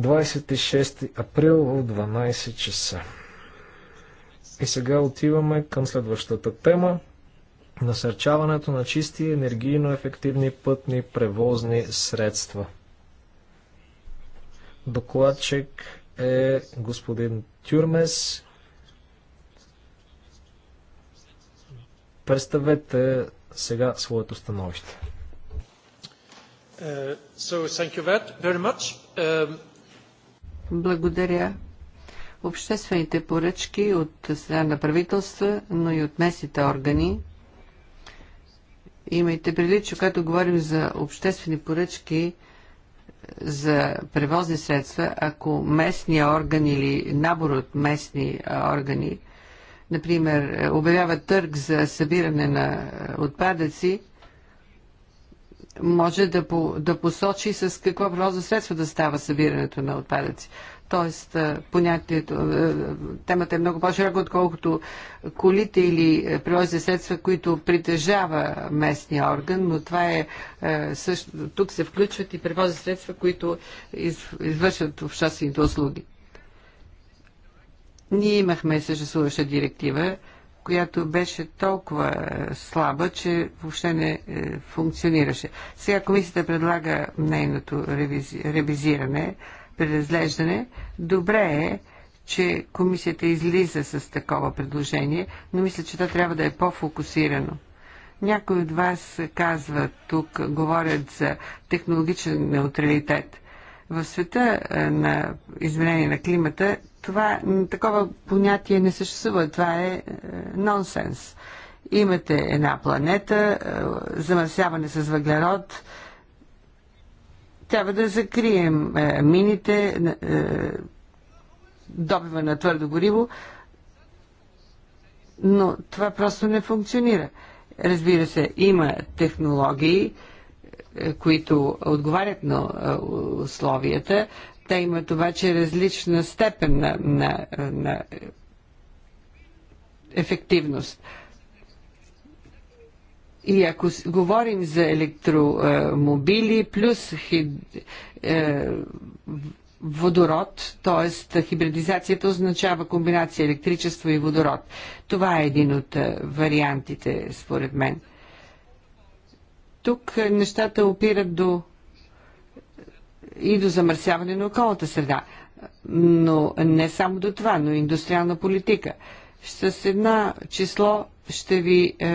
26 април в 12 часа. И сега отиваме към следващата тема насърчаването на чисти енергийно ефективни пътни превозни средства. Докладчик е господин Тюрмес. Представете сега своето становище. Е, е, Благодаря. Обществените поръчки от страна на правителства, но и от местните органи. Имайте предвид, че когато говорим за обществени поръчки, е, за превозни средства, ако местния орган или набор от местни органи например, е, обявяват търг за събиране на е, отпадъци, може да, по, да посочи с какво превозно средство да става събирането на отпадъци. Тоест, е, понятието, темата е много по-широка, отколкото колите или превозни средства, които притежава местния орган, но това е също, тук се включват и превозни средства, които извършват обществените услуги. Ние имахме съществуваща директива, която беше толкова е, слаба, че въобще не е, функционираше. Сега комисията предлага нейното ревизи... ревизиране, преразглеждане. Добре е, че комисията излиза с такова предложение, но мисля, че то трябва да е по-фокусирано. Някои от вас казват тук, говорят за технологичен неутралитет. В света е, на изменение на климата това, такова понятие не съществува. Това е, е нонсенс. Имате една планета, е, замърсяване с въглерод, трябва да закрием мините, добива на твърдо гориво, но това просто не функционира. Разбира се, има технологии, е, които отговарят на е, условията, те имат обаче различна степен на, на, е, на ефективност. И ако говорим за електромобили плюс хид, е, водород, т.е. хибридизацията означава комбинация електричество и водород. Това е един от вариантите, според мен. Тук нещата опират до и до замърсяване на околната среда. Но не само до това, но и индустриална политика. С една число ще ви е,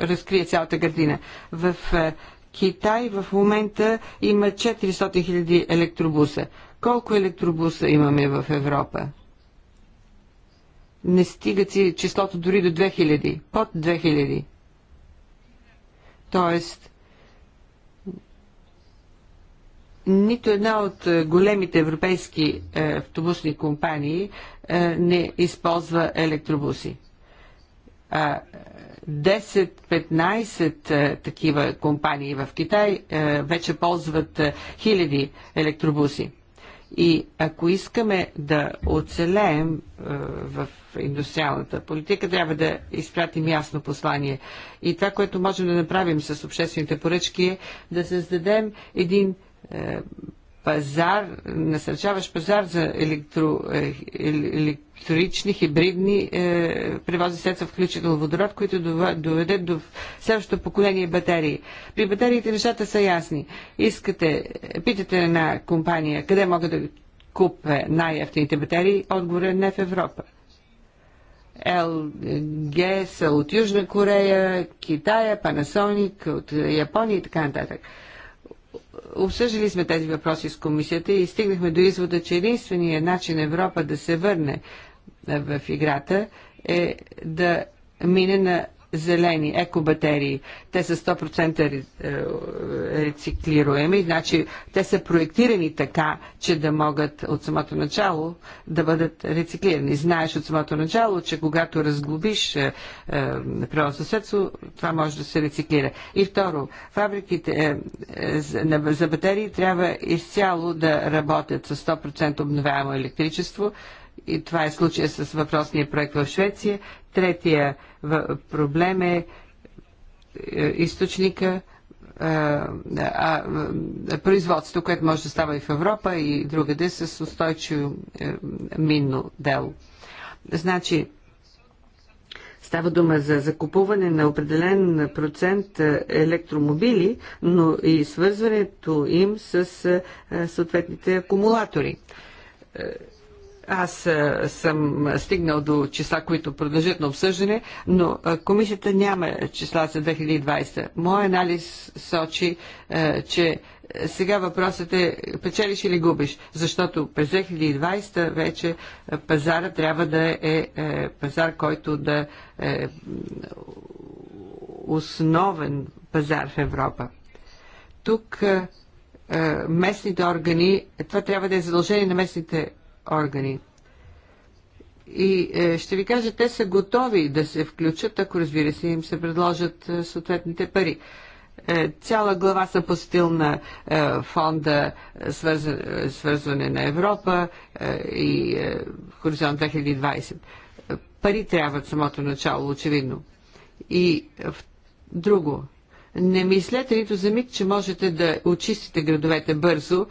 разкрия цялата градина. В е, Китай в момента има 400 000 електробуса. Колко електробуса имаме в Европа? Не стига си числото дори до 2000, под 2000. Тоест, нито една от е, големите европейски е, автобусни компании е, не използва електробуси. 10-15 такива компании в Китай вече ползват хиляди електробуси. И ако искаме да оцелеем в индустриалната политика, трябва да изпратим ясно послание. И това, което можем да направим с обществените поръчки е да създадем един е, пазар, насърчаващ пазар за електро, е, електрични, хибридни е, превози средства, включително водород, които доведат до следващото поколение батерии. При батериите нещата са ясни. Искате, питате една компания къде могат да купе най-ефтините батерии, отговорът е не в Европа. LG са от Южна Корея, Китая, Панасоник, от Япония и така нататък. Обсъждали сме тези въпроси с комисията и стигнахме до извода, че единственият начин Европа да се върне в играта е да мине на зелени екобатерии. Те са 100% е, рециклируеми, значи те са проектирани така, че да могат от самото начало да бъдат рециклирани. Знаеш от самото начало, че когато разглобиш е, е природно съседство, това може да се рециклира. И второ, фабриките е, е, за батерии трябва изцяло да работят с 100% обновяемо електричество. И това е случая с въпросния проект в Швеция. Третия Проблем е, е източника, е, а, е, производство, което може да става и в Европа и другаде с устойчиво минно дело. Значи, Става дума за закупуване на определен процент електромобили, но и свързването им с съответните акумулатори. Аз съм стигнал до числа, които продължат на обсъждане, но комисията няма числа за 2020. Мой анализ сочи, че сега въпросът е печелиш или губиш, защото през 2020 вече пазара трябва да е, е пазар, който да е основен пазар в Европа. Тук местните органи, това трябва да е задължение на местните органи. И е, ще ви кажа, те са готови да се включат, ако разбира се им се предложат е, съответните пари. Е, цяла глава съм посетил на е, фонда е, свързване, свързване на Европа е, и Хоризонт 2020. Пари трябват самото начало, очевидно. И друго, не мислете нито за миг, че можете да очистите градовете бързо,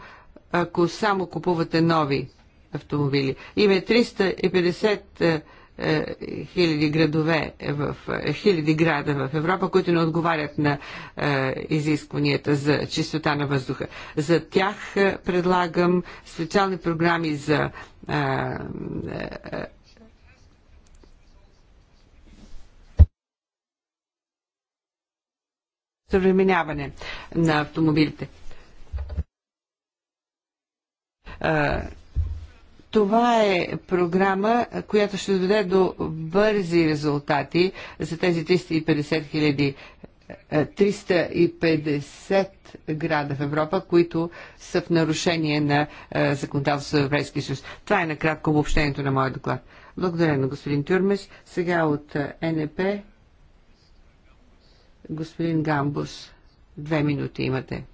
ако само купувате нови автомобили. Има 350 е, е, хиляди градове в е, хиляди града в Европа, които не отговарят на изискванията за чистота на въздуха. За тях предлагам специални програми за съвременяване на автомобилите. Това е програма, която ще доведе до бързи резултати за тези 350 хиляди 350 е, града в Европа, които са в нарушение на е, законодателството в Европейския съюз. Това е накратко обобщението на моя доклад. Благодаря на господин Тюрмеш. Сега от е, НП господин Гамбус. Две минути имате.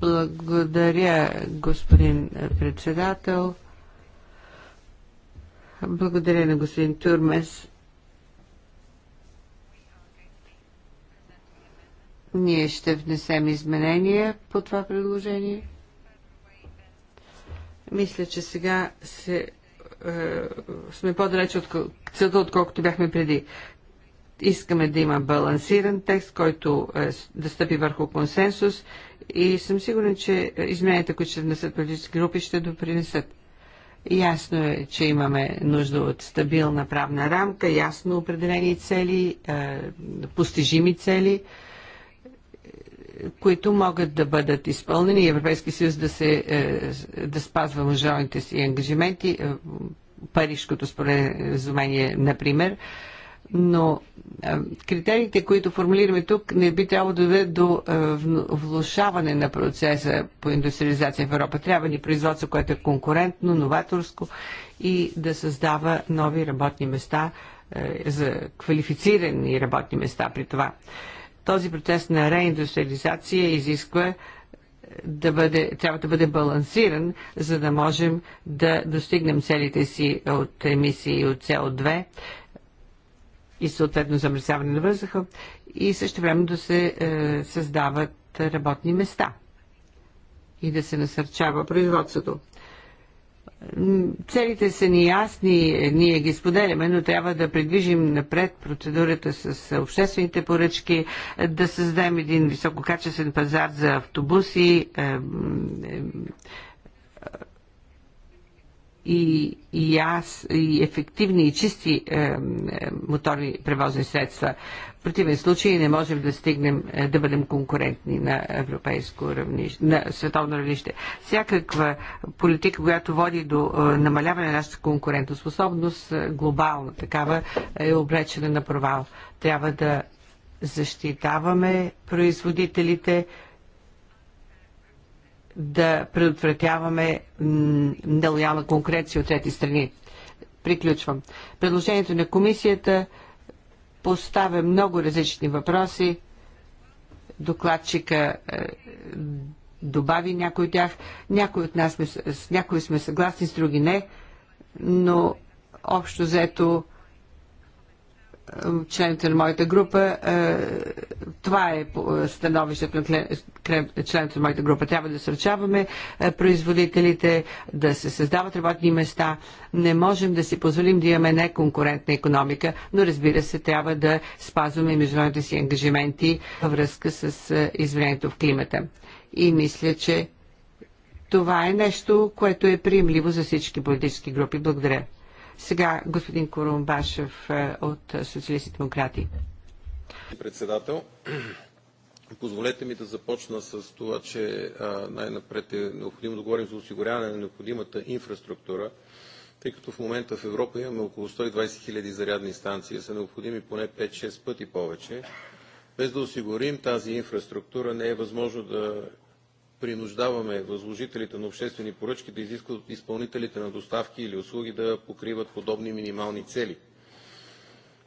Благодаря, господин председател. Благодаря на господин Турмес. Ние ще внесем изменения по това предложение. Мисля, че сега се, е, сме по-далече от целта, отколкото бяхме преди. Искаме да има балансиран текст, който е, да стъпи върху консенсус и съм сигурен, че измененията, които ще внесат политически групи, ще допринесат. Ясно е, че имаме нужда от стабилна правна рамка, ясно определени цели, е, постижими цели, които могат да бъдат изпълнени и Европейски съюз да, се, е, да спазва мъжовните си ангажименти, е, Парижското споразумение, например но критериите, които формулираме тук, не би трябвало да доведат до влушаване на процеса по индустриализация в Европа. Трябва ни производство, което е конкурентно, новаторско и да създава нови работни места, за квалифицирани работни места при това. Този процес на реиндустриализация изисква да бъде, трябва да бъде балансиран, за да можем да достигнем целите си от емисии от со 2 и съответно замърсяване на въздуха и също време да се е, създават работни места и да се насърчава производството. Целите са ни ясни, ние ги споделяме, но трябва да придвижим напред процедурата с обществените поръчки, да създадем един висококачествен пазар за автобуси, е, и, и, аз, и ефективни и чисти е, е, моторни превозни средства. В противен случай не можем да стигнем е, да бъдем конкурентни на европейско равнище, на световно равнище. Всякаква политика, която води до е, намаляване на нашата конкурентоспособност, е, глобална такава, е обречена на провал. Трябва да защитаваме производителите, да предотвратяваме нелояна конкуренция от трети страни. Приключвам. Предложението на комисията поставя много различни въпроси. Докладчика е, добави някои от тях. Някои от нас сме, с някои сме съгласни, с други не, но общо взето члените на моята група. Е, това е, е становището на члените на моята група. Трябва да сръчаваме е, производителите, да се създават работни места. Не можем да си позволим да имаме неконкурентна економика, но разбира се, трябва да спазваме международните си ангажименти във връзка с изменението в климата. И мисля, че това е нещо, което е приемливо за всички политически групи. Благодаря. Сега господин Корумбашев е, от Социалисти демократи. Председател, позволете ми да започна с това, че най-напред е необходимо да говорим за осигуряване на необходимата инфраструктура, тъй като в момента в Европа имаме около 120 хиляди зарядни станции, са необходими поне 5-6 пъти повече. Без да осигурим тази инфраструктура не е възможно да принуждаваме възложителите на обществени поръчки да изискват от изпълнителите на доставки или услуги да покриват подобни минимални цели.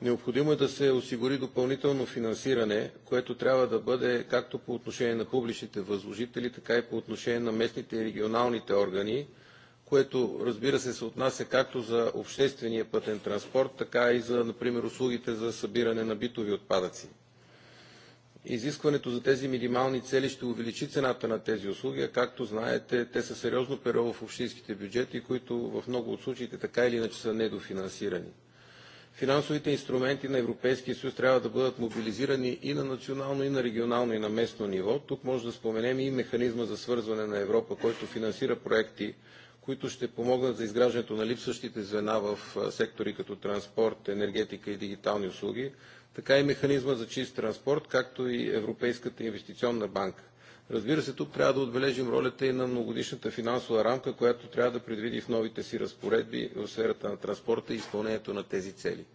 Необходимо е да се осигури допълнително финансиране, което трябва да бъде както по отношение на публичните възложители, така и по отношение на местните и регионалните органи, което разбира се се отнася както за обществения пътен транспорт, така и за, например, услугите за събиране на битови отпадъци. Изискването за тези минимални цели ще увеличи цената на тези услуги, а както знаете, те са сериозно перо в общинските бюджети, които в много от случаите така или иначе са недофинансирани. Финансовите инструменти на Европейския съюз трябва да бъдат мобилизирани и на национално, и на регионално, и на местно ниво. Тук може да споменем и механизма за свързване на Европа, който финансира проекти, които ще помогнат за изграждането на липсващите звена в сектори като транспорт, енергетика и дигитални услуги, така и механизма за чист транспорт, както и Европейската инвестиционна банка. Разбира се, тук трябва да отбележим ролята и на многодишната финансова рамка, която трябва да предвиди в новите си разпоредби в сферата на транспорта и изпълнението на тези цели.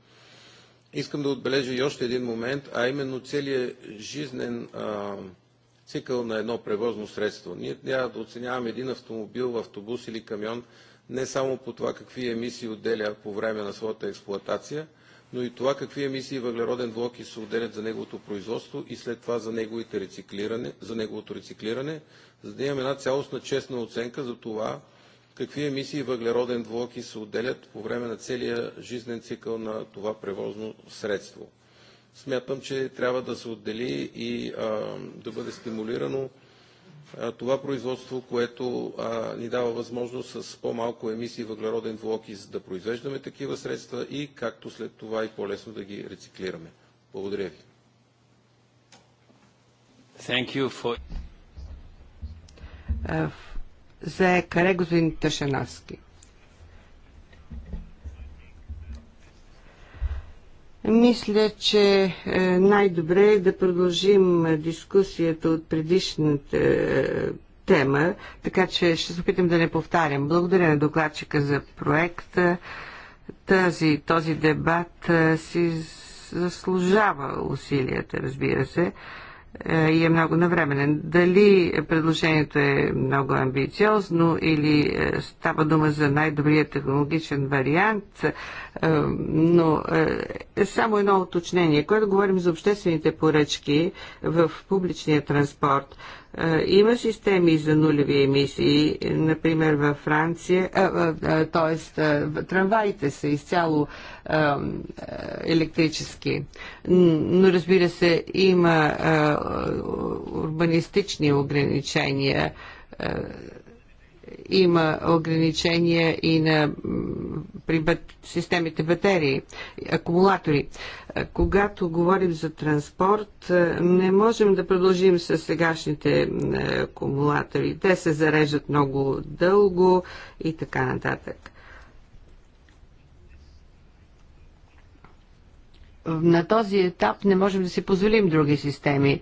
Искам да отбележа и още един момент, а именно целият жизнен а, цикъл на едно превозно средство. Ние трябва да оценяваме един автомобил, автобус или камион не само по това какви емисии отделя по време на своята експлоатация – но и това какви емисии въглероден двуокис се отделят за неговото производство и след това за, рециклиране, за неговото рециклиране, за да имаме една цялостна честна оценка за това какви емисии въглероден двуокис се отделят по време на целия жизнен цикъл на това превозно средство. Смятам, че трябва да се отдели и а, да бъде стимулирано това производство, което а, ни дава възможност с по-малко емисии въглероден двуокис да произвеждаме такива средства и както след това и по-лесно да ги рециклираме. Благодаря ви. Thank you for... Е, за Каре господин Ташанавски. Мисля, че е, най-добре е да продължим дискусията от предишната е, тема, така че ще се опитам да не повтарям. Благодаря на докладчика за проекта. Тази, този дебат е, си заслужава усилията, разбира се. Е, и е много навременен. Дали предложението е много амбициозно или е, става дума за най-добрия технологичен вариант, е, но само едно уточнение. Когато говорим за обществените поръчки в публичния транспорт, има системи за нулеви емисии, например във Франция, т.е. трамваите са изцяло електрически. Но разбира се, има урбанистични ограничения има ограничения и на при бат, системите батерии, акумулатори. Когато говорим за транспорт, не можем да продължим с сегашните акумулатори. Те се зареждат много дълго и така нататък. На този етап не можем да си позволим други системи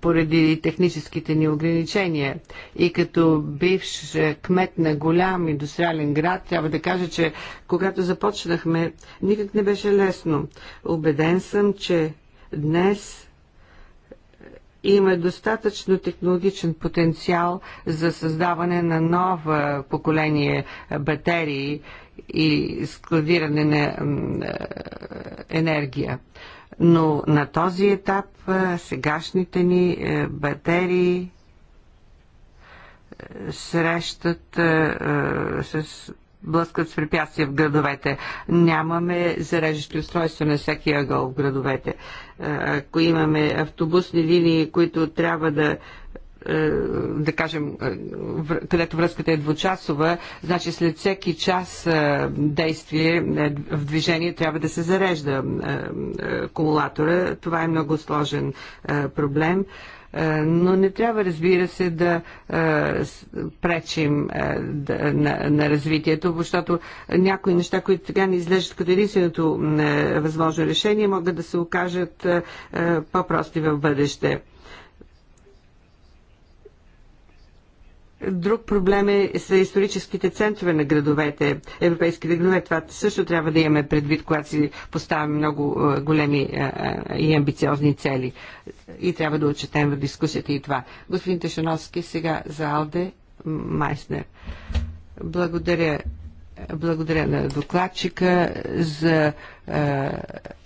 поради техническите ни ограничения. И като бивш кмет на голям индустриален град, трябва да кажа, че когато започнахме, никак не беше лесно. Обеден съм, че днес има достатъчно технологичен потенциал за създаване на ново поколение батерии и складиране на е, енергия но на този етап сегашните ни батерии срещат с блъскат с препятствия в градовете. Нямаме зареждащи устройства на всеки ъгъл в градовете. Ако имаме автобусни линии, които трябва да е, да кажем, където е, връзката е двучасова, значи след всеки час е, действие в движение трябва да се зарежда акумулатора. Това е много сложен проблем но не трябва, разбира се, да пречим на развитието, защото някои неща, които сега не изглеждат като единственото възможно решение, могат да се окажат по-прости в бъдеще. Друг проблем е, са историческите центрове на градовете, европейските градове. Това също трябва да имаме предвид, когато си поставяме много големи и амбициозни цели. И трябва да отчетем в дискусията и това. Господин Тешановски, сега за Алде Майснер. Благодаря, благодаря на докладчика за е,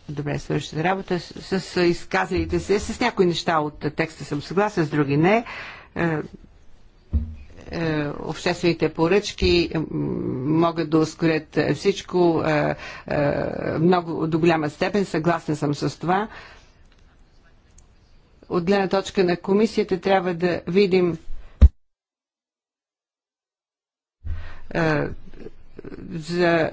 добре свършена работа. С, с изказалите се, с някои неща от текста съм съгласен, с други не е, обществените поръчки могат да ускорят всичко е, е, много, до голяма степен. Съгласна съм с това. От гледна точка на комисията трябва да видим за, е,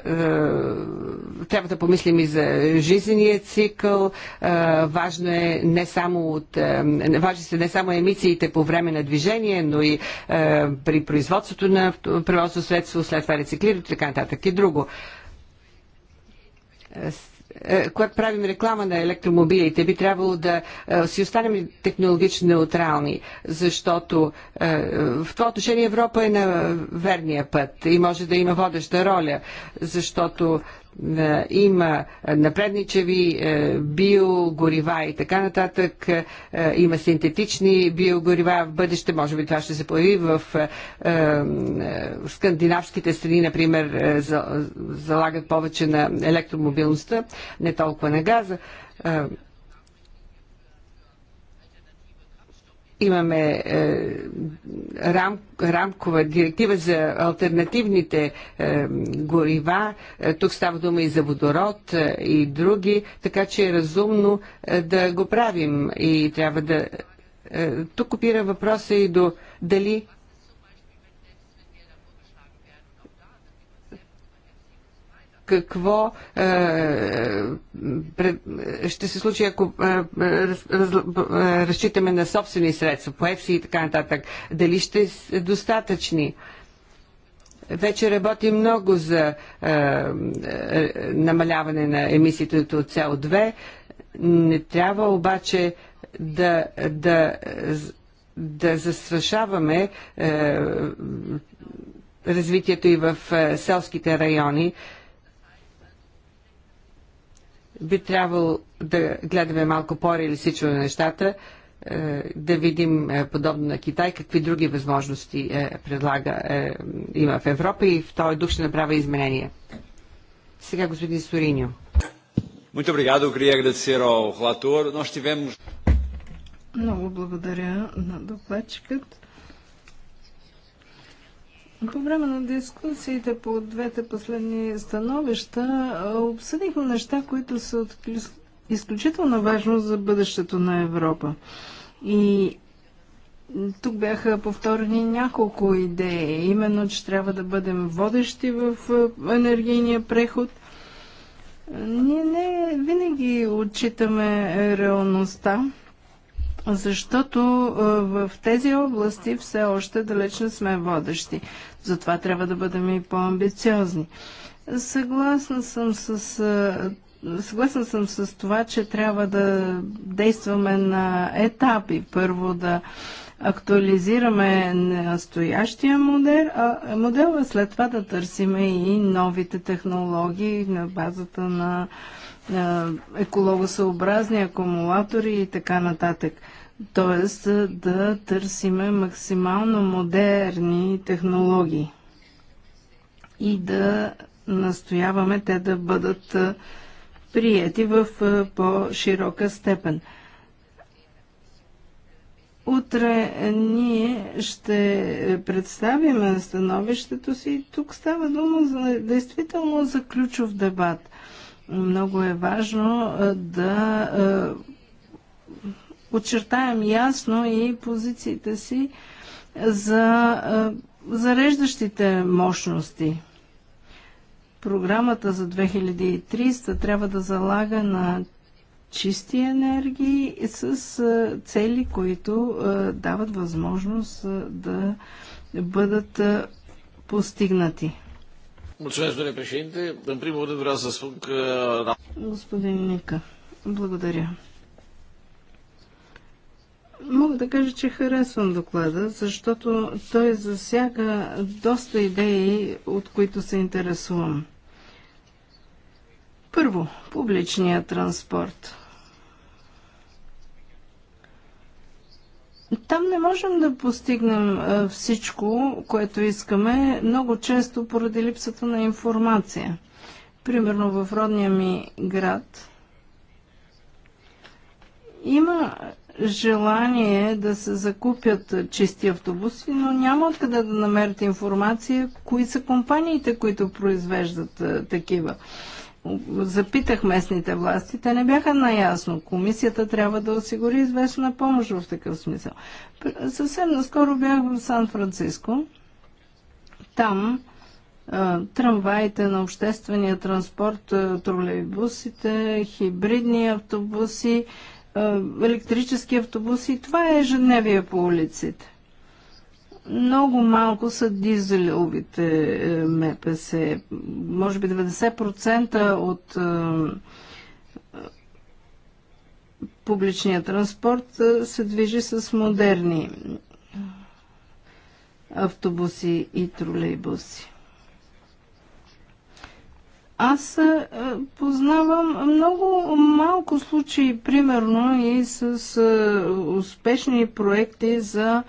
трябва да помислим и за жизнения цикъл. Е, важно е не само от, е, важи се не само емисиите по време на движение, но и е, при производството на превозно средство, след това рециклирането и така нататък и друго. Е, е, когато правим реклама на електромобилите, би трябвало да е, си останем технологично неутрални, защото е, в това отношение Европа е на верния път и може да има водеща роля, защото е, има напредничеви е, биогорива и така нататък. Е, има синтетични биогорива. В бъдеще, може би, това ще се появи в скандинавските страни, например, залагат повече на електромобилността, не толкова на газа. имаме е, рам, рамкова директива за альтернативните е, горива. Е, тук става дума и за водород е, и други, така че е разумно е, да го правим и трябва да. Е, тук опира въпроса и до дали какво е, пред, ще се случи, ако е, раз, раз, е, разчитаме на собствени средства, по ЕФСИ и така нататък. Дали ще са достатъчни? Вече работи много за е, е, намаляване на емисиите от СО2. Не трябва обаче да, да, да застрашаваме е, развитието и в е, селските райони. Е, би трябвало да гледаме малко по-реалистично на нещата, е, да видим е, подобно на Китай какви други възможности е, предлага има в Европа и в този дух ще направя изменения. Сега господин Сориньо. Muito obrigado, eu queria agradecer ao relator. Nós tivemos... Много благодаря на докладчикът. По време на дискусиите по двете последни становища обсъдихме неща, които са от изключително важно за бъдещето на Европа. И тук бяха повторени няколко идеи, именно, че трябва да бъдем водещи в енергийния преход. Ние не винаги отчитаме реалността, защото в тези области все още далеч не сме водещи. Затова трябва да бъдем и по-амбициозни. Съгласна съм с Съгласна съм с това, че трябва да действаме на етапи. Първо да актуализираме настоящия модел, а, модел, а след това да търсиме и новите технологии на базата на, на екологосъобразни акумулатори и така нататък т.е. да търсиме максимално модерни технологии и да настояваме те да бъдат е, приети в е, по-широка степен. Утре е, ние ще представим становището си. Тук става дума за, действително за ключов дебат. Много е важно да подчертаем ясно и позициите си за зареждащите мощности. Програмата за 2300 трябва да залага на чисти енергии с цели, които дават възможност да бъдат постигнати. Mulțumesc, domnule președinte. În Господин Ника, благодаря. Мога да кажа, че харесвам доклада, защото той засяга доста идеи, от които се интересувам. Първо, публичният транспорт. Там не можем да постигнем всичко, което искаме, много често поради липсата на информация. Примерно в родния ми град има желание да се закупят чисти автобуси, но няма откъде да намерят информация кои са компаниите, които произвеждат такива. Запитах местните власти, те не бяха наясно. Комисията трябва да осигури известна помощ в такъв смисъл. Съвсем наскоро бях в Сан-Франциско. Там трамваите на обществения транспорт, тролейбусите, хибридни автобуси, електрически автобуси. Това е ежедневие по улиците. Много малко са дизеловите е, МПС. Може би 90% от е, публичния транспорт е, се движи с модерни автобуси и тролейбуси. Аз е, е, познавам много малко случаи, примерно, и с е, успешни проекти за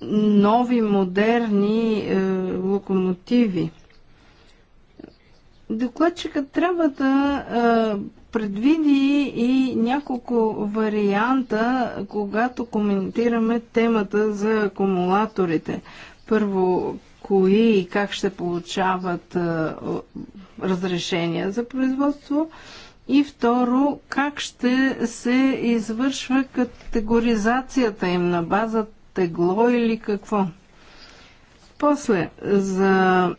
нови, модерни локомотиви. Докладчика трябва да предвиди и няколко варианта, когато коментираме темата за акумулаторите. Първо, кои и как ще получават разрешения за производство. И второ, как ще се извършва категоризацията им на база тегло или какво. После, за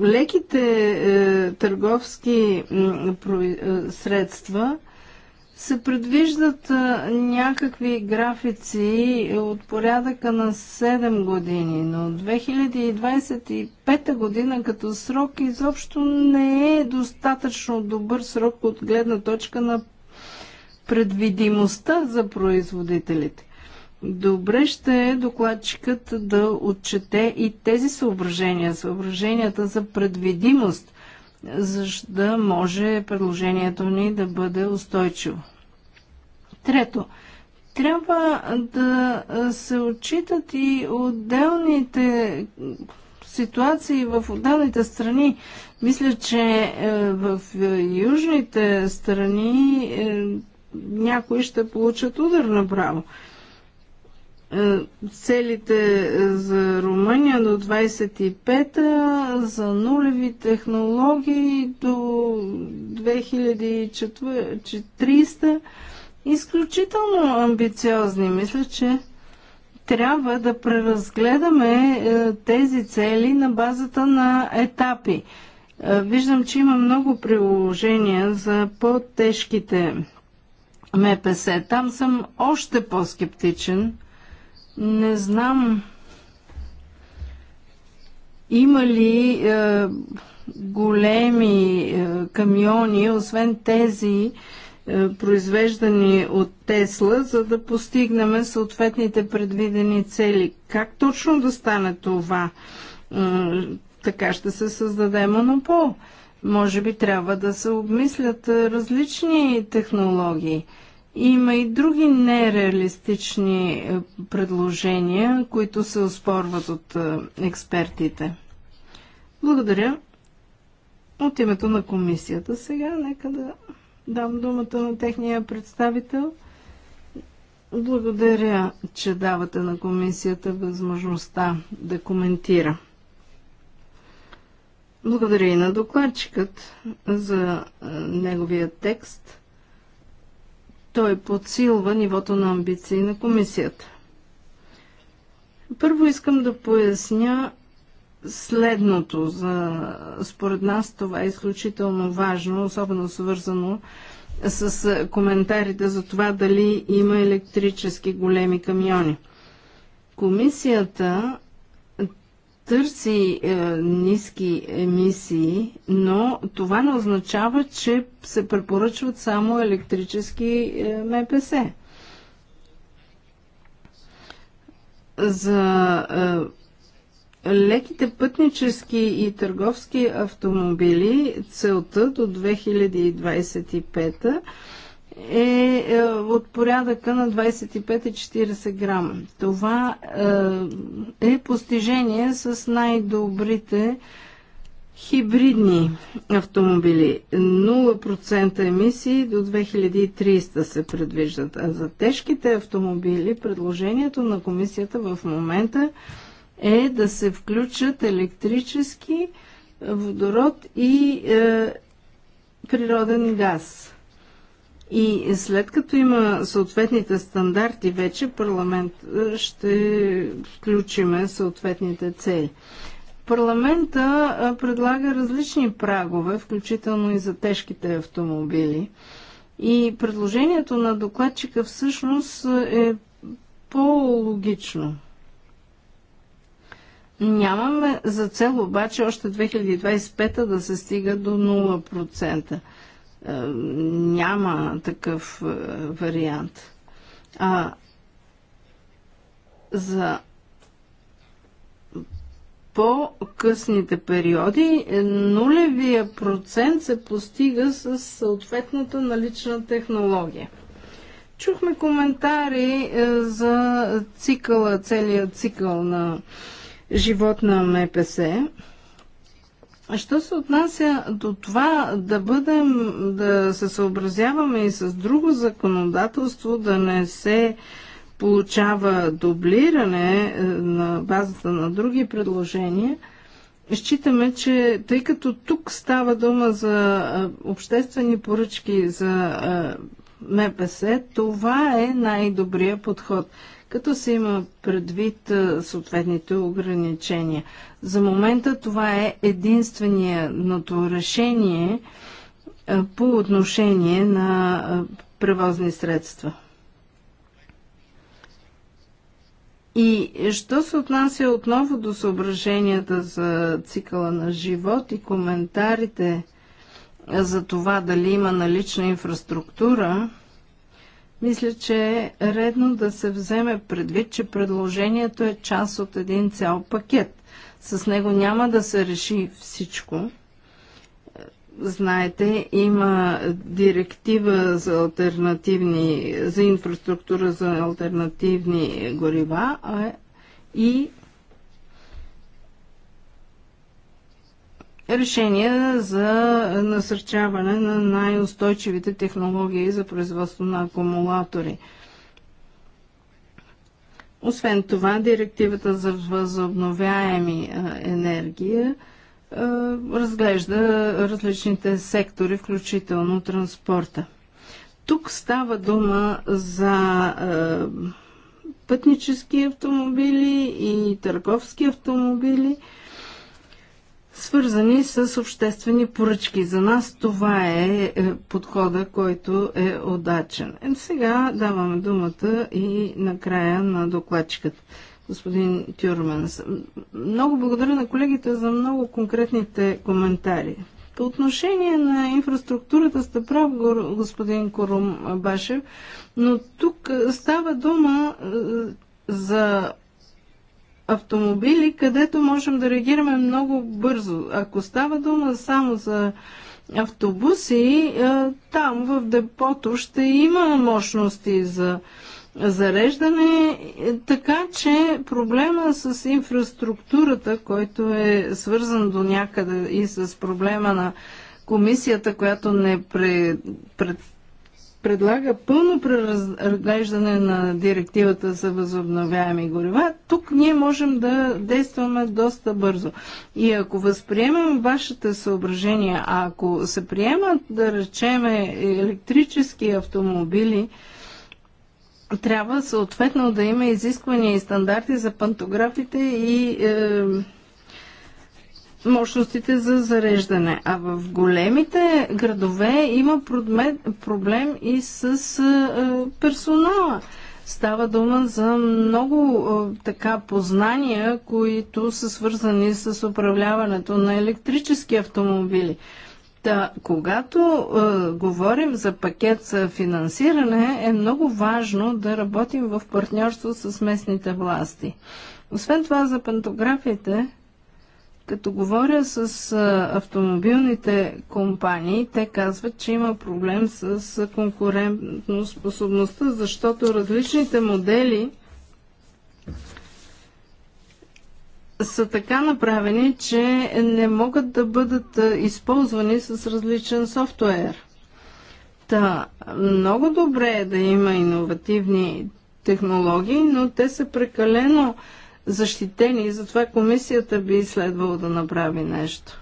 леките е, търговски е, средства се предвиждат някакви графици от порядъка на 7 години, но 2025 година като срок изобщо не е достатъчно добър срок от гледна точка на предвидимостта за производителите. Добре ще е докладчикът да отчете и тези съображения, съображенията за предвидимост, за да може предложението ни да бъде устойчиво. Трето, трябва да се отчитат и отделните ситуации в отделните страни. Мисля, че е, в е, южните страни е, някои ще получат удар направо. право. Е, целите е, за Румъния до 25-та, за нулеви технологии до 2030 изключително амбициозни. Мисля, че трябва да преразгледаме е, тези цели на базата на етапи. Виждам, че има много приложения за по-тежките МПС. Там съм още по-скептичен не знам има ли е, големи е, камиони, освен тези, е, произвеждани от Тесла, за да постигнем съответните предвидени цели. Как точно да стане това? Е, така ще се създаде монопол. Може би трябва да се обмислят е, различни технологии. Има и други нереалистични е, предложения, които се оспорват от е, експертите. Благодаря. От името на комисията сега нека да дам думата на техния представител. Благодаря, че давате на комисията възможността да коментира. Благодаря и на докладчикът за е, неговия текст. Той подсилва нивото на амбиции на комисията. Първо искам да поясня следното. За, според нас това е изключително важно, особено свързано с коментарите за това дали има електрически големи камиони. Комисията търси е, ниски емисии, но това не означава, че се препоръчват само електрически е, МПС. За е, леките пътнически и търговски автомобили целта до 2025 е, е от порядъка на 25-40 грама. Това е, е постижение с най-добрите хибридни автомобили. 0% емисии до 2300 се предвиждат. А за тежките автомобили предложението на комисията в момента е да се включат електрически водород и е, природен газ. И след като има съответните стандарти, вече парламент е, ще включиме съответните цели. Парламента е, предлага различни прагове, включително и за тежките автомобили. И предложението на докладчика всъщност е по-логично. Нямаме за цел обаче още 2025 да се стига до 0%. Е, няма такъв е, вариант. А за по-късните периоди е, нулевия процент се постига с съответната налична технология. Чухме коментари за цикъла, целият цикъл на живот на МПС. Що се отнася до това да бъдем, да се съобразяваме и с друго законодателство, да не се получава дублиране е, на базата на други предложения, считаме, че тъй като тук става дума за е, обществени поръчки за е, МПС, това е най-добрият подход – като се има предвид съответните ограничения. За момента това е единственото решение по отношение на превозни средства. И що се отнася отново до съображенията за цикъла на живот и коментарите за това дали има налична инфраструктура, мисля, че е редно да се вземе предвид, че предложението е част от един цял пакет. С него няма да се реши всичко. Знаете, има директива за альтернативни, за инфраструктура за альтернативни горива а и решения за насърчаване на най-устойчивите технологии за производство на акумулатори. Освен това, директивата за възобновяеми енергия разглежда различните сектори, включително транспорта. Тук става дума за пътнически автомобили и търговски автомобили – свързани с обществени поръчки. За нас това е, е подхода, който е удачен. Е, сега даваме думата и накрая на докладчиката, господин Тюрмен. Много благодаря на колегите за много конкретните коментари. По отношение на инфраструктурата сте прав, господин Корум Башев, но тук става дума е, за автомобили, където можем да реагираме много бързо. Ако става дума само за автобуси, е, там в депото ще има мощности за зареждане, е, така че проблема с инфраструктурата, който е свързан до някъде и с проблема на комисията, която не пред, пред, предлага пълно преразглеждане на директивата за възобновяеми горива, тук ние можем да действаме доста бързо. И ако възприемем вашите съображения, а ако се приемат, да речеме, електрически автомобили, трябва съответно да има изисквания и стандарти за пантографите и е, мощностите за зареждане. А в големите градове има проблем и с персонала. Става дума за много така познания, които са свързани с управляването на електрически автомобили. Та, когато е, говорим за пакет за финансиране, е много важно да работим в партньорство с местните власти. Освен това, за пантографите като говоря с автомобилните компании, те казват, че има проблем с конкурентно способността, защото различните модели са така направени, че не могат да бъдат използвани с различен софтуер. Та, много добре е да има иновативни технологии, но те са прекалено защитени и затова комисията би следвало да направи нещо.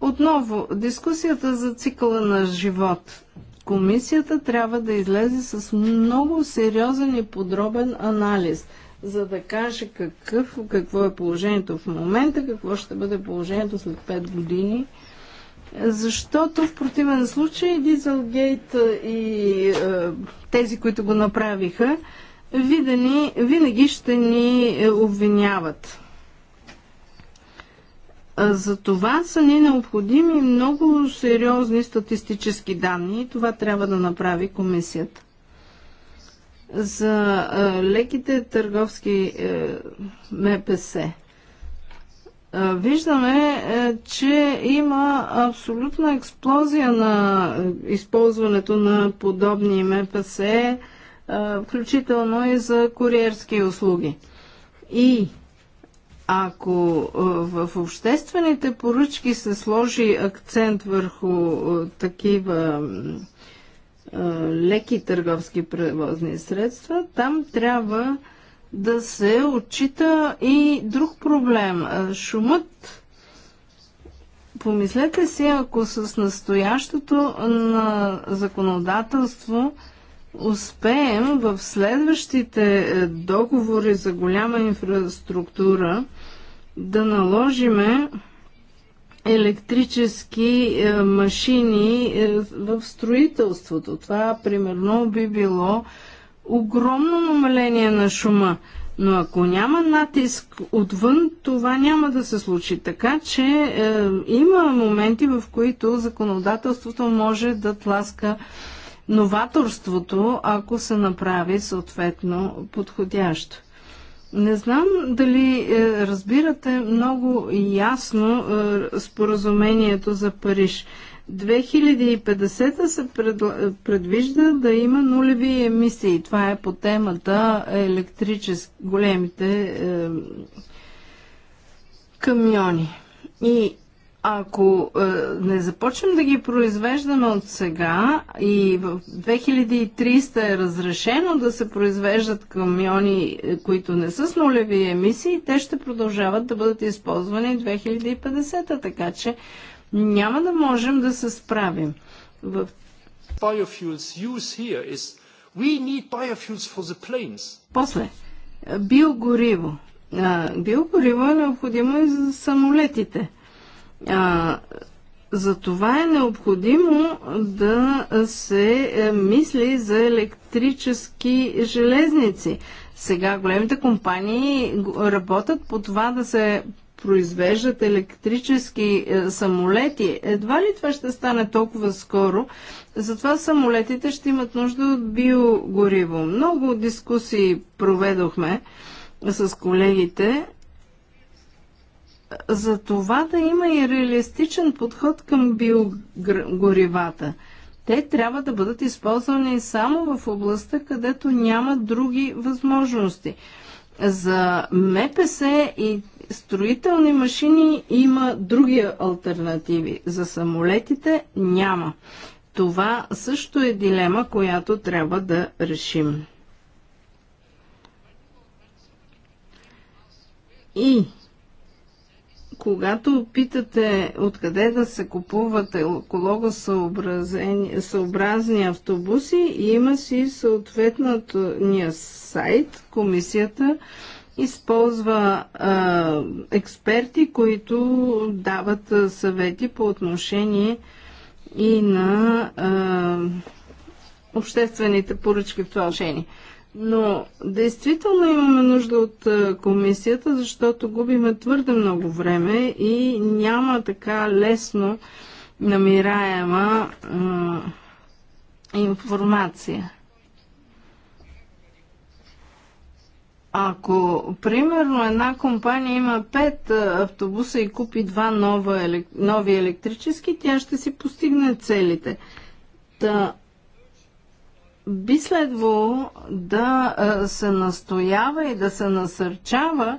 Отново, дискусията за цикъла на живот. Комисията трябва да излезе с много сериозен и подробен анализ, за да каже какъв, какво е положението в момента, какво ще бъде положението след 5 години. Защото в противен случай Дизелгейт и е, тези, които го направиха, е, видени, винаги ще ни обвиняват. За това са ни необходими много сериозни статистически данни и това трябва да направи комисията. За леките търговски е, МПС. Виждаме, е, че има абсолютна експлозия на е, използването на подобни МПС включително и за куриерски услуги. И ако в обществените поръчки се сложи акцент върху такива леки търговски превозни средства, там трябва да се отчита и друг проблем – шумът. Помислете си, ако с настоящото на законодателство – успеем в следващите е, договори за голяма инфраструктура да наложиме електрически е, машини е, в строителството. Това примерно би било огромно намаление на шума. Но ако няма натиск отвън, това няма да се случи. Така че е, има моменти, в които законодателството може да тласка новаторството, ако се направи съответно подходящо. Не знам дали е, разбирате много ясно е, споразумението за Париж. 2050 се е, предвижда да има нулеви емисии. Това е по темата електрически големите е, камиони. И ако е, не започнем да ги произвеждаме от сега и в 2300 е разрешено да се произвеждат камиони, е, които не са с нулеви емисии, те ще продължават да бъдат използвани 2050, така че няма да можем да се справим. В... После, е, биогориво. Е, биогориво е необходимо и за самолетите – а, за това е необходимо да се е, мисли за електрически железници. Сега големите компании работят по това да се произвеждат електрически е, самолети. Едва ли това ще стане толкова скоро? Затова самолетите ще имат нужда от биогориво. Много дискусии проведохме с колегите за това да има и реалистичен подход към биогоривата. Те трябва да бъдат използвани само в областта, където няма други възможности. За МПС и строителни машини има други альтернативи. За самолетите няма. Това също е дилема, която трябва да решим. И когато питате откъде да се купуват екологосъобразни автобуси, има си съответния сайт, комисията използва а, експерти, които дават съвети по отношение и на а, обществените поръчки в това отношение. Но действително имаме нужда от е, комисията, защото губиме твърде много време и няма така лесно намираема е, информация. Ако, примерно, една компания има 5 е, автобуса и купи два нова, нови електрически, тя ще си постигне целите. Та, би следвало да се настоява и да се насърчава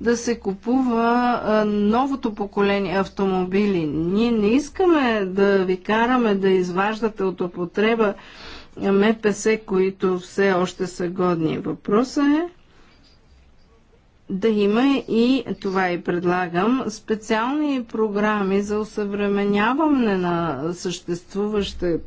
да се купува новото поколение автомобили. Ние не искаме да ви караме да изваждате от употреба МПС, които все още са годни. Въпросът е да има и, това и предлагам, специални програми за усъвременяване на съществуващите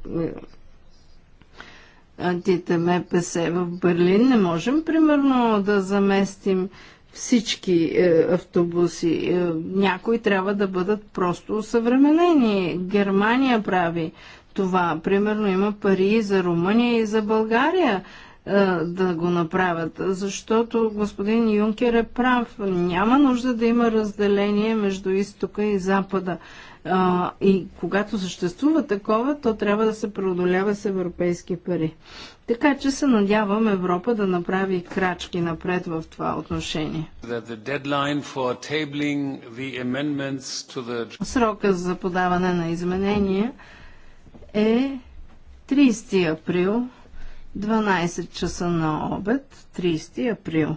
МПС в Берлин. Не можем, примерно, да заместим всички е, автобуси. Е, някои трябва да бъдат просто усъвременени. Германия прави това. Примерно има пари и за Румъния и за България е, да го направят. Защото господин Юнкер е прав. Няма нужда да има разделение между изтока и запада. А, и когато съществува такова, то трябва да се преодолява с европейски пари. Така че се надявам Европа да направи крачки напред в това отношение. Срока за подаване на изменения е 30 април, 12 часа на обед, 30 април.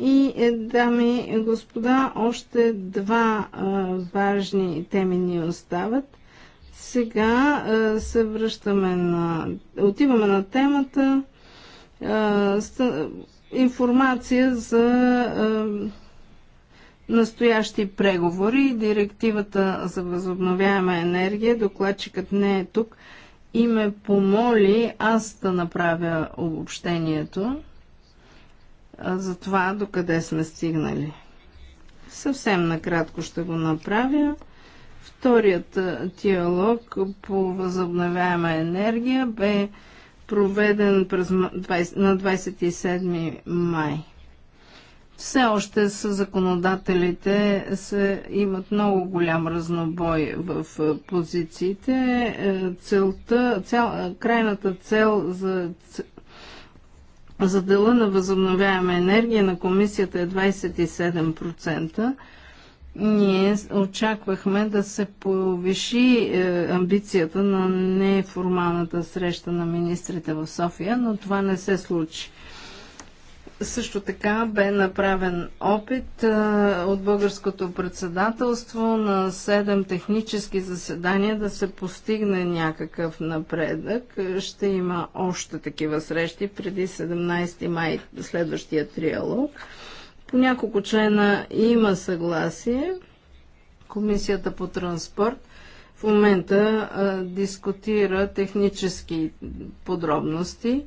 И, е, дами и господа, още два а, е, важни теми ни остават. Сега а, е, се връщаме на... Отиваме на темата а, ста, информация за а, настоящи преговори. Директивата за възобновяема енергия, докладчикът не е тук и ме помоли аз да направя обобщението за това докъде сме стигнали. Съвсем накратко ще го направя. Вторият диалог по възобновяема енергия бе проведен през, на 27 май. Все още с законодателите се имат много голям разнобой в позициите. Е, целта, цял, крайната цел за за дела на възобновяема енергия на комисията е 27%. Ние очаквахме да се повиши е, амбицията на неформалната среща на министрите в София, но това не се случи. Също така бе направен опит от българското председателство на седем технически заседания да се постигне някакъв напредък. Ще има още такива срещи преди 17 май следващия триалог. По няколко члена има съгласие. Комисията по транспорт в момента а, дискутира технически подробности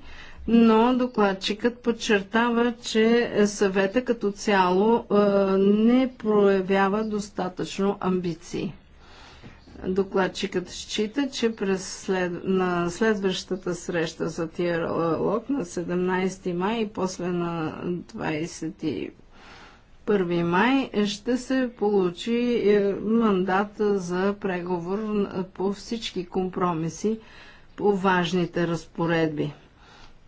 но докладчикът подчертава, че съвета като цяло не проявява достатъчно амбиции. Докладчикът счита, че през след... на следващата среща за Тиералог на 17 май и после на 21 май ще се получи е, мандат за преговор е, по всички компромиси по важните разпоредби.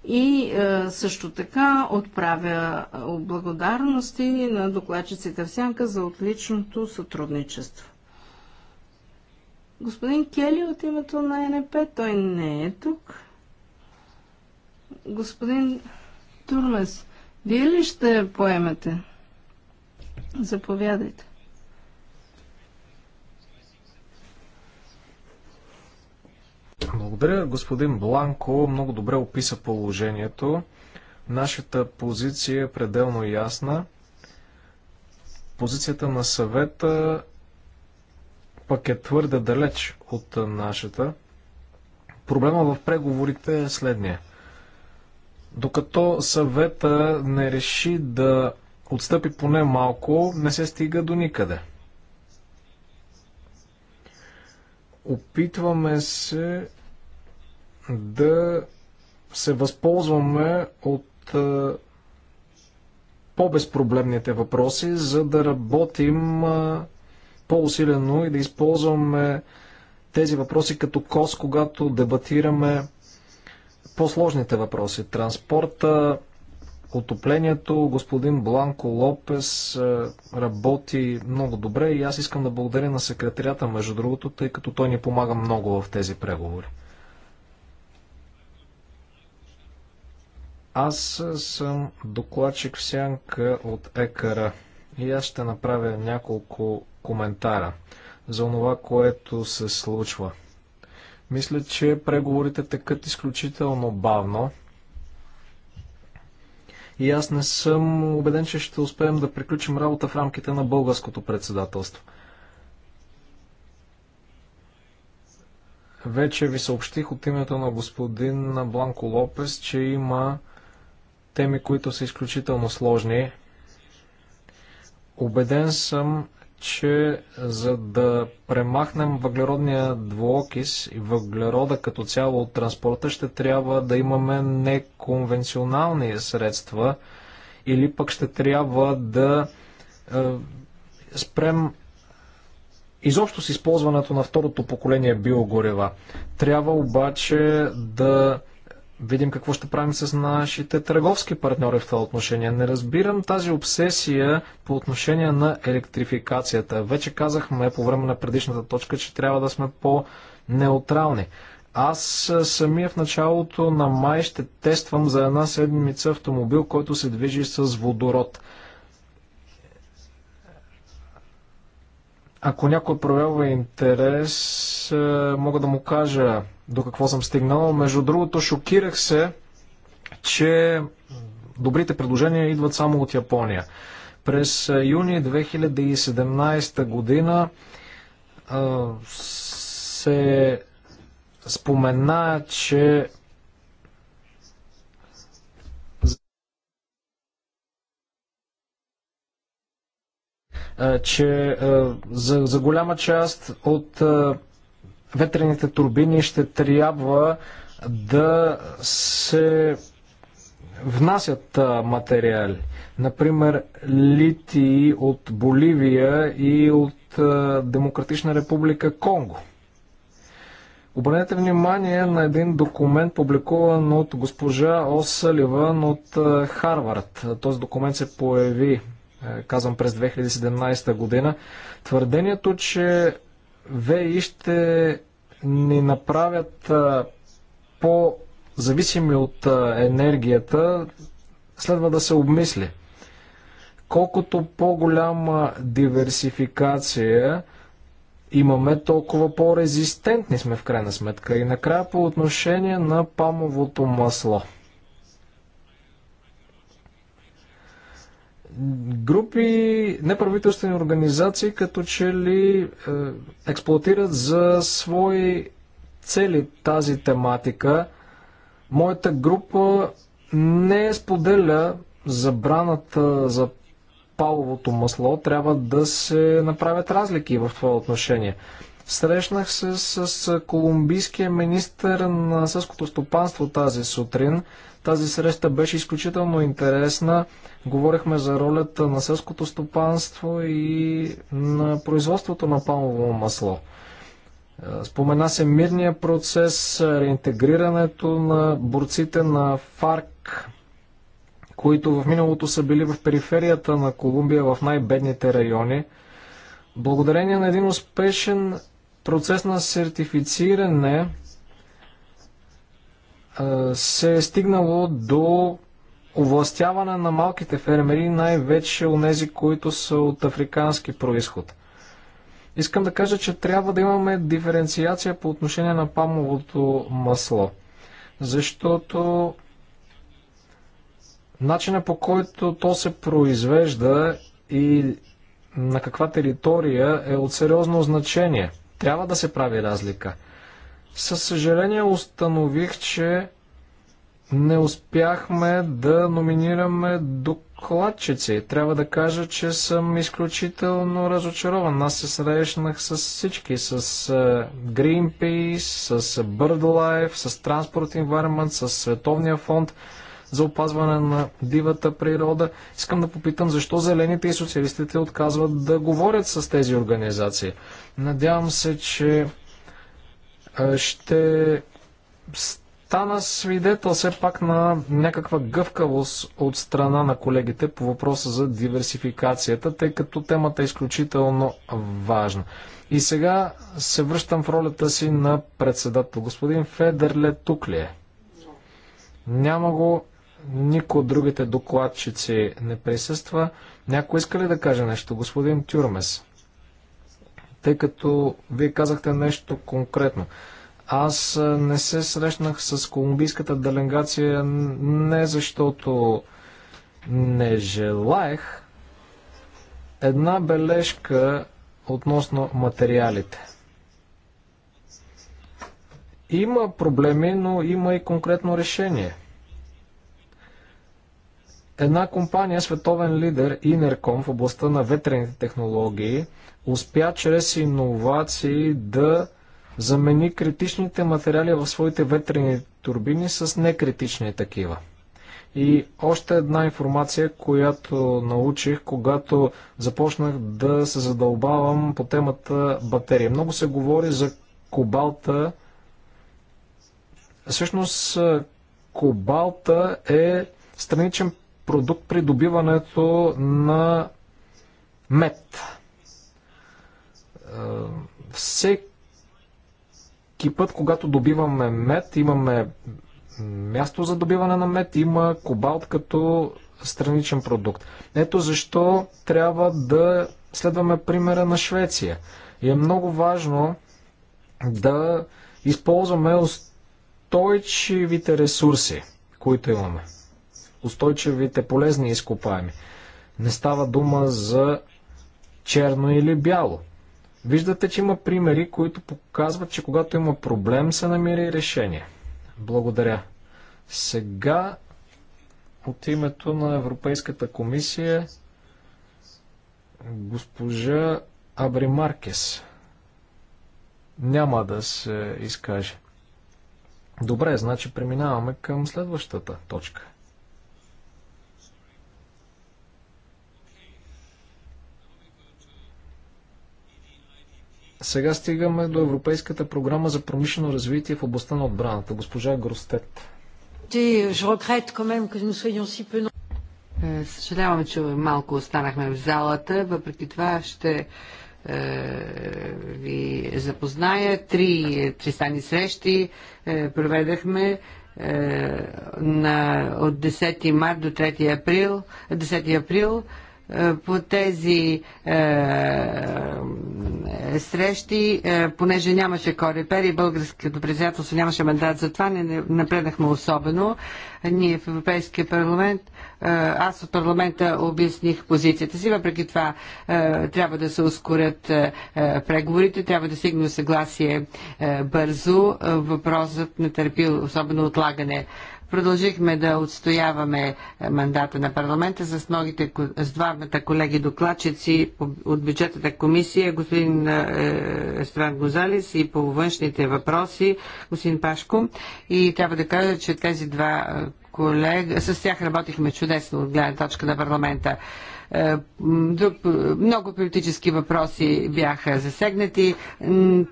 И е, също така отправя е, благодарности на докладчиците в Сянка за отличното сътрудничество. Господин Кели от името на НП, той не е тук. Господин Турмес, вие ли ще поемете? Заповядайте. Благодаря. Господин Бланко много добре описа положението. Нашата позиция е пределно ясна. Позицията на съвета пък е твърде далеч от нашата. Проблема в преговорите е следния. Докато съвета не реши да отстъпи поне малко, не се стига до никъде. Опитваме се да се възползваме от по-безпроблемните въпроси, за да работим по-усилено и да използваме тези въпроси като кос, когато дебатираме по-сложните въпроси. Транспорта, отоплението, господин Бланко Лопес работи много добре и аз искам да благодаря на секретарята между другото, тъй като той ни помага много в тези преговори. Аз съм докладчик в сянка от ЕКР и аз ще направя няколко коментара за това, което се случва. Мисля, че преговорите текат изключително бавно. И аз не съм убеден, че ще успеем да приключим работа в рамките на българското председателство. Вече ви съобщих от името на господин Бланко Лопес, че има теми, които са изключително сложни. Обеден съм, че за да премахнем въглеродния двуокис и въглерода като цяло от транспорта, ще трябва да имаме неконвенционални средства или пък ще трябва да е, спрем изобщо с използването на второто поколение биогорева. Трябва обаче да видим какво ще правим с нашите търговски партньори в това отношение. Не разбирам тази обсесия по отношение на електрификацията. Вече казахме по време на предишната точка, че трябва да сме по-неутрални. Аз самия в началото на май ще тествам за една седмица автомобил, който се движи с водород. Ако някой проявява интерес, е, мога да му кажа до какво съм стигнал. Между другото, шокирах се, че добрите предложения идват само от Япония. През е, юни 2017 година е, се спомена, че че за, за голяма част от ветрените турбини ще трябва да се внасят материали. Например, литии от Боливия и от Демократична република Конго. Обърнете внимание на един документ, публикуван от госпожа О'Съливан от Харвард. Този документ се появи е, казвам през 2017 година. Твърдението, че ВИ ще ни направят е, по-зависими от е, енергията, следва да се обмисли. Колкото по-голяма диверсификация имаме, толкова по-резистентни сме в крайна сметка. И накрая по отношение на памовото масло – групи, неправителствени организации, като че ли е, експлуатират за свои цели тази тематика. Моята група не споделя забраната за паловото масло. Трябва да се направят разлики в това отношение. Срещнах се с, с колумбийския министр на сълското стопанство тази сутрин. Тази среща беше изключително интересна. Говорихме за ролята на сълското стопанство и на производството на палмово масло. Е, спомена се мирния процес, реинтегрирането на борците на ФАРК, които в миналото са били в периферията на Колумбия, в най-бедните райони. Благодарение на един успешен процес на сертифициране се е стигнало до овластяване на малките фермери, най-вече у нези, които са от африкански происход. Искам да кажа, че трябва да имаме диференциация по отношение на памовото масло, защото начина по който то се произвежда и на каква територия е от сериозно значение – трябва да се прави разлика. Със съжаление установих, че не успяхме да номинираме докладчици. Трябва да кажа, че съм изключително разочарован. Аз се срещнах с всички, с е, Greenpeace, с BirdLife, с Transport Environment, с Световния фонд за опазване на дивата природа. Искам да попитам защо зелените и социалистите отказват да говорят с тези организации. Надявам се, че ще стана свидетел все пак на някаква гъвкавост от страна на колегите по въпроса за диверсификацията, тъй като темата е изключително важна. И сега се връщам в ролята си на председател. Господин Федерле тук ли е? Няма го. Никой от другите докладчици не присъства. Някой иска ли да каже нещо? Господин Тюрмес. Тъй като вие казахте нещо конкретно. Аз не се срещнах с колумбийската делегация не защото не желаях Една бележка относно материалите. Има проблеми, но има и конкретно решение. Една компания, световен лидер, Инерком в областта на ветрените технологии, успя чрез иновации да замени критичните материали в своите ветрени турбини с некритични такива. И още една информация, която научих, когато започнах да се задълбавам по темата батерия. Много се говори за кобалта. Всъщност, кобалта е страничен продукт придобиването на мед. Е, всеки път, когато добиваме мед, имаме място за добиване на мед, има кобалт като страничен продукт. Ето защо трябва да следваме примера на Швеция. И е много важно да използваме устойчивите ресурси, които имаме устойчивите полезни изкопаеми. Не става дума за черно или бяло. Виждате, че има примери, които показват, че когато има проблем, се намери решение. Благодаря. Сега от името на Европейската комисия госпожа Абримаркес няма да се изкаже. Добре, значи преминаваме към следващата точка. Сега стигаме до Европейската програма за промишлено развитие в областта на отбраната. Госпожа Гростет. Е, Съжалявам, че малко останахме в залата. Въпреки това ще е, ви запозная. Три е, тристани срещи проведахме на, от 10 март до 3 април, 10 април е, по тези е, срещи, е, понеже нямаше корепер и българското председателство нямаше мандат за това, не напреднахме особено. Ние в Европейския парламент, е, аз от парламента обясних позицията си, въпреки това е, трябва да се ускорят е, е преговорите, трябва да стигне съгласие е, бързо. Е, въпросът не търпи особено отлагане. Продължихме да отстояваме е, мандата на парламента с, многите, с двамата колеги докладчици от бюджетната комисия, господин е, Стран Гозалис и по външните въпроси, господин Пашко. И трябва да кажа, че тези два е, колега, с тях работихме чудесно от гледна точка на парламента. Е, друг, много политически въпроси бяха засегнати.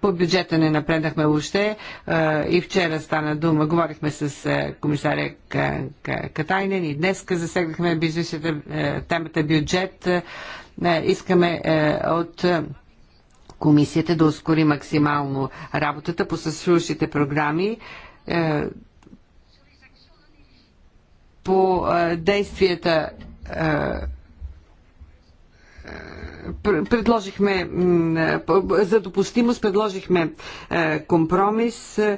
По бюджета не напреднахме още е, и вчера стана дума. Говорихме с е, комисаря Катайнен и днес засегнахме бизнесите, темата бюджет. Искаме от комисията да ускори максимално работата по съсрушите програми по действията предложихме за допустимост, предложихме е, компромис е,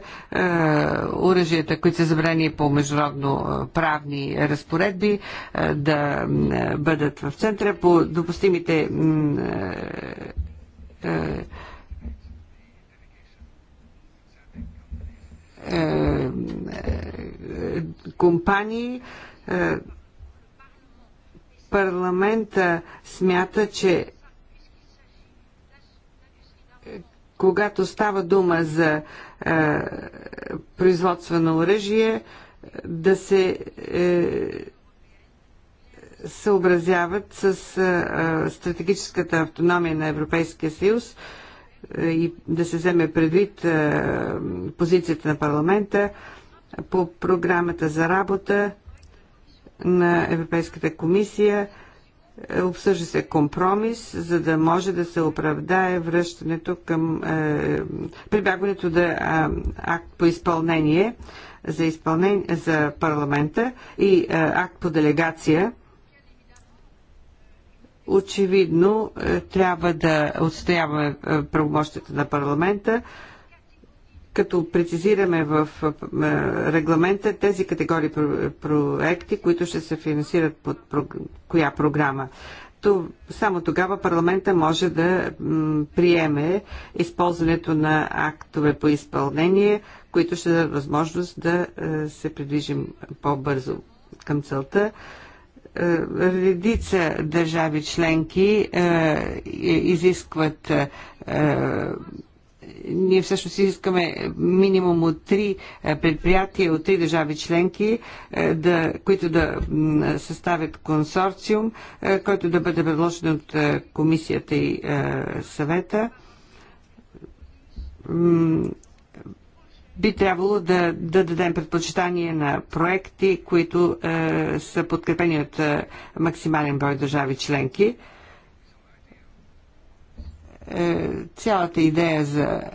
оръжията, които са забрани по международно е, правни разпоредби да бъдат в центъра по допустимите компании парламента смята, че когато става дума за е, производство на оръжие, да се е, съобразяват с е, стратегическата автономия на Европейския съюз е, и да се вземе предвид е, позицията на парламента по програмата за работа на Европейската комисия. Е, обсъжда се компромис, за да може да се оправдае връщането към е, прибягването да е, акт по изпълнение за, изпълнение, за парламента и е, акт по делегация очевидно е, трябва да отстояваме е, правомощите на парламента като прецизираме в регламента тези категории проекти, които ще се финансират под коя програма. То, само тогава парламента може да приеме използването на актове по изпълнение, които ще дадат възможност да се придвижим по-бързо към целта редица държави членки е, изискват е, ние всъщност искаме минимум от три е, предприятия, от три държави членки, е, да, които да съставят консорциум, е, който да бъде предложен от комисията и съвета би трябвало да, да дадем предпочитание на проекти, които е, са подкрепени от е, максимален брой държави членки. Е, цялата идея за е,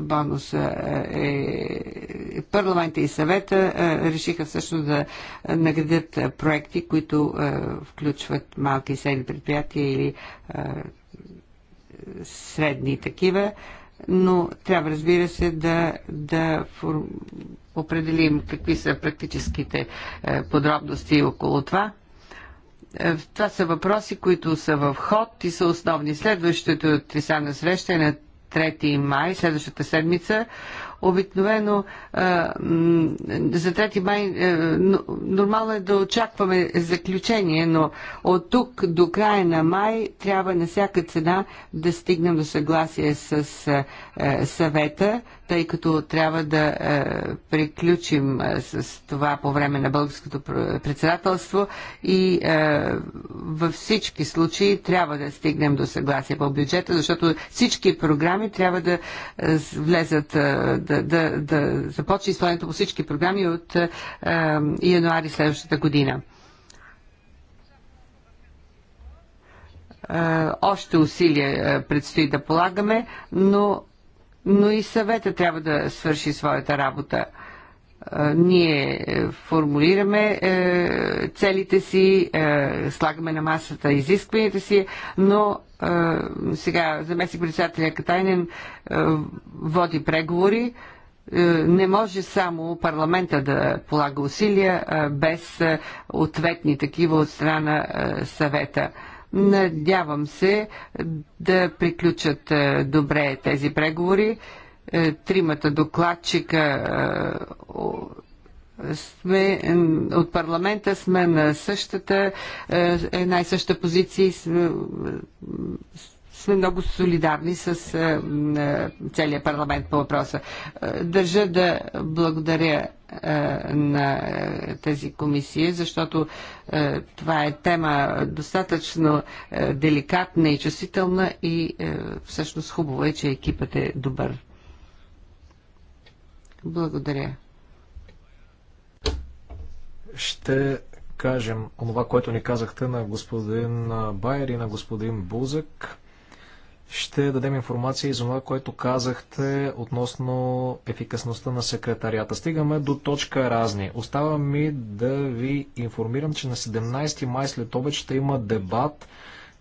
бонуса е, е парламента и съвета решиха всъщност да наградят проекти, които включват малки и средни предприятия или средни такива, но трябва разбира се да, да фор... определим какви са практическите подробности около това. Е, това са въпроси, които са в ход и са основни. Следващото тристранна среща е на 3 май, следващата седмица. Обикновено е, за 3 май е, нормално е да очакваме заключение, но от тук до края на май трябва на всяка цена да стигнем до съгласие с съвета тъй като трябва да е, приключим е, с това по време на българското председателство и е, във всички случаи трябва да стигнем до съгласие по бюджета, защото всички програми трябва да е, влезат, е, да, да, да започне изпълнението по всички програми от е, е, януари следващата година. Е, още усилия е, предстои да полагаме, но но и съвета трябва да свърши своята работа. Ние е, формулираме е, целите си, е, слагаме на масата изискванията си, но сега заместник председателя Катайнен води преговори. Не може само парламента да полага усилия без ответни такива от страна съвета Надявам се да приключат е, добре тези преговори. Е, тримата докладчика е, сме, от парламента сме на същата, една и съща позиция сме много солидарни с е, е, целият парламент по въпроса. Е, държа да благодаря на тези комисия, защото това е тема достатъчно деликатна и чувствителна и всъщност хубаво е, че екипът е добър. Благодаря. Ще кажем онова, което ни казахте на господин Байер и на господин Бузък ще дадем информация и за това, което казахте относно ефикасността на секретарията. Стигаме до точка разни. Остава ми да ви информирам, че на 17 май след обед ще има дебат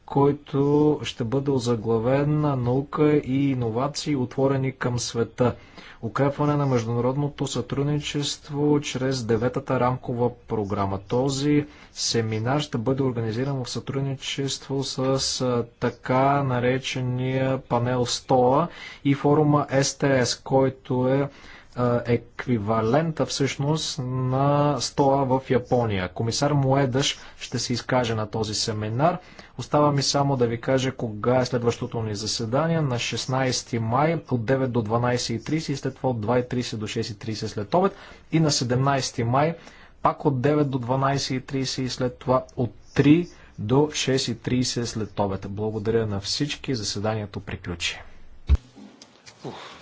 който ще бъде озаглавен на наука и иновации, отворени към света. Укрепване на международното сътрудничество чрез деветата рамкова програма. Този семинар ще бъде организиран в сътрудничество с така наречения панел СТОА и форума СТС, който е е, еквивалента всъщност на стола в Япония. Комисар Моедаш ще се изкаже на този семинар. Остава ми само да ви кажа кога е следващото ни заседание на 16 май от 9 до 12.30 и след това от 2.30 до 6.30 след обед и на 17 май пак от 9 до 12.30 и след това от 3 до 6.30 след обед. Благодаря на всички. Заседанието приключи. Ух.